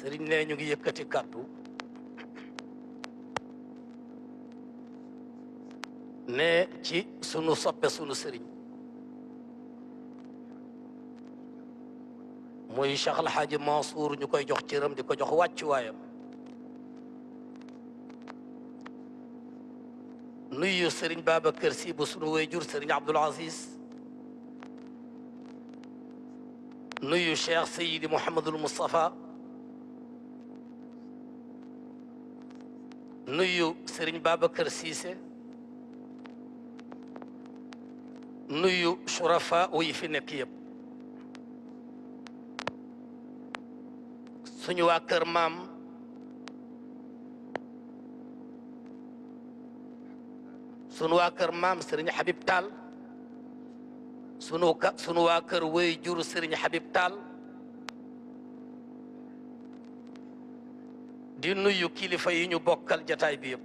سرين لا نيغي ييكاتي كادو ني تي سونو سوبي سونو سرين موي شيخ الحاج منصور نيكاي جوخ تي رام ديكو جوخ واتي نيو سرين بابا كرسي بو سونو ويجور سرين عبد العزيز نيو شيخ سيدي محمد المصطفى nuyu Serigne kër siise nuyu surafa yi fi nekk yëpp suñu waa kër maam sunu waa kër maam Serigne Habib Tall sunu waa kër wéy jur Serigne Habib Tall di nuyu kilifa yi ñu bokkal jataay bi yëpp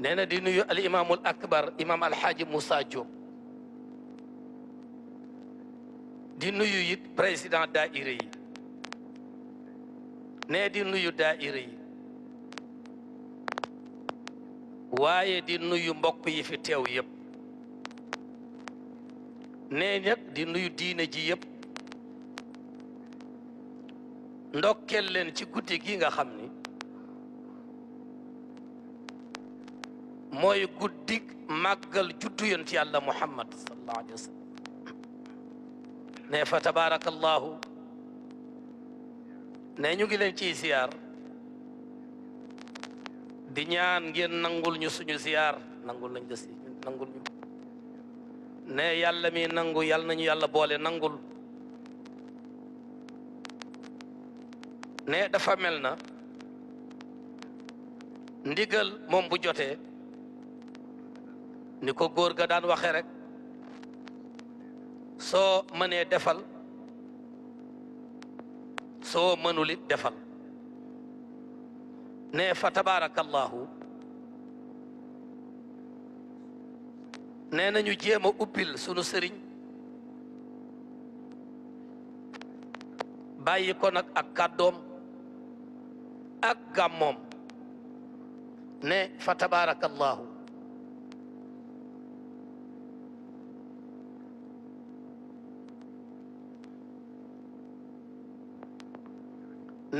nee na di nuyu al imaamul akbar imaam alxaaji Moussa Diop di nuyu it président daaira yi nee di nuyu daaira yi waaye di nuyu mbokk yi fi teew yëpp nee nag di nuyu diine ji yëpp ndokkeel leen ci guddi gi nga xam ni mooy guddi màggal juddu yonent yàlla muhammad sallallahu alayhi wa sallam ne fa tabaarakallahu ne ñu ngi leen ci ziyaar di ñaan ngeen nangul ñu suñu ziyaar nangul nañ la si nangul ñu ne yàlla mi nangu yàlla nañu yàlla boole nangul ne dafa mel na ndigal moom bu jotee ni ko góor ga daan waxe rek soo mënee defal soo mënulit defal ne fa tabaarakallaahu nee na ñu jéema uppil sunu sëriñ bàyyi ko nag ak kàddoom ak gàmmoom ne fa tabaarakallaahu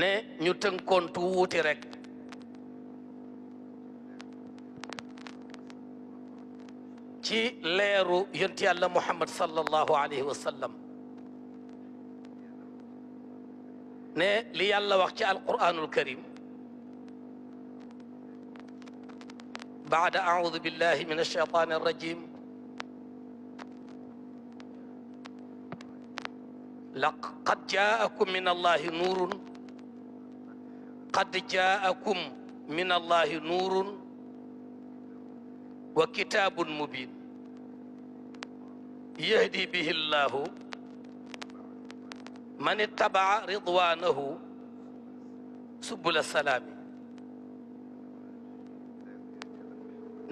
ne ñu tënkoon tuuti rek ci leeru yonti yàlla muhammad sallallahu alayhi wa sallam ne li yàlla wax ci alquranul karim بعد أعوذ بالله من الشيطان الرجيم لقد جاءكم من الله نور قد جاءكم من الله نور وكتاب مبين يهدي به الله من اتبع رضوانه سبل السلام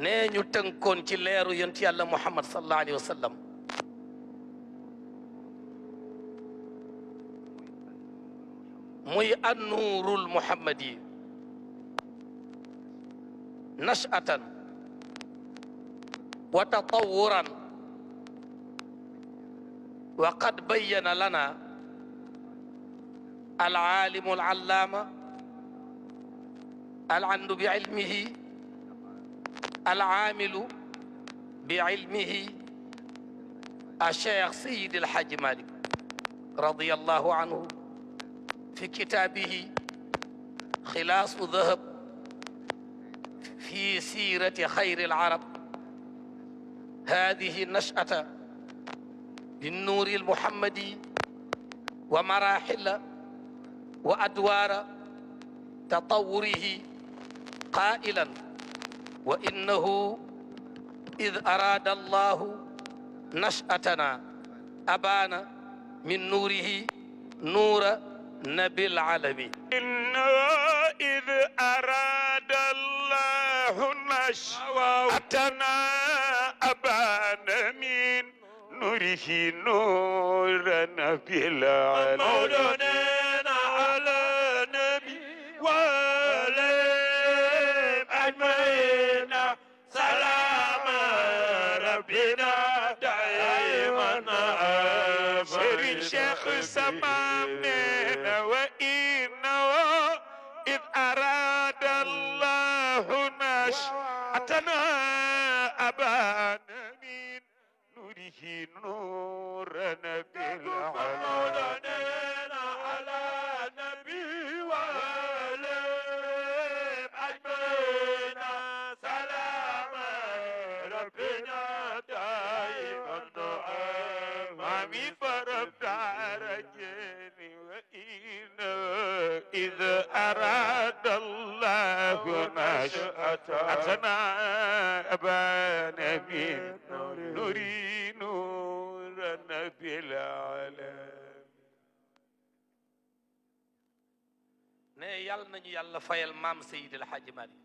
nee ñu tënkoon ci leeru yonent yàlla muhammad sallallahu alayhi wa sallam muy annuurul muhammad yi nashatan wa tatawuran wa qad bayyana lana al aalimu al allaama al andu bi ilmihi العامل بعلمه الشيخ سيد الحاج مالك رضي الله عنه في كتابه خلاص ذهب في سيرة خير العرب هذه النشأة للنور المحمدي ومراحل وأدوار تطوره قائلاً وإنه إذ أراد الله نشأتنا أبانا من نوره نور نبي العالمين إنه إذ أراد الله نشأتنا أبانا من نوره نور نبي العالمين لنا أبانا من نوره نورا بالعلم إذ أراد الله نشأتنا أبانا من نري نورا في العالم ne yàlla nañu yàlla fayal maam Seydi El Hadji Malick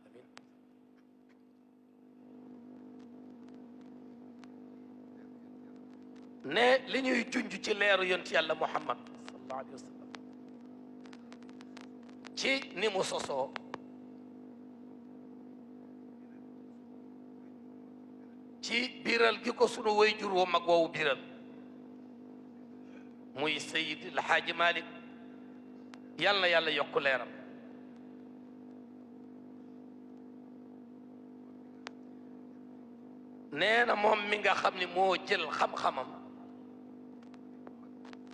ne li ñuy junj ci leeru yonent yàlla Muhammad sallallahu alayhi wa sallam ci ni mu sosoo ci biiral gi ko sunu waajur wa mag woowu biiral muy Seyid El Hadji Malick yàlla na yàlla yokk leeram nee na moom mi nga xam ni moo jël xam-xamam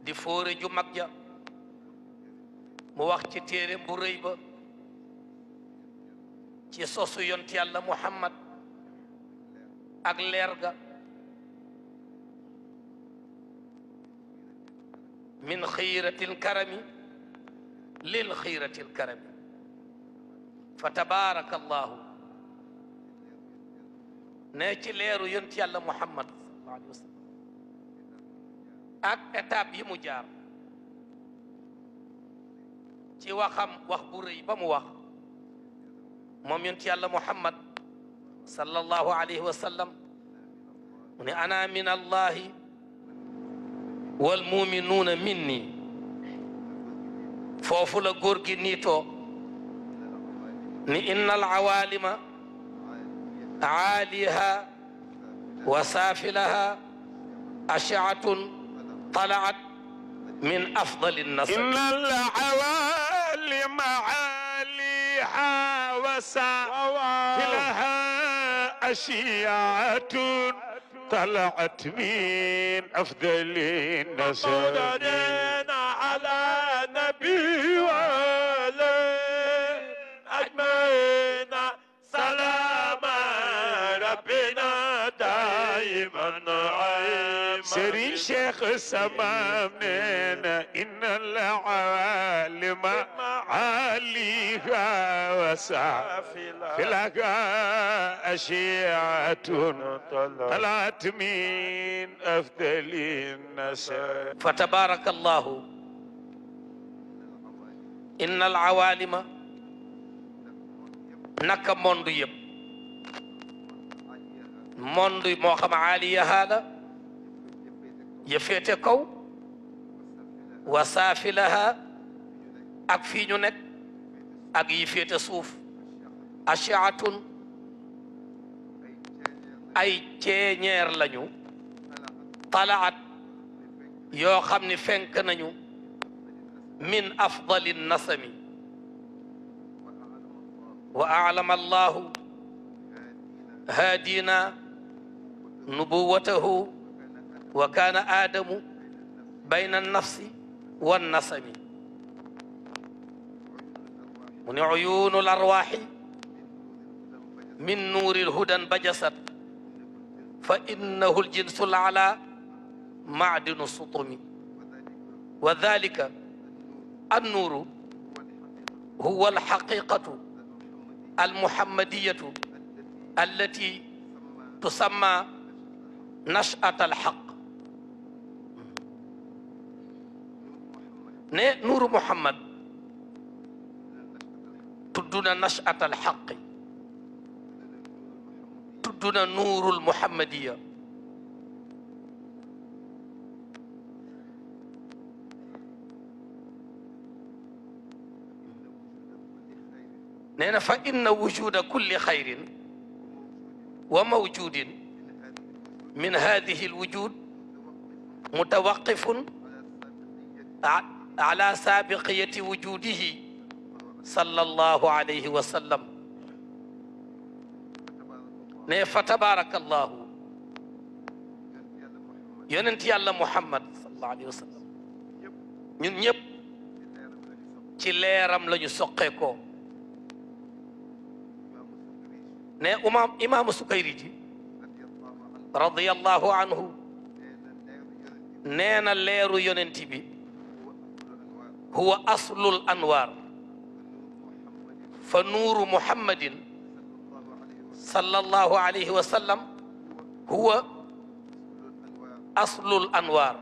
di fóore ju mag ja موخ تي تيري بو ري با محمد اك من خيرة الكرم للخيرة الكرم فتبارك الله نيتي ليرو يونت الله محمد صلى الله عليه وسلم اك اتاب يمو ci waxam wax bu reuy ba mu wax mom yonent yàlla muhammad sallallahu alayhi wa sallam mu ne ana min allah wal muminuuna minni fofu la gor gi nito ni innal awalima awaalima aaliha wa saafilaha ash'atun طلعت من أفضل النصر إن العوالم لمعاليها لها أشياء طلعت من أفضل النسل على نبي الشيخ سما منا إن العوالم عليها وسافلها أشيعة طلعت من أفضل الناس فتبارك الله إن العوالم نك موند يب موند moo xam هذا ya féete kaw wa saafilaha ak fii ñu nekk ak yi féete suuf ashaatun ay ceeñeer lañu talaat yoo xam ni fenk nañu min afdali nasami wa aalama allahu haadina nubuwatahu وكان آدم بين النفس والنسم من عيون الأرواح من نور الهدى انبجست فإنه الجنس العلى معدن السطم وذلك النور هو الحقيقة المحمدية التي تسمى نشأة الحق ne nuru muhammad tuduna nashat al haqq tuduna na nuurul muhammadiya nee fa inna wujuda kulli khairin wa mawjudin min hadihi alwujud متوقف على سابقية وجوده صلى الله عليه وسلم فتبارك الله ينتي الله محمد صلى الله عليه وسلم ين يب تليرم لن يسقيكو إمام إمام سكيري رضي الله عنه نين الليرو ينتي بي هو أصل الأنوار فنور محمد صلى الله عليه وسلم هو أصل الأنوار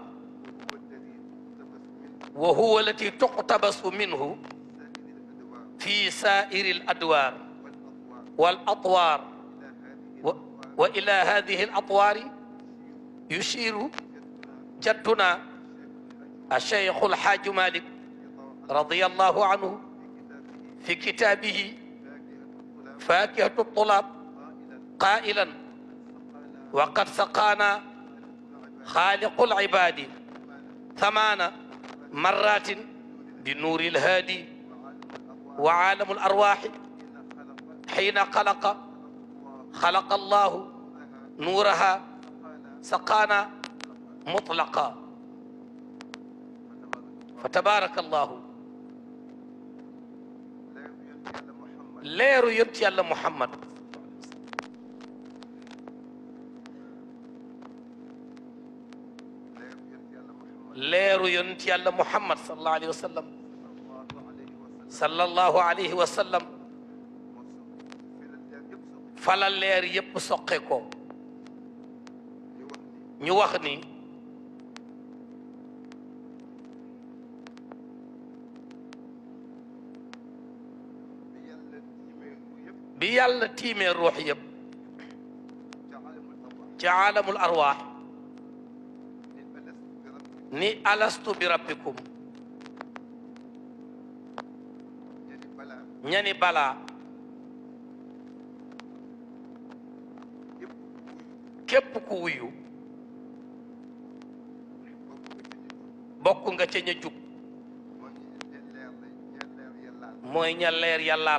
وهو التي تقتبس منه في سائر الأدوار والأطوار وإلى هذه الأطوار يشير جدنا الشيخ الحاج مالك رضي الله عنه في كتابه فاكهة الطلاب قائلا وقد سقانا خالق العباد ثمان مرات بنور الهادي وعالم الأرواح حين خلق خلق الله نورها سقانا مطلقا فتبارك الله leeru yont yàlla muhammad leeru yont yàlla muhammad sallallahu alayhi wa sallam sallallahu alayhi wa sallam fala leer yépp soqe ko ñu wax ni bi yalla timé ruh yeb ci arwa' arwah ni alastu bi rabbikum ñani bala kep ku wuyu bokku nga ci ñu juk moy ñal leer yalla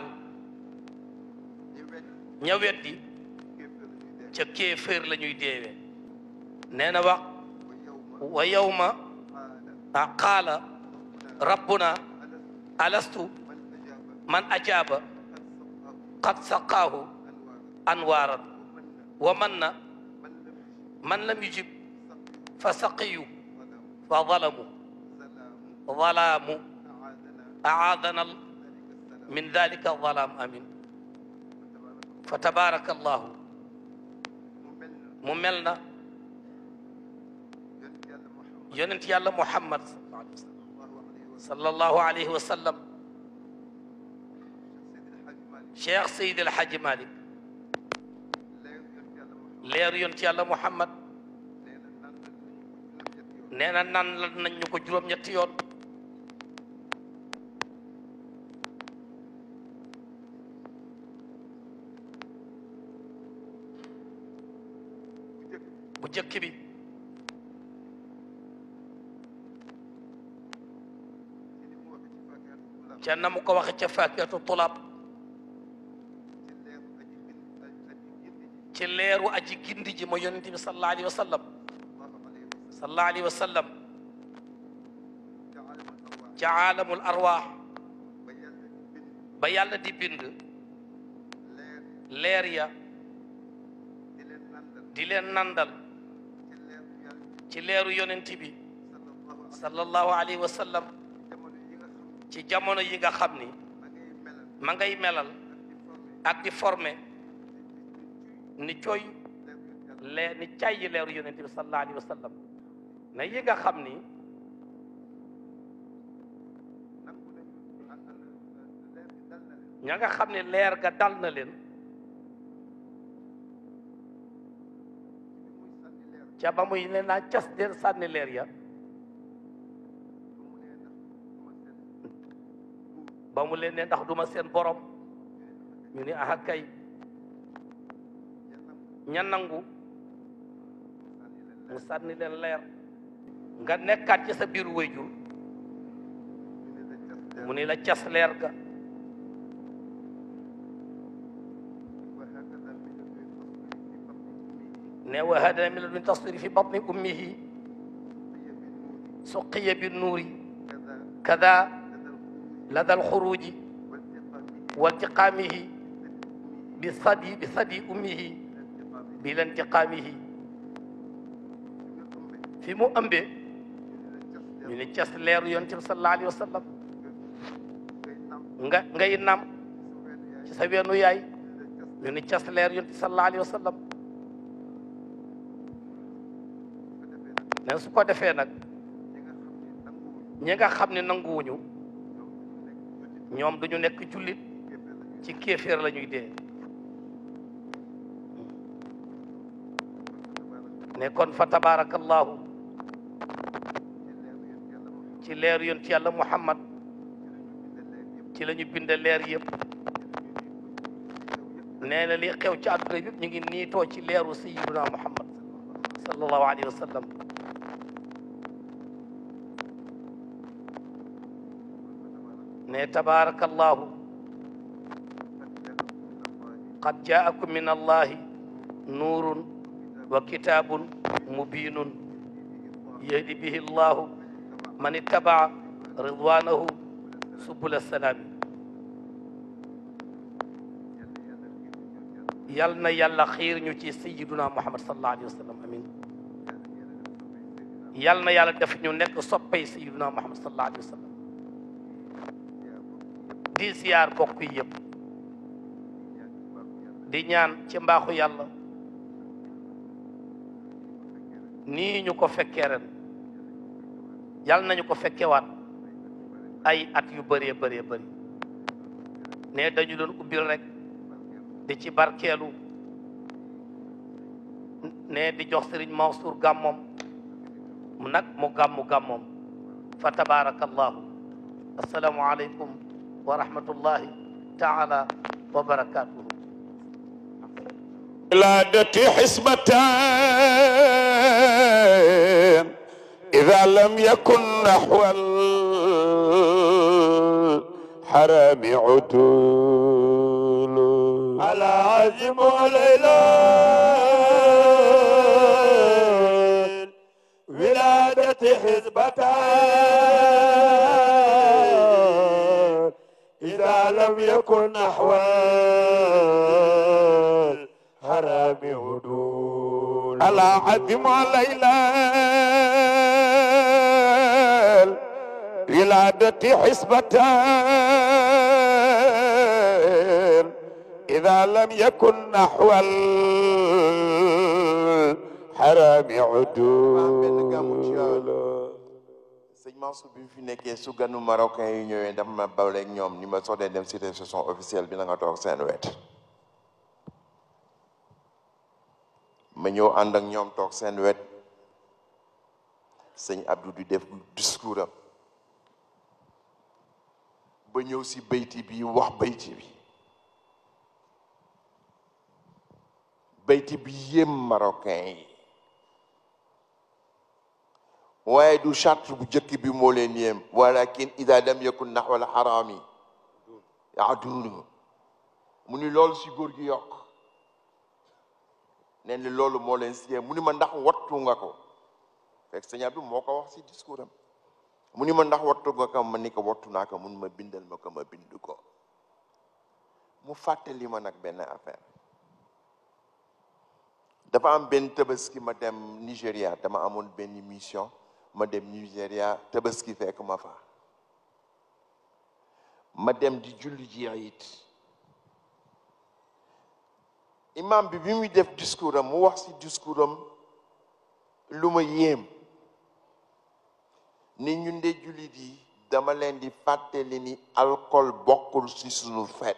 ña weddi ca kéeféer la ñuy deewee nee na wax wa yawma a qaala rabbuna alastu man ajaaba qad saqaahu anwaaran wa man na man lam yujib fa saqiyu fa zalamu zalaamu aadana min dalika zalaam amin فتبارك الله مملنا يننت يالله محمد صلى الله عليه وسلم شيخ سيد الحج مالك لير يننت يالله محمد نانا نان لن نكو جروم نيت يوت objectivity. ca na mu ko waxe ca faakiyatu tulaab ci leeru aji gindi ji ma yonente bi sallallahu alayhi wa sallam sallallahu alayhi wa sallam ca aalamul arwaax ba yàlla di bind leer ya di leen nandal ci leeru yonent bi sallallahu alayhi wa ci jamono yi nga xam ni ma ngay melal ak di formé ni cooy lee ni cay yi leeru yonent bi sallallahu alayhi wa na yi nga xam ni ña nga xam ne leer ga dal na leen ca ba muy ne naa cas leen sànni leer ya ba mu leen ne ndax duma seen borom ñu ni aha kay ña nangu mu sànni leen leer nga nekkaat ci sa biiru wéyjur mu ni la cas leer ga انه هذا من تصدر في بطن امه سقي بالنور كذا لدى الخروج وانتقامه بالثدي بثدي امه بلا انتقامه في مؤمبي من الجس لير ينتب صلى الله عليه وسلم غير نام سبيانو ياي من الجس لير ينتب صلى الله عليه وسلم mais su ko defee nag ñi nga xam ne nanguwuñu ñoom duñu nekk jullit ci kéeféer la ñuy dee ne kon fa tabaarakallaahu ci leer ci yàlla muhammad ci la ñu bind leer yëpp nee na li xew ci àdduna yëpp ñu ngi niitoo ci leeru sayyiduna muhammad sallallahu alayhi wa sallam تبارك الله قد جاءكم من الله نور وكتاب مبين يهدي به الله من اتبع رضوانه سبل السلام يالنا يلا خير نيوتي سيدنا محمد صلى الله عليه وسلم امين يلنا يلا دف نيو نيك سوباي سيدنا محمد صلى الله عليه وسلم di siyaar bokk yi yëpp di ñaan ci mbaaxu yàlla nii ñu ko fekkee ren yàlla nañu ko fekkewaat ay at yu bëree bëree bëri ne dañu doon ubbil rek di ci barkeelu ne di jox sëriñ Mansour gàmmoom nag mu gàmmu gàmmoom fa tabaarakallahu assalaamu aleykum ورحمة الله تعالى وبركاته ولادتي حسبتان إذا لم يكن نحو الحرام عدول على عزم الإله ولادتي حسبتان لم يكن أحوال حرام هدول ألا عدم ليلى ولادتي حسبتان إذا لم يكن نحو الحرام عدول Mansour bi fi nekkee su ganu marokin yi ñëwee dafa ma bawleeg ñoom ni ma soxdee dem ci réception officielle bi nanga toog seen wet ma ñëw ànd ak ñoom toog seen wet sëñ Abdou di def discours am ba ñëw ci bayti bi wax bayti bi bayti bi yéem marocain yi waaye du charte bu jëkk bi moo leen yem walakin ida lam yakun naxwal xaraami nu mu ni loolu si góor gi yokk nee na loolu moo leen si yem mu ni ma ndax wattu nga ko fekk sëñ bi moo ko wax si discours am mu ni ma ndax wattu nga ko ma ni ko wattu naa ko mun ma bindal ma ko ma bind ko mu fàttali ma nag benn affaire dafa am benn tabaski ma dem nigeria dama amoon benn mission ma dem Nigéria tabaski fekk ma fa ma dem di julli ji it imam bi bi muy def discours mu wax ci discours lu ma yéem ni ñun de jullit yi dama leen di fàttali ni alcool bokkul ci sunu fet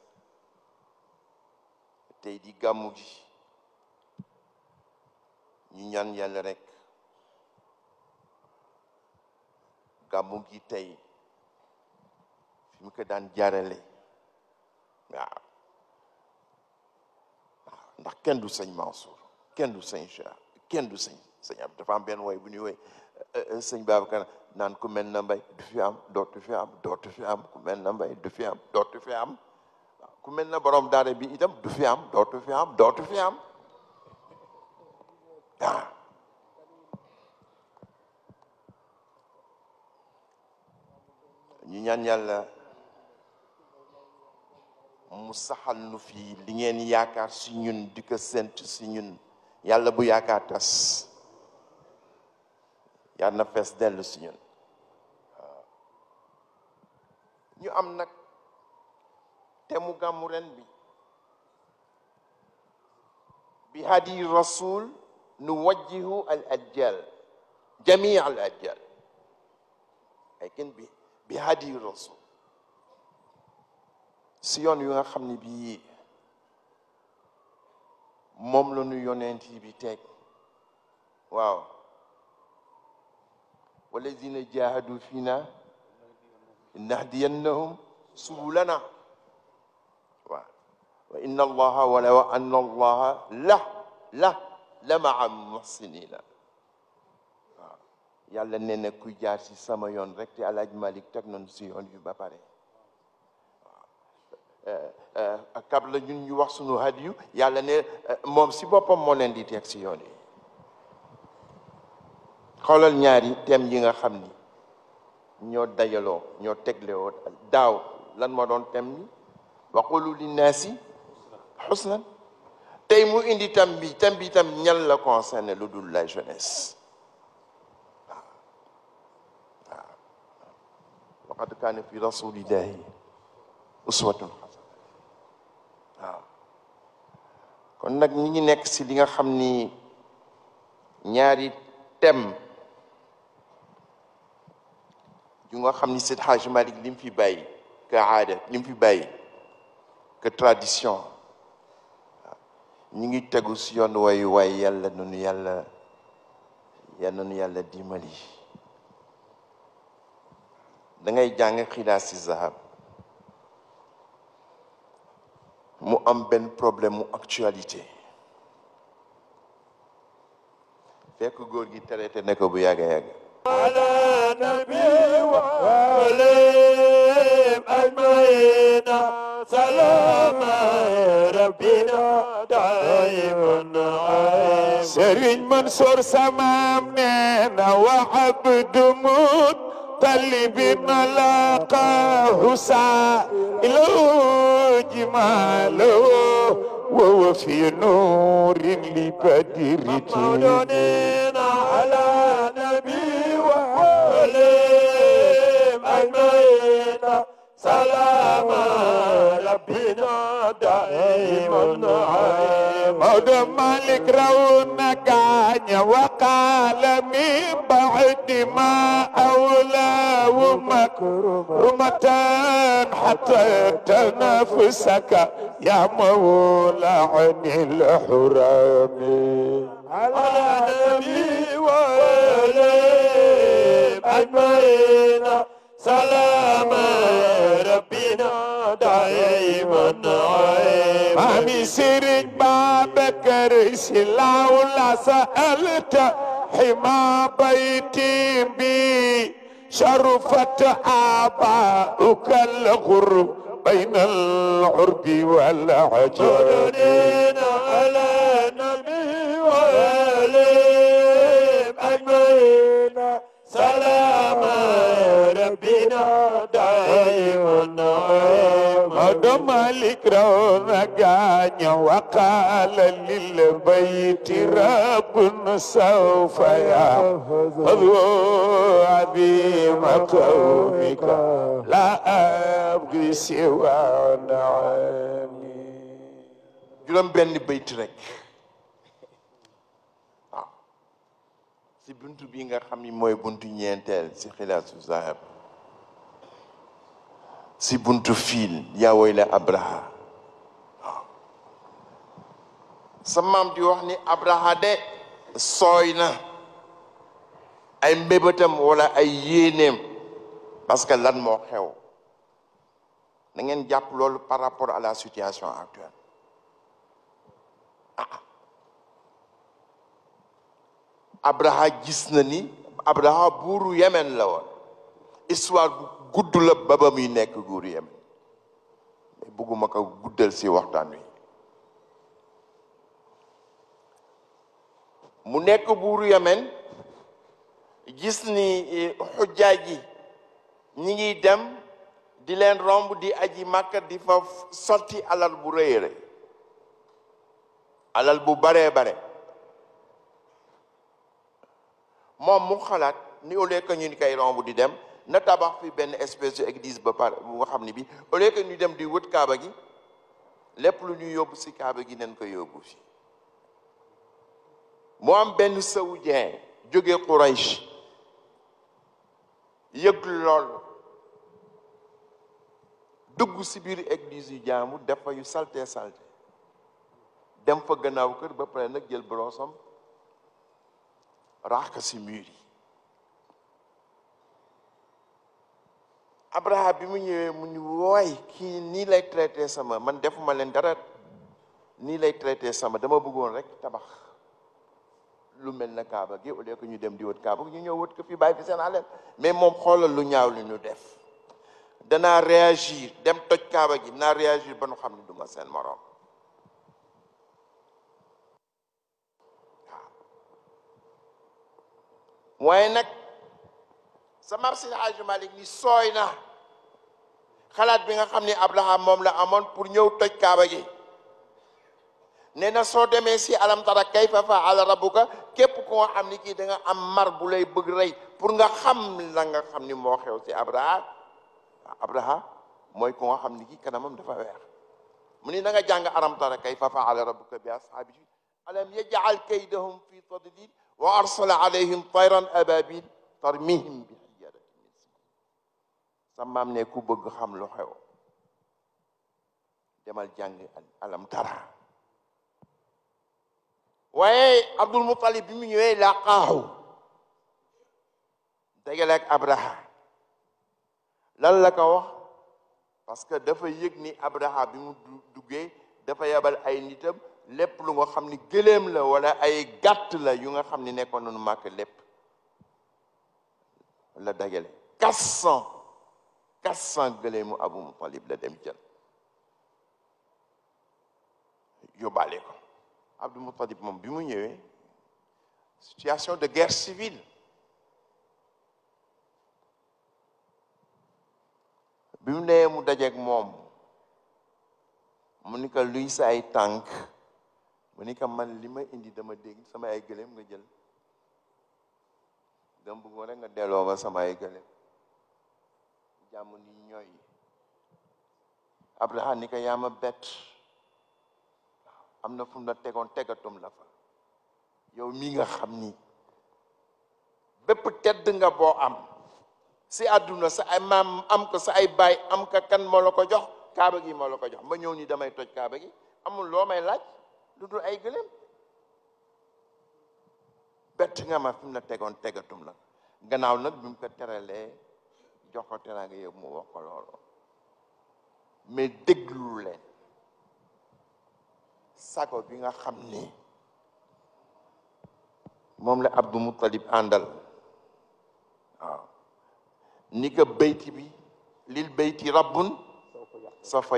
tey di gàmmu gi ñu ñaan yalla rek gàmmu gi tay fi ko daan jaarale ndax kenn du sëñ Mansour kenn du sëñ Cheikh kenn du sëñ sëñ ab dafa am benn bu Babacar ku ku mel na boroom daara bi itam du fi am dootu fi am dootu fi am ñu ñaan yàlla mu saxal nu fii li ngeen yaakaar si ñun di ko sént si ñun yàlla bu yaakaar tas yàlla na fees dellu si ñun ñu am nag temuga gàmmu bi bi hadi rasul nuwajjihu al ajjal jami' al ajjal lakin bi bi hadi rasul si yon yu nga xamni bi mom la ñu yonenti bi tek waaw walladhina jahadu fina nahdiyannahum subulana wa inna allaha wala wa anna allaha la la la maa muhsinina waaw yàlla ku jaar si sama yoon rek te alaaj malik teg nañu si yoon yu ba pare waaw kab la ñun ñu wax suñu had yu yàlla ne moom si boppam moo leen di teg ci yoon yi xoolal ñaari thème yi nga xam ni ñoo dajaloo ñoo teglewoo daaw lan moo doon thème bi waqulu linnaasi حسنا تيمو اندي تامبي تامبي تام نيالا كونسان لودول لا جونيس وقد كان في رسول الله اسوة حسنة كون نك نيغي نيك سي ليغا خامني نياري تم جوغا خامني سيد حاج مالك لي في باي كعاده لي في باي كتراديسيون ñu ngi tegu si yoon waay waay yàlla nunu yàlla yàlla nunu yàlla dimbali dangay jàng xilaas si zahab mu am benn problème mu actualité fekk góor gi traité ne bu yàgga yàgga ala nabi wa alim ajmaina سلام ربنا دائم سرين منصور سمامنا وعبد موت طلبنا لقاه سائله جماله وهو في نور لبدر مولودنا على مدام مالك رونك عني وقال من بعد ما أولى ومكرمتان حتى تنافسك يا مولى عن الحرام على نبي وآله أجمعين سلام ربنا دائما عمي سيرك بابك رسلا ولا سألت حما بيتي بي شرفت آباؤك الغر بين العرب والعجب على نبي وآله أجمعين سلام بنا دائم مدى مالك رومك وقال للبيت رب سوف يأخذ عظيم قومك لا أبغي سوى نعمي juróom benn bayt rek ah. si buntu bi nga xam ni mooy buntu ñeenteel si xilaasu zahab si buntu fiil yaa woy la abraha sa maam di wax ni abraha de sooy na ay mbébétam wala ay yéeneem parce que lan moo xew na ngeen jàpp loolu par rapport à la situation actuelle ah gis na ni abraha buuru yemen la woon histoire gudd la ba ba nekk nguur Yémen bugguma ko guddal si waxtaan wi mu nekk buuru Yemen gis ni eh, xujjaaj ji ñi ngi dem di leen romb di aji màkka di fa sotti alal bu rëy rëy alal bu baree bare moom mu xalaat ni au lieu ñu ni koy romb di dem na tabax fi benn espèce de église ba pare bu nga xam ne bi au lieu que dem di wut kaaba gi lépp lu ñuy yóbbu ci kaaba gi nañ ko yóbbu fi mu am benn saoudien jóge Quraysh yëg lool dugg ci biir église yu jaamu dafa yu salte salte dem fa gannaaw kër ba pare nag jël brosam raax ko si mur yi Abraha bi mu ñëwee mu ñu waay kii nii lay traité sama man defuma leen dara nii lay traité sama dama bëggoon rek tabax lu mel na Kaaba gi au lieu ñu dem di wët Kaaba ñu ñëw wët ko fii bàyyi fi seen alal mais moom xoolal lu ñaaw li ñu def danaa réagir dem toj Kaaba gi naa réagir ba nu xam ne du ma seen moroom waaw waaye nag. sa maam si malik ni soyna khalat bi nga xamni Abraham mom la amoon pour ñew toj kaaba gi neena so si alam tara kayfa fa'ala rabbuka kep ko xam ki da nga am mar bu lay bëgg rey pour nga xam la nga xamni mo xew ci Abraham Abraham moy ko nga xam ni kanamam dafa weex muni nga jang alam tara kayfa fa'ala rabbuka bi ashabi alam yaj'al kaydahum fi tadlil wa arsala alayhim tayran ababil tarmihim bi sa maam ne ku bëgg xam lu xew demal jàngi alam tara waaye abdul muttalib bi mu ñëwee laqaahu dégale ak abraha lan la ko wax parce que dafa yëg ni abraha bi mu duggee dafa yabal ay nitam lépp lu nga xam ni gëléem la wala ay gàtt la yu nga xam ni nekkoon nañu màkk lépp la dagale quatre cent 400 gëléemu Abu Muttalib la dem jël yóbbaale ko Abdu Muttalib moom bi mu ñëwee eh. situation de guerre civile bi mu nee mu dajeeg moom mu ni luy sa ay tank, mu ni man li ma indi dama dégg sama ay gëléem eh, nga jël dama bëggoon rek nga delloo ma sama ay gëléem eh. jàmm ni ñooy Abraha ni ko yaa bett am na fu na tegoon tegatum la fa yow mii nga xam ni bépp tedd nga boo am si àdduna sa ay maam am ko sa ay baay am ka kan moo la ko jox kaaba gi moo la ko jox ma ñëw ni damay toj kaaba gi amul loo may laaj lu dul ay gëléem bett nga ma fi na tegoon tegatum la gannaaw nag bi mu ko teralee joxote naa nga mu wax ko loolu mais déglu leen sago bi nga xam ni la Abdou Moutalib àndal ni ko bayti bi lil bayti rabbun soo fa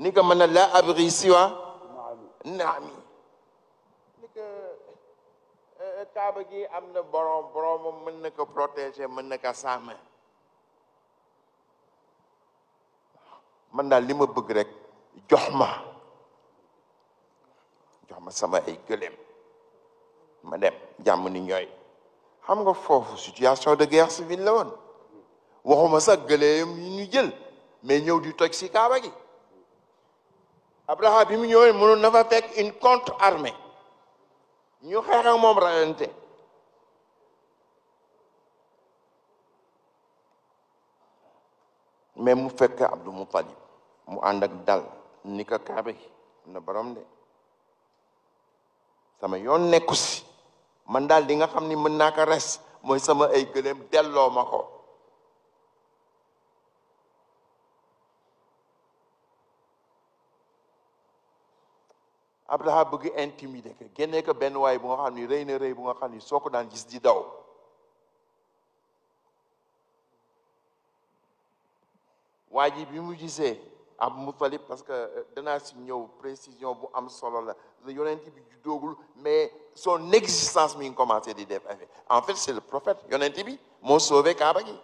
ni ko mën a laa siwa naami kaaba gi am na borom boromam mën na ko protéger mën na ko sàmm man daal li ma bëgg rek jox ma jox ma sama ay gëléem ma dem jàmm ni ñooy xam nga foofu situation de guerre civile la woon waxuma sax gëléem yi ñu jël mais ñëw di toj si kaaba gi Abraha bi mu ñëwee mënoon na fa fekk une contre-armée ñu xeex ak moom rayante mais mu fekk Abdou Moutalib mu ànd ak dal ni ko kaabe am na borom de sama yoon nekku si man daal di nga xam ni mën naa ko res mooy sama ay gëléem delloo ma ko ab dafa bëgg intimider ko génnee ko benn waay bu nga xam ni rëy na rëy bu nga xam ni soo ko daan gis di daw waa ji bi mu gisee ab Mutalib parce que dana si ñëw précision bu am solo la yonent bi juddoogul mais son existence mi ngi commencé di def en fait c'est le prophète yonent bi moo sauvé Kaaba gi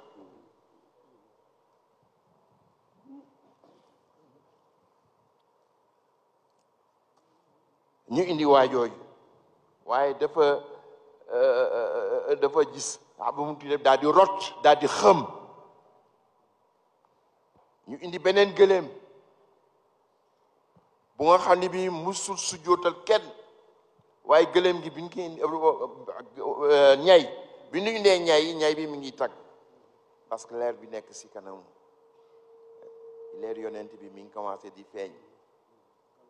ñu indi waa waaye dafa euh, euh, euh, dafa gis ab mu tuddee daal di rot daal xëm ñu indi beneen gëléem bu nga xam ne bi musul su jootal kenn waaye gëléem gi bi ñu koy ñay bi ñu indee ñay ñay bi mi ngi tag parce que leer bi nekk si kanam leer yonent bi mi ngi commencé di feeñ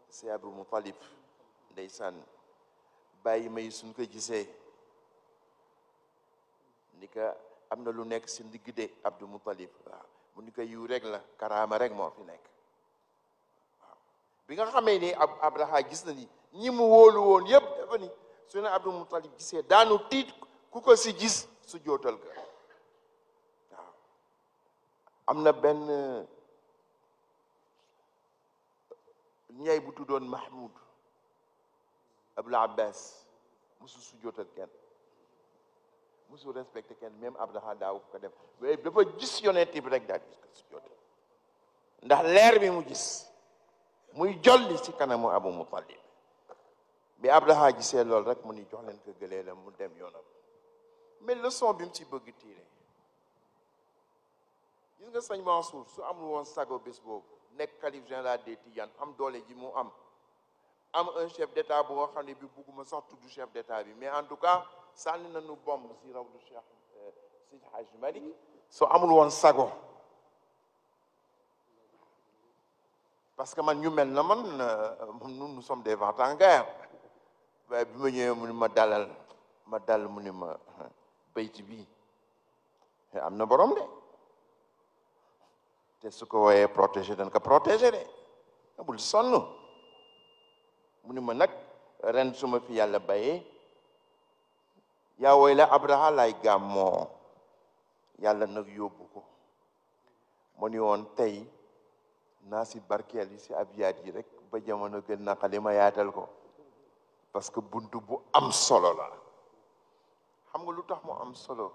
si Abdul Mutalib ndeysaan bàyyi may suñ ko gisee ni am na lu nekk si ndigg de Abdou Moutalib waaw mu ni ko yiw rek la karaama rek moo fi nekk bi nga xamee ni ab Abraha gis na ni ñi mu wóolu woon yëpp dafa ni su ne Abdou Moutalib gisee daanu tiit ku ko si gis su jootal ga waaw am na benn ñay bu tuddoon Mahmoud Abdul Abbas musul pas Moussou musul respecté kenn même Abraha daaw ko def pas dafa de yonent bi rek daal di je ndax suis bi mu jolli ci Abu Mutalib bi Abdou gisee loolu rek mu ni jox leen ko la mu dem plus mais leçon bi mu ci Mansour su amul sago général am un chef d'état bo xamné ne bi bugguma sax du chef d'état bi mais en tout cas des nañu bomb si cheikh euh, si haj malik so amul sago parce que man ñu mel na man euh, nous sommes des en guerre Mais mu ma dalal ma dal mu euh, eh, borom de te de mu ni ma nag ren suma fi yàlla bayee yaa woy la abraha lay gàmmoo yàlla nag yóbbu ko mu ni woon tey naa si barkeel yi si abiyaat yi rek ba jamono gën naqali ma yaatal ko parce que bunt bu am solo la xam nga lu tax mu am solo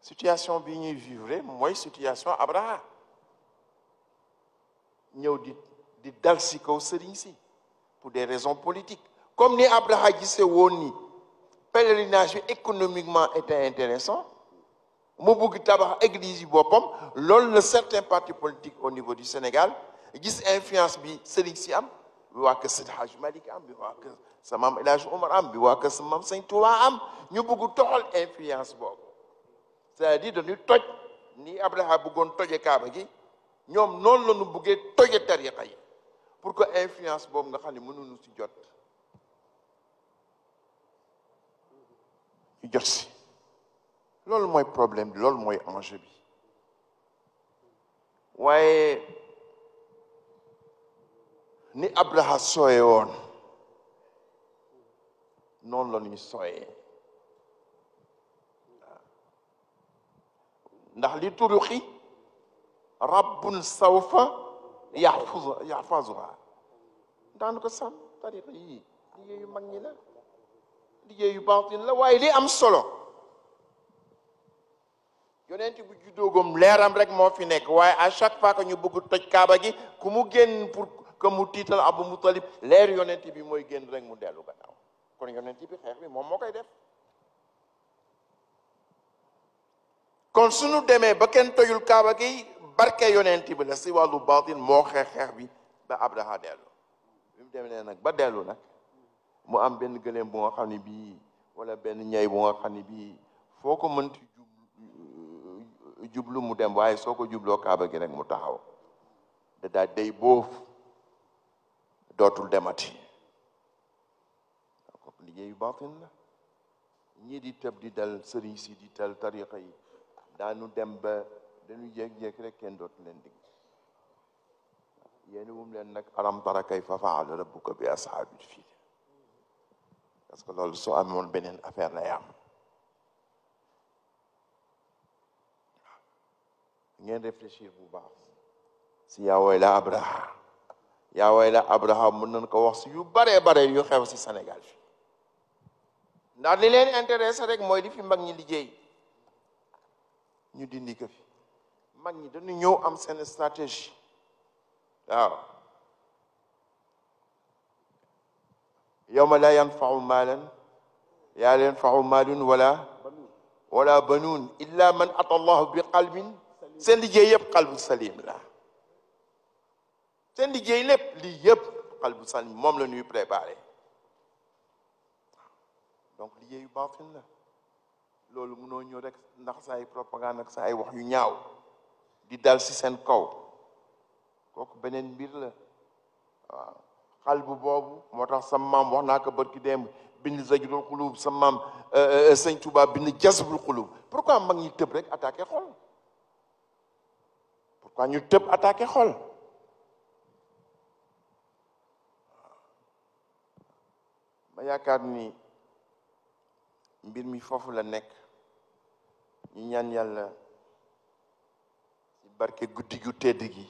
situation bi ñuy vivre mooy situation abraha ñëw di di dal si kaw ici, pour des raisons politiques comme ni Abraha gisee woon ni pèlerinage économiquement était intéressant mu bëgg tabax église yi boppam le certain certains partis politiques au niveau du Sénégal gis influence bi sëriñ am bi waa kër Seydi Malik Malick am bi waa kër sa Omar am bi waa kër sa Touba am ñu bëgg influence boobu c'est-à-dire nous toj ni Abraha bëggoon toje Kaaba gi ñoom non la ñu bëggee toje tariqa yi pour que influence boobu nga xam ne mënuñu ci jot ñu jot si loolu mooy problème bi loolu mooy enjeu bi waaye ni Abraha sooye woon noonu la ñuy sooyee ndax li turuxi rabbun sawfa yaxfuz yaxfazuha daan ko sàmm tariqa yii liggéeyu mag ñi la liggéeyu baatin la waaye li am solo yonent bu juddoogum leeram rek moo fi nekk waaye à chaque fois que ñu bëgg toj kaaba gi ku mu génn pour que mu tiital abu mutalib leer yonent bi mooy génn rek mu dellu gannaaw kon yonent bi xeex bi moom moo koy def kon su nu demee ba kenn tojul kaaba gi barke yonent bi la si wàllu baatin moo xeex xeex bi ba Abraha dellu bi mu demee nag ba dellu nag mu am benn gëléem bu nga xam ne bii wala benn ñay bu nga xam ne bii foo ko mënti jublu mu dem waaye soo ko jubloo kaaba gi rek mu taxaw da daal day dootul demati liggéeyu baatin la ñii di tëb di dal sëriñ si di dal tariqa yi danu dem ba dañu jéeg-jéeg rek ken dot len dig yene wum len nak alam tara kayfa faala rabbuka bi ashaabil fiil parce que loolu soo amoon benen affaire la yam ngeen réfléchir bu baax si yaa la abraha yaa la abraha mën nañ ko wax si yu bare bare yu xew si Sénégal fi ndax li leen intéressé rek mooy li fi mag ñi liggéey ñu dindi ko fi mag ñi dañu ñëw am seen stratégie waaw yawma laa yanfau maalan laa yanfau maalun wala wala banuun illa man ata allahu bi qalbin seen liggéey yëpp qalbu salim la seen liggéey lépp lii yëpp qalbu salim moom la ñuy préparé donc liggéeyu baatin la loolu mënoo ñëw rekk ndax sa ay propagande ak sa ay wax yu ñaaw di daal ci seen kaw kooku beneen mbir la waaw bu boobu moo tax sa maam wax naa ko barki démb bind zajrul xulub sa maam euh, euh, euh, sëñ Tuubaa bind jasbul xulub pourquoi mag ñi tëb rek attaqué xol pourquoi ñu tëb attaqué xol ma yaakaar ni mbir mi foofu la nekk ñi ñaan yàlla ci barke guddi gu tedd gi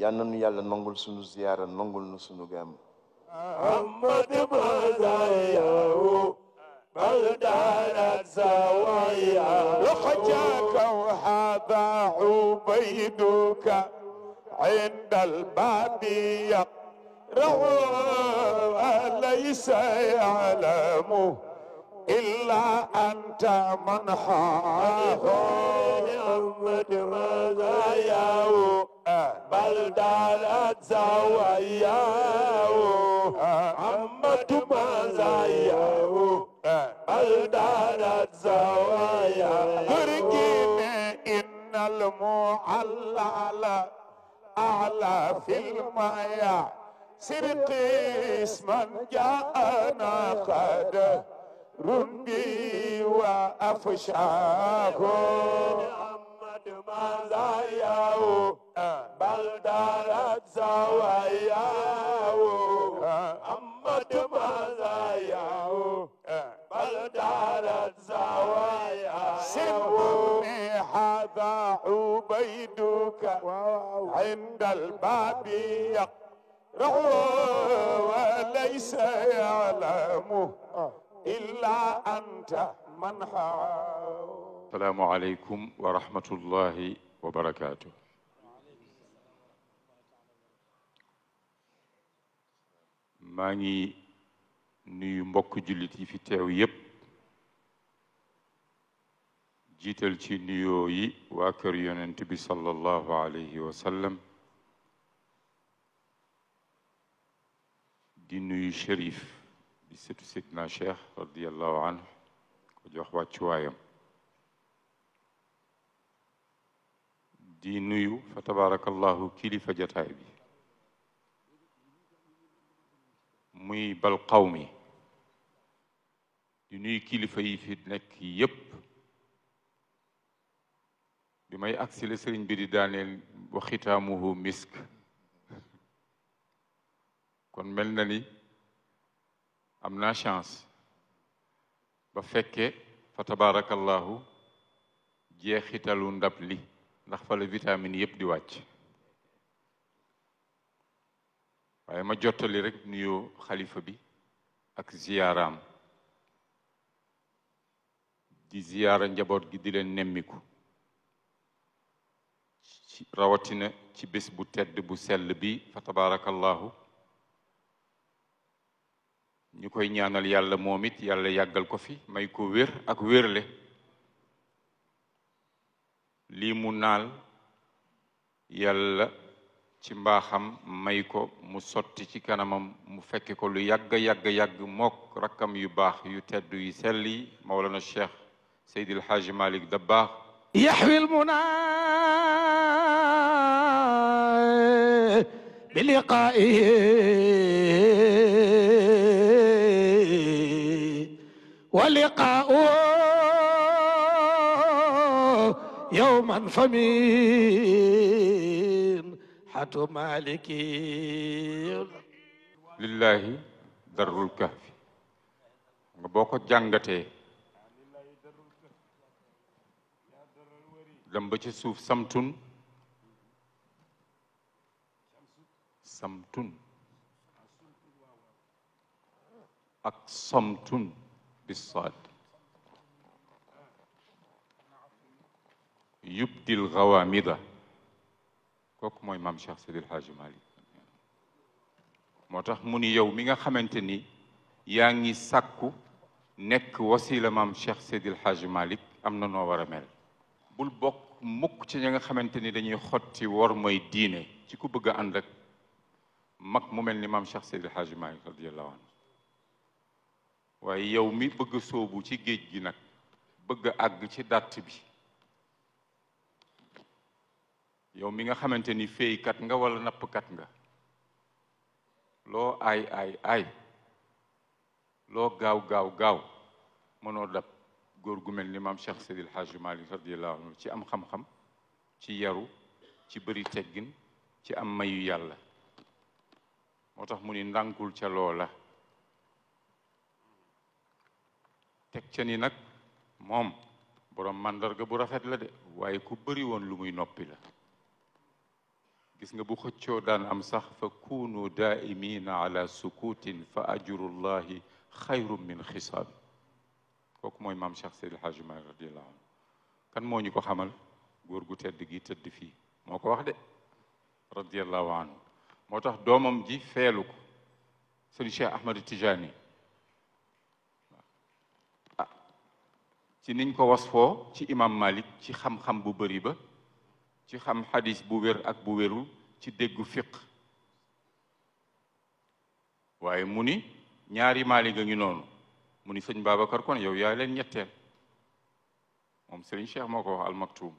yal na nu yàlla nangul sunu ziyaara nangul nu sunu gàmm محمد مزاياه بغداد زوايا وخجاك وهذا عبيدك عند الباب يقول روى ليس يعلمه إلا أنت من حامد رزاياه بل دارت زواياه عمة مزاياه بل دارت زواياه فرقنا إن المعلل أعلى في المياه سرقيس من جاءنا قد رمي وأفشاه محمد ماذا ياو بل دارت زواياه محمد ماذا ياو بل دارت زواياه هذا عبيدك عند الباب يقول وليس يعلمه الا انت من السلام عليكم ورحمه الله وبركاته ماني نيو مبوك جوليتي في تيو ييب جيتال سي نيو يي صلى الله عليه وسلم di nuyu shérif di sëtu Seydina Cheikh radiallahu anhu ko jox wàccuwaayam di nuyu fa tabaarakallahu kilifa jataay bi muy bal qawmi di nuyu kilifa yi fi nekk yépp bi may agsi la sëriñ bi di daaneel wa xitaamuhu misk kon melna ni amna chance ba fekke fa tabarakallahu jeexitalu ndab li ndax fa le vitamine yep di wàcc waye ma jotali rek nuyo khalifa bi ak ziyaram di ziyara njabot gi di leen nemmiku rawatina ci bés bu tedd bu sel bi fa tabarakallahu ñukoy ñaanal yàlla momit yàlla yagal ko fi may ko wér ak wérle li mu naal yàlla ci mbaxam may ko mu soti ci kanamam mu fekke ko lu yag yag yag mok rakam yu bax yu tedd yu selli mawlana cheikh sayyid al haj malik dabbaax يحوي المنى بلقائه ولقاؤه يوما فمين حتى مالك لله در الكهف بوكو جانغاتي دم با سي سوف سمتون سمتون ak samtun بالصاد يبدي الغوامضة كوك موي مام شيخ سيد الحاج مالي موتاخ موني يوم ميغا خامتيني ياغي ساكو نيك وسيلة مام شيخ سيد الحاج مالك امنا نو ورا مل بول بوك موك تي نيغا خامتيني دانيي خوتي وور موي دينه تي كو بوغا اندك ماك مو ملني مام شيخ سيد الحاج مالك رضي الله عنه waaye yow mi bëgg sóobu ci géej gi nag bëgg àgg ci dàtt bi yow mi nga xamante ni féeykat nga walla nappkat nga loo aay aay aay loo gaaw gaaw gaaw mënoo dab góor gu mel ni maam Cheikh Seydil Hadji Malick radiyallahu anhu ci am xam-xam ci yaru ci bëri teggin ci am mayu yàlla moo tax mu ni ndànkul ca loola teg ca ni nag moom boroom màndarga bu rafet la de waaye ku bëri woon lu muy noppi la gis nga bu xëccoo daan am sax fa kunu daaimina ala sukutin fa ajrullahi xayrun kooku mooy maam Cheikh Seydil kan moo ko xamal góor gu tedd gi tëdd fii moo ko wax de radiyallahu anhu moo tax doomam ji feelu ko sëñ Cheikh Ahmad ci niñ ko wasfoo ci imam malik ci xam-xam bu bari ba ci xam xadis bu wér ak bu wérul ci déggu fiq waaye mu ni ñaari malik a ngi noonu mu ni sëñ Babacar kon yow yaa leen ñetteel moom sëriñ Cheikh moo ko wax almaktuum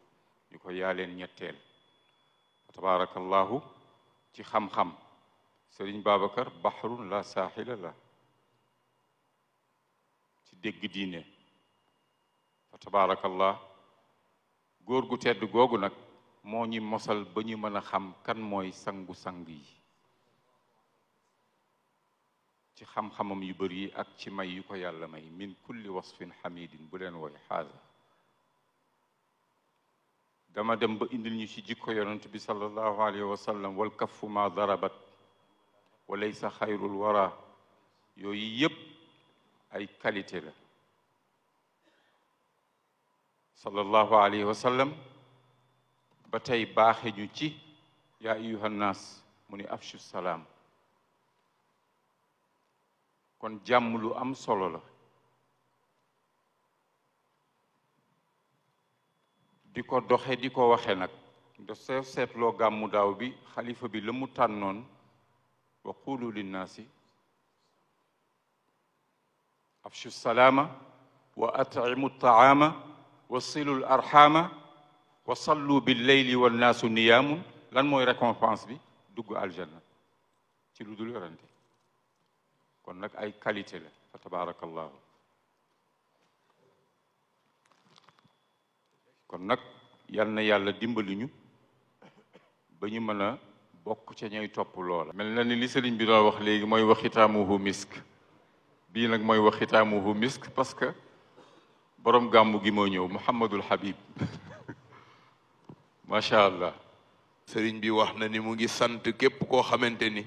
ñu ko yaa leen ñetteel tabaarakallahu ci xam-xam sëriñ Babacar baxrun la saaxila la ci dégg diine fa tabaarakallah góor gu tedd googu nag moo ñi mosal ba ñu mën a xam kan mooy sangu-sang yi ci xam-xamam yu bëri yi ak ci may yu ko yàlla may min kulli wasfin xamidin bu leen woy xaasa dama dem ba indil ñu ci jikko yonent bi sallallahu alayhi wa sallam wal kaffu ma darabat wa laysa xayrul wara yooyu yëpp ay qualité la sallallahu alayhi wa sallam ba tey baaxe ñu ci yaa ayyuhan naas mu ni afshu salaam kon jàmm lu am solo la di ko doxe di ko waxe nag da seef seetloo gàmmu daaw bi xalifa bi la mu tànnoon wa qulu linnaasi afshu salaama wa at'imu taama وصلوا الأرحام وصلوا بالليل والناس نيام لن موي ريكونفانس بي دغ الجنه تي لودول يورنتي كون نك اي كاليتي لا تبارك الله كون نك يالنا يالا ديمبالي ني با ني مانا بوك تي ني توپ لولا ملنا لي سيرين بي دون واخ ليغي موي وختامو مسك بي نك موي وختامو مسك باسكو borom gàmmu gi moo ñëw Mouhamadul Habib macha allah. sëriñ bi wax na ni mu ngi sant képp koo xamante ni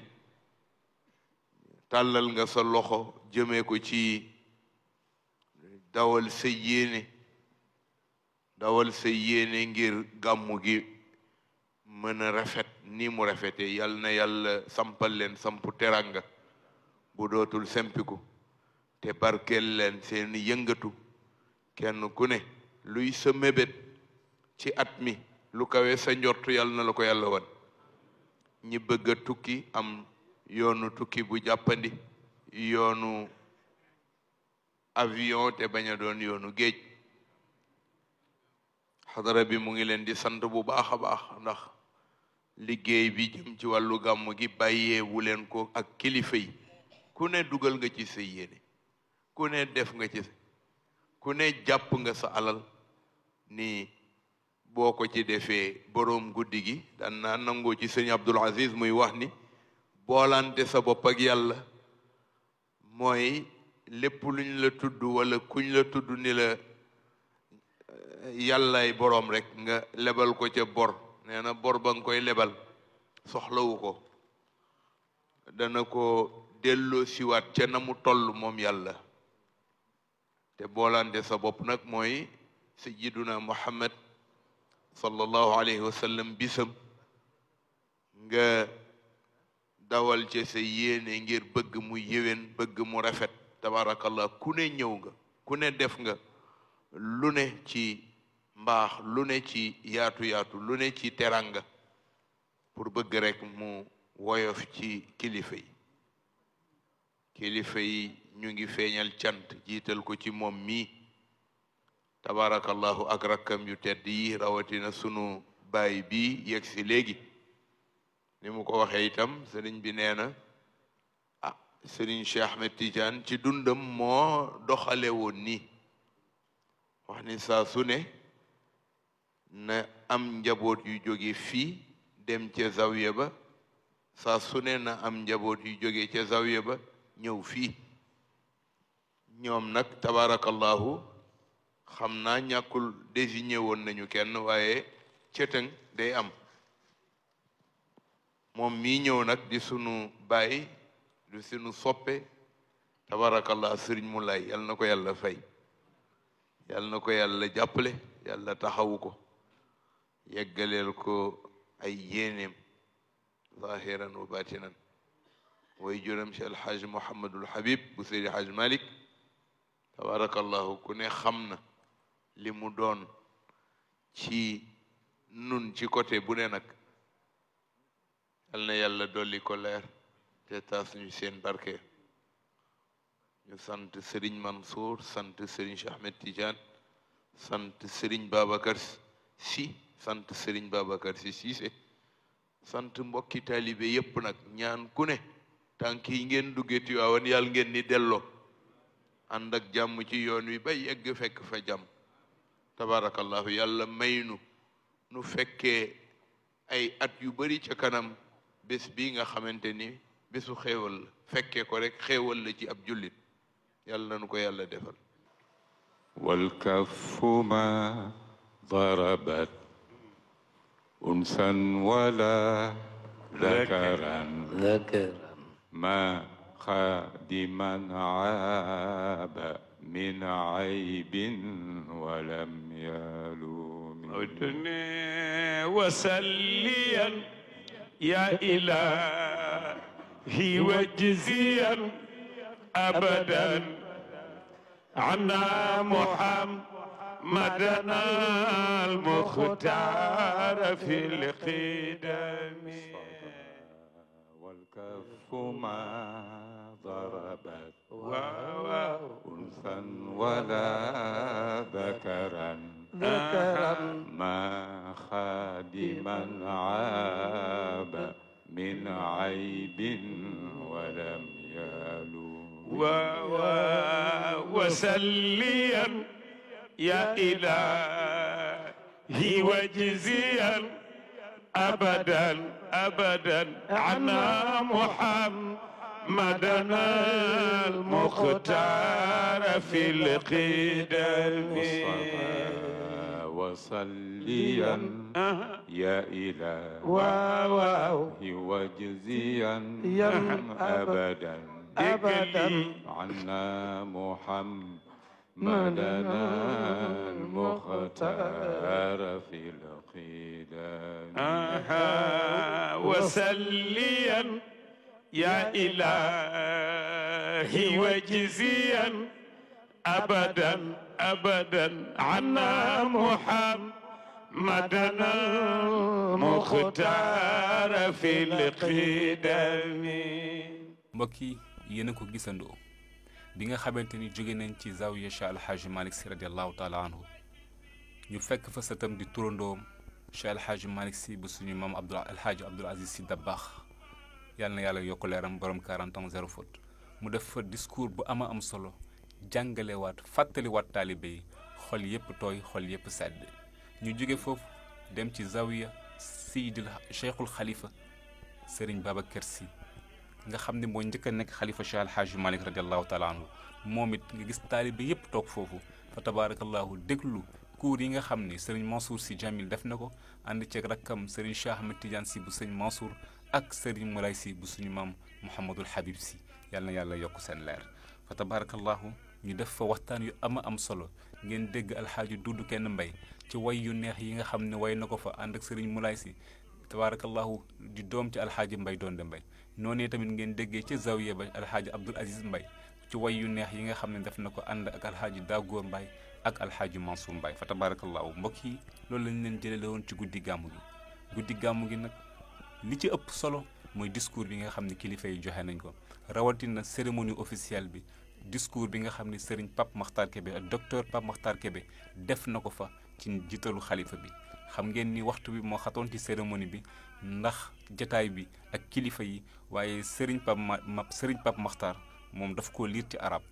tàllal nga sa loxo jëmee ko ci dawal sa yéene dawal sa yéene ngir gàmmu gi mën a rafet ni mu rafete yal na yàlla sampal leen sampu teranga bu dootul sempiku te barkeel leen seeni yëngatu kenn ku ne luy sa mébét ci at mi lu kawe sa njort yàlla na la ko yàlla wan ñi bëgg a tukki am yoonu tukki bu jàppandi yoonu avion te bañ a doon yoonu géej xadara bi mu ngi leen di sant bu baax a baax ndax liggéey bi jëm ci wàllu gàmm gi bàyyeewu leen ko ak kilifa yi ku ne dugal nga ci sa yéene ku ne def nga ci ku ne jàpp nga sa alal nii boo ko ci defee boroom guddi gi daan naa nangoo ci sëñ Abdul Aziz muy wax ni boolante sa bopp ak yàlla mooy lépp luñ la tudd wala kuñ la tudd ni la yàllaay boroom rekk nga lebal ko ca bor nee na bor ba nga koy lebal soxlawu ko dana ko delloo siwaat ca na mu toll moom yàlla te boolante sa bopp nag mooy sayyiduna muhammad sallallahu alayhi wa sallam bisam nga dawal ci sa yéene ngir bëgg mu yéwén bëgg mu rafet tabarakallah ku ne ñëw nga ku ne def nga lu ne ci mbaax lu ne ci yaatu yaatu lu ne ci teranga pour bëgg rekk mu woyof ci kilifa yi kilifa yi ñu ngi feeñal cant jiital ko ci moom mii tabarakallahu ak rakkam yu tedd yi rawatina sunu baay bi yegg si léegi ni mu ko waxee itam sëriñ bi nee na ah sëriñ Cheikh Ahmed Tidiane ci dundam moo doxale woon nii wax ni saa su ne na am njaboot yu jóge fii dem ca zawiya ba saa su ne na am njaboot yu jóge ca zawiya ba ñëw fii ñoom nag tabaarakallahu xam naa ñàkkul désigné woon nañu kenn waaye cëtëng day am moom mi ñëw nag di sunu baay di sunu soppe tabaarakallahu sëriñ mu lay yal na ko yàlla fay yal na ko yàlla jàppale yàlla taxawu ko yeggaleel ko ay yéeneem zahiran wa batinan way juram si alxaaj Muhammadul Habib bu Seydi Xaaj Malik tabarakallahu ku ne xam na li mu doon ci nun ci côté bu ne nag yal na yàlla dolli ko leer te taas ñu seen barke ñu sant Serigne Mansour sant Serigne Cheikh Ahmed Tidiane sant Serigne Babacar si sant Serigne Babacar Sy Cissé sant mbokki taalibe yépp nag ñaan ku ne tànk yi ngeen duggee Tiwaawan yàlla ngeen ni delloo ànd ak jàmm ci yoon wi ba yegg fekk fa jàmm tabarakallahu yàlla may nu nu fekkee ay at yu bari ca kanam bés bii nga xamante ni bésu xéewal la fekkee ko rek xéewal la ci ab jullit yàlla nanu ko yàlla defal والكف ما ضربت أنسا ولا ذكرا ذكرا ما قادما عاب من عيب ولم يلوم عدني وسليا يا إلهي وجزيا أبدا عنا محمدنا المختار في القدم والكف ما ضربت واو أنثى ولا ذكرا ذكرا ما خادما عاب من عيب ولم واو وسليا يا إلهي وجزيا أبدا أبدا عنا محمد مدنا المختار في القدم وصليا يا إله وجزيا أبدا أبدا عنا محمد مدنا المختار في القدم آه، آه. وسليا يا إلهي وجزيا أبدا أبدا عنا محمد مختار في القدم مكي ينكو جيساندو بيغا خابنتني جوغي نانتي زاويه شيخ الحاج مالك سي رضي الله تعالى عنه ني فك فستم دي توروندو شيخ الحاج مالك سي بو سوني مام عبد الحاج عبد العزيز سي دباخ yàlla na yàlla yokku leeram borom 40 ans zéro faute mu def fa discours bu ama am solo jàngalewaat fàttaliwaat taalibe yi xol yépp toy xol yépp sedd ñu jóge fof dem ci zawiya sidil Cheikhul Khalifa Serigne baba kersi nga xamni mo ñëk nek khalifa shal haj malik Alhaji Malick taala anhu momit nga gis talibe yépp tok fofu fa tabarakallahu déglu cour yi nga xamni Serigne Mansour si Jamil def nako ànd ci rakam Serigne Cheikh Ahmed Tidiane Sy bu Serigne Mansour ak sëriñ Moulay si bu suñu maam Mouhamadul Habib si yàlla na yàlla yokk seen leer fa tabarakallahu ñu def fa waxtaan yu ama am solo ngeen dégg alxaaji dudd kenn mbay ci way yu neex yi nga xam ne way na ko fa ànd ak sëriñ Moulay si tabarakallahu di doom ci alxaaji mbay doonde mbay noonee tamit ngeen déggee ci zawiya ba alxaaji Abdul Aziz mbay ci way yu neex yi xam ne def na ko ànd ak alxaaji Dagoor mbay ak alxaaji Mansour mbay fa tabarakallahu mbokk yi loolu lañ leen jëlee woon ci guddi gàmmu gi guddi gàmmu gi nag li ci ëpp solo mooy discours bi nga xam ne kilifa yi joxe nañ ko rawatina cérémonie officielle bi discours bi nga xam ne sëriñ Pape Makhtar Kébé ak docteur Pape Makhtar Kébé def na ko fa ci jiitalu xalifa bi xam ngeen ni waxtu bi moo xatonti ci bi ndax jataay bi ak kilifa yi waaye sëriñ Pape ma sëriñ Pape maxtar moom daf ko liir ci arab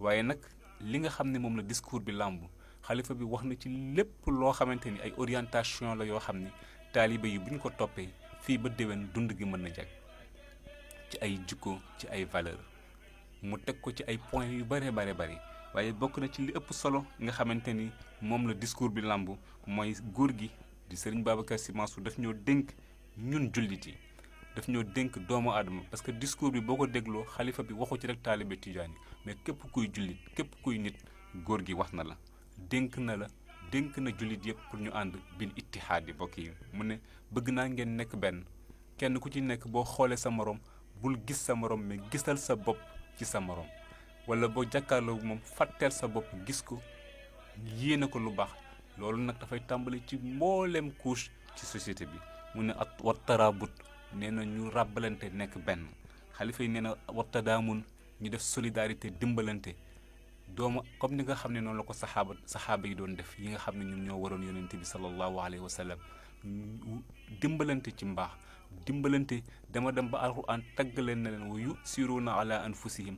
waaye nag li nga xam ne moom la discours bi làmb xalifa bi wax na ci lépp loo xamante ni ay orientation la yoo xam ni taaliba yi bu ko toppee. fii ba déwén dund gi mën na jag ci ay jikko ci ay valeur mu teg ko ci ay point yu bare bare bari waaye bokk na ci li ëpp solo nga xamante ni moom la discours bi làmb mooy góor gi di sëriñ Babacar Sy Mansour daf ñoo dénk ñun jullit yi daf ñoo dénk doomu aadama parce que discours bi boo ko dégloo xalifa bi waxu ci rek taalibe tijaan yi mais képp kuy jullit képp kuy nit góor gi wax na la dénk na la dénk na jullit yëpp pour ñu ànd bil ittihaadi bokk yi mu ne bëgg naa ngeen nekk benn kenn ku ci nekk boo xoolee sa morom bul gis sa morom mais gisal sa bopp ci sa morom wala boo jàkkaarloo moom fàtteel sa bopp gis ko yéene ko lu baax loolu nag dafay tàmbali ci mbooleem couche ci société bi mu ne at war nee na ñu ràbbalante nekk benn xalifa yi nee na war ñu def solidarité dimbalante دوم كم نيغا خامني نون لاكو صحاب صحابه يي دون ديف ييغا خامني نيم ньо ورون يونت بي صلى الله عليه وسلم ديمبلانتي تي مباخ ديمبلانتي دما دم با القران تاغلن نلن ويو سيرونا على انفسهم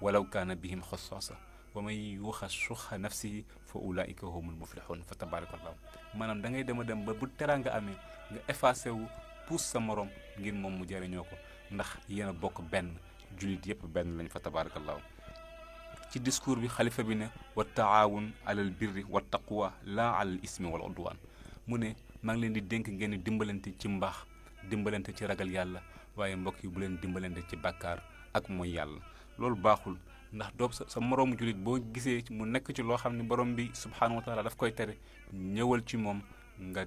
ولو كان بهم خصاصه ومن يخشخ نفسه فاولئك هم المفلحون فتبارك الله مانام داغي دما دم با بو تيرانغا امي غا افاسيو بوس سامروم غين موم مو جاري نيوكو ناخ يينا بوك بن جوليت ييب بن لاني فتبارك الله ci discours bi xalifa bi ne wa taawun alal birri wa taqwa laa alal ismi wal udwaan mu ne maa leen di dénk ngeen dimbalante ci mbaax dimbalante ci ragal yàlla waaye mbokk yi bu leen dimbalante ci bàkkaar ak mooy yàlla loolu baaxul ndax doob sa moroomu jullit boo gisee mu nekk ci loo xam ne borom bi subhaanahu wa taala daf koy tere ñëwal ci moom nga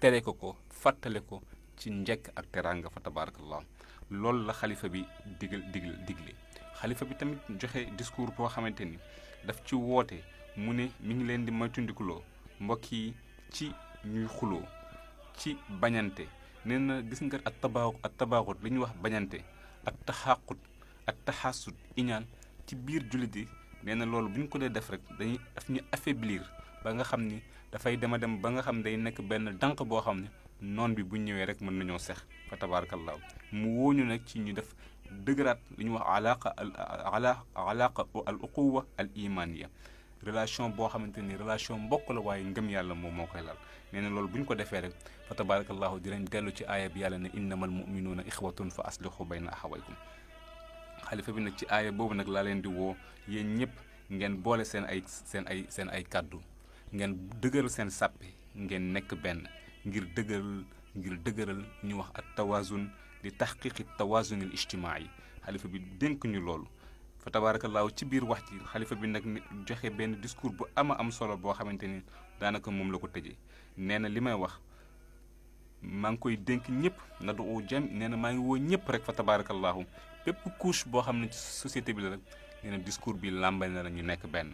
tere ko ko fàttale ko ci njekk ak teraanga fa tabaarakallah loolu la xalifa bi digal digal digle xalifa bi tamit joxe discours boo xamante ni daf ci woote mu ne mi ngi leen di moytundikuloo mbokk yi ci ñuy xuloo ci bañante nee gis nga ak tabaaxut ak tabaaxut li ñuy wax bañante ak taxaaqut ak taxaasut iñaan ci biir jullit yi nee na loolu bu ñu ko dee def rek dañuy daf ñu affaiblir ba nga xam ni dafay dema dem ba nga xam day nekk benn dànq boo xam ne noon bi bu ñëwee rek mën nañoo seex fa tabaarakallaahu mu wóoñu nag ci ñu def دغرات لي علاقه على علاقه القوه الايمانيه ريلاسيون بو خامتيني ريلاسيون بوك لا واي نغم يالا مو موكاي لال نينا لول بو نكو ديفه رك فتبارك الله دي نين دلو سي ايه بيالا انما المؤمنون اخوه فاصلحوا بين احويكم خليفه بي نك سي ايه بوبو نك لا لين دي وو يين نيب نين بوله سين اي سين اي سين اي كادو نين دغرل سين سابي نين نك بن غير دغرل غير دغرل ني التوازن لتحقيق التوازن الاجتماعي xalifa bi dénk ñu loolu fa tabaarakallaahu ci biir wax ci xalifa bi nag joxe benn discours bu ama am solo boo xamante ni daanaka moom la ko tëjee nee na li may wax maa ngi koy dénk ñëpp na du jam nee na maa ngi woo ñëpp rek fa tabaarakallaahu bépp couche boo xam ne ci société bi la rek nee na discours bi làmbal na la ñu nekk benn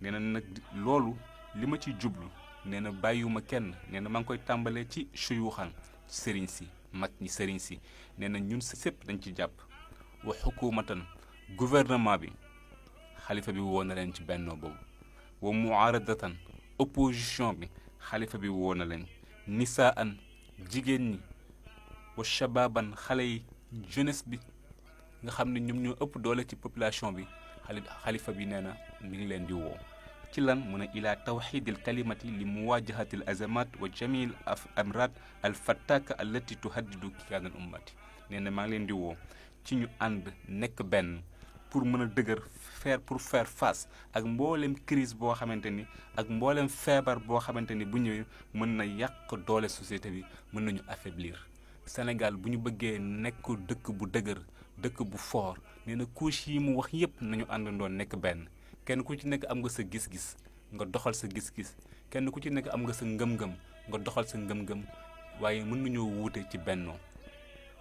nee na nag loolu li ma ciy jublu nee na bàyyiwuma kenn nee na maa ngi koy tàmbalee ci suyuuxan sëriñ si mag ñi sëriñ si nee na ñun sépp dañ ci jàpp wa xukumatan gouvernement bi xalifa bi woo na leen ci bennoo boobu wa muaradatan opposition bi xalifa bi woo na leen nisaan jigéen ñi wa shababan xale yi jeunesse bi nga xam ne ñoom ñoo ëpp doole ci population bi xali xalifa bi nee na mi ngi leen di woo ci lan mu ne ila tawxid alkalimati li muwajahati alazamat wa jami al amrat alfattaka allati tuhaddidu kian al ummati nee na maa ngi leen di woo ci ñu ànd nekk benn pour mën a dëgër faire pour fair face ak mbooleem crise boo xamante ni ak mbooleem feebar boo xamante ni bu ñëwee mën na yàq doole société bi mën nañu affaiblir. Sénégal bu ñu bëggee nekk dëkk bu dëgër dëkk bu foor nee na couche yi mu wax yépp nañu àndandoo nekk benn kenn ku ci nekk am nga sa gis-gis nga doxal sa gis-gis kenn ku ci nekk am nga sa ngëm-ngëm nga doxal sa ngëm-ngëm waaye mën nañoo wuute ci bennoo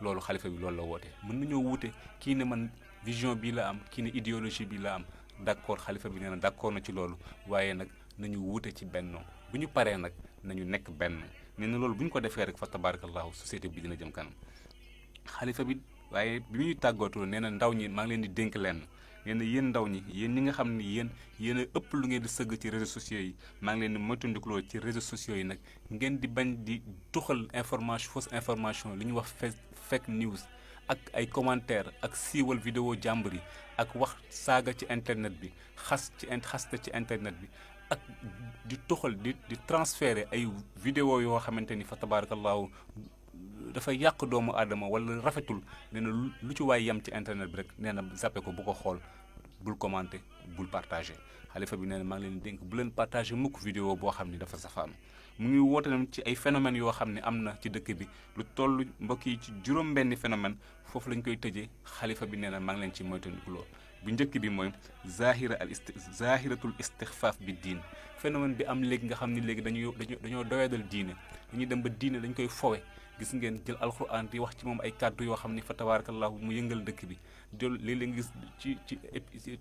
loolu xalifa bi loolu la woote mën nañoo wuute kii ne man vision bi la am kii ne idéologie bi la am d'accord xalifa bi nee na d'accord na ci loolu waaye nag nañu wuute ci benn bu ñu paree nag nañu nekk benn nee na loolu bu ñu ko defee rek fa tabarakallahu société bi dina jëm kanam xalifa bi waaye bi ñuy tàggootoo nee na ndaw ñi maa ngi leen di dénk lenn nee na yéen ndaw ñi yéen ñi nga xam ni yéen yéen ëpp lu ngeen di sëgg ci réseaux sociaux yi maa ngi leen di moytandikuloo ci réseaux sociaux yi nag ngeen di bañ di tuxal information fausse information li ñu wax fake news ak ay commentaire ak siiwal vidéo jambri ak wax saga ci internet bi xas ci xaste ci internet bi ak di tuxal di di transférer ay vidéo yo xamanteni ni fa tabaarakallaahu dafa yak doomu adama wala rafetul nee lu ci way yam ci internet bi rek nee zappe ko bu ko xool bul commenter bul partager xalifa bi nee ma ngi leen dénk bu leen partager mukk vidéo bo xamni ni dafa safam mu ngi woote tamit ci ay phénomène yoo xam ne am na ci dëkk bi lu toll mbokk yi ci juroom benn phénomène foofu lañ koy tëjee xalifa bi nee na maa ngi leen ci moytandiku lool bu njëkk bi mooy zahira al zahiratul istixfaaf bi diin phénomène bi am léegi nga xam ne léegi dañu dañoo doyadal diine dañuy dem ba diine dañ koy fowe gis ngeen jël alxuraan di wax ci moom ay kàddu yoo xam ne fa tabaarakallahu mu yëngal dëkk bi jël léeg-léeg nga gis ci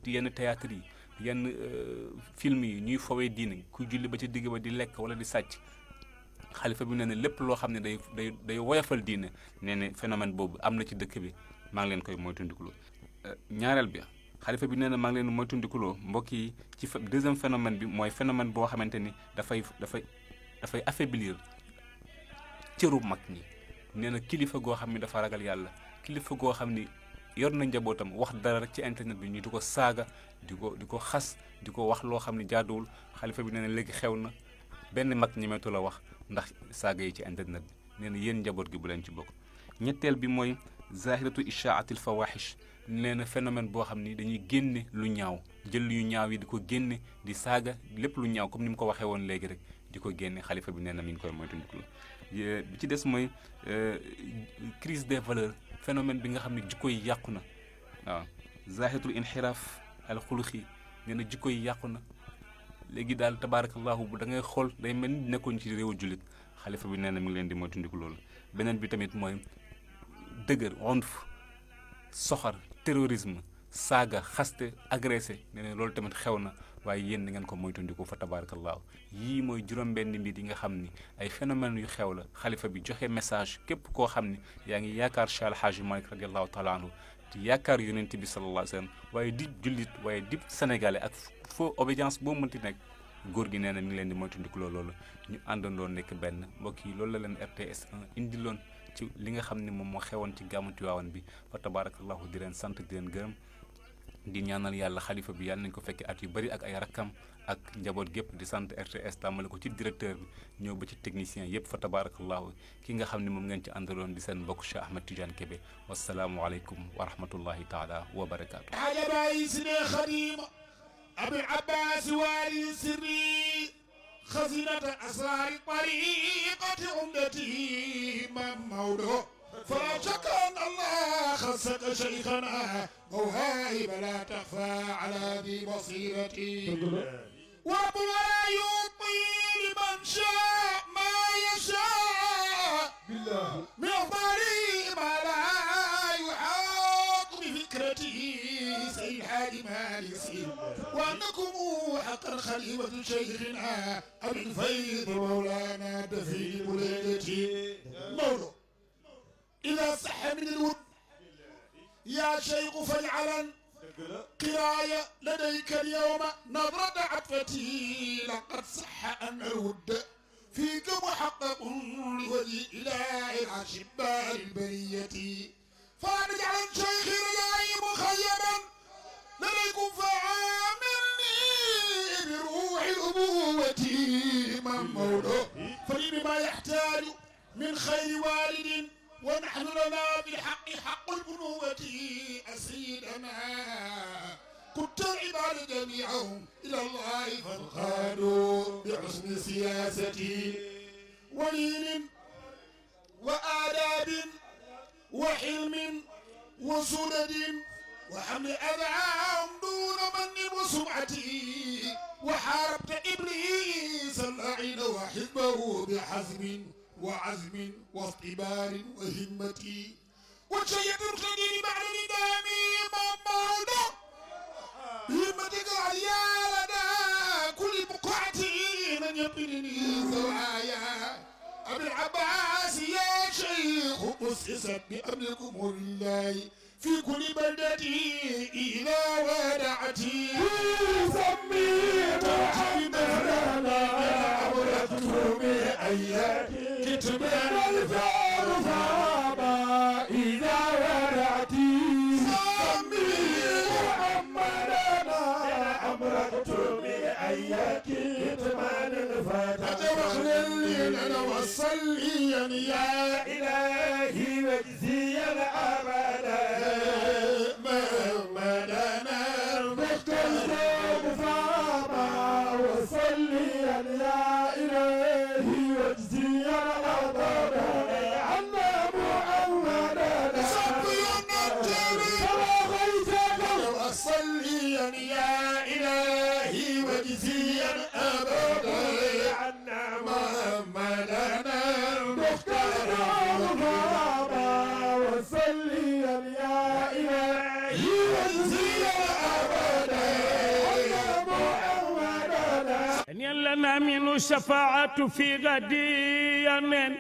ci yenn théâtre yi yenn euh, film yi ñuy fowee diine kuy julli ba ci digg ba di lekk wala di sàcc xalifa bi nee na lépp loo xam ne day day day woyofal diine nee na phénomène boobu am na ci dëkk bi maa ngi leen koy moytandikuloo euh, ñaareel bi xalifa bi nee na maa ngi leen moytandikuloo mbokk yi ci deuxième phénomène bi mooy phénomène boo xamante ni dafay dafay dafay affaiblir cëru mag ñi nee na kilifa goo xam ne dafa ragal yàlla kilifa goo xam ni yor na njabootam wax dara rek ci internet bi ñu di ko saaga di ko di ko xas di ko wax loo xam ne jaaduwul xalifa bi nee na léegi xew na benn mag ñemeetu la wax ndax saaga yi ci internet bi nee na yéen njaboot gi bu leen ci bokk ñetteel bi mooy zahiratu ishaatil fawahish nee na phénomène boo xam ni dañuy génne lu ñaaw jël yu ñaaw yi di ko génne di saaga lépp lu ñaaw comme ni mu ko waxee woon léegi rek di ko génne xalifa bi nee na mi ngi koy moytu bi ci des mooy crise des valeurs phénomène bi nga xam ne jikko yi yàqu na waaw zahitul inxiraaf al xuluxi nee na jikko yi yàqu na léegi daal tabaarakallahu bu da ngay xool day mel ni nekkoon ci réewu jullit xalifa bi nee na mi ngi leen di moytandiku loolu beneen bi tamit mooy dëgër onf soxar terrorisme saaga xaste agressé nee na loolu tamit xew na waaye yéen ngeen ko moytandiku fa tabarakallahu yii mooy juróom-benn mbir yi nga xam ni ay phénomène yu xew la xalifa bi joxe message képp koo xam ni yaa ngi yaakaar Cheikh Alhaaji Malick radiallahu taala anhu di yaakaar yonent bi sallallahu alayhi sallam waaye di jullit waaye di sénégalais ak fo obédience boo mënti nekk góor gi nee na mi ngi leen di moytandiku loolu ñu àndandoo nekk benn mbokk yi loolu la leen RTS 1 indi loon ci li nga xam ne moom moo xewoon ci gàmmu Tiwaawan bi fa tabarakallahu di leen sant di leen gërëm di ñaanal yàlla xalifa bi yàlla nañ ko fekke at yi bari ak ay rakkam ak njaboot gépp di sant RTS tàmbale ko ci directeur bi ñëw ba ci technicien yëpp fa tabaarakallaahu ki nga xam ne moom ngeen ci àndaloon di seen mbokk Cheikh Ahmed Tidiane Kébé wasalaamu aleykum wa rahmatullahi taala wa barakaatu xaaja bàyyi si ne xadima abi abbas waali sirri xasinata asraari tariqati umdati mam mawdo فرجكا الله خسق شيخنا موهائب لا تخفى على ذي بصيرتي وابو لا يعطي لمن شاء ما يشاء بالله من ما لا يحاط بفكرتي سيحا ما يصير وأنكم حقا خليفة شيخنا ابن الفيض مولانا دفي ولادتي مولو إذا صح من الود يا شيخ فالعلن قراية لديك اليوم نظرة عطفتي لقد صح أن الود فيك محقق الولي إله العشباء البرية فنجعل شيخ الإله مخيما لديكم فعاملني بروح الأبوة من فلي بما يحتاج من خير والد ونحن لنا بالحق حق البنوة أسيدنا كنت عباد جميعهم إلى الله فانقادوا بحسن سياسة ولين وآداب وحلم وسدد وحمل أذعام دون من وسمعتي وحاربت إبليس اللعين وحزبه بحزم وعزم واصطبار وهمة والشيء ترشدني بعد ندامي ممونا بهمتك العليا لدى كل بقعة من يطلني سوايا أبو العباس يا شيخ أسست بأملكم الله في كل بلدتي إلى ودعتي سميت حمدنا أبرزت أيك كتبين الفار فما إذا ورعتي سمي وأمرنا أمرك تبي أيك كتمان الفتى فجر لنا وصلي يا إلهي واجزي الأبد آمن شفاعة في غدي يمن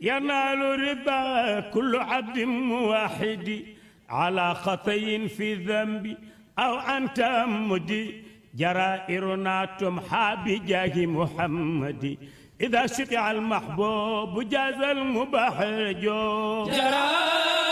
ينال رضا كل عبد واحد على خطي في ذنبي أو أنت مدي جرائرنا تمحى بجاه محمد إذا شفع المحبوب جاز المباح جو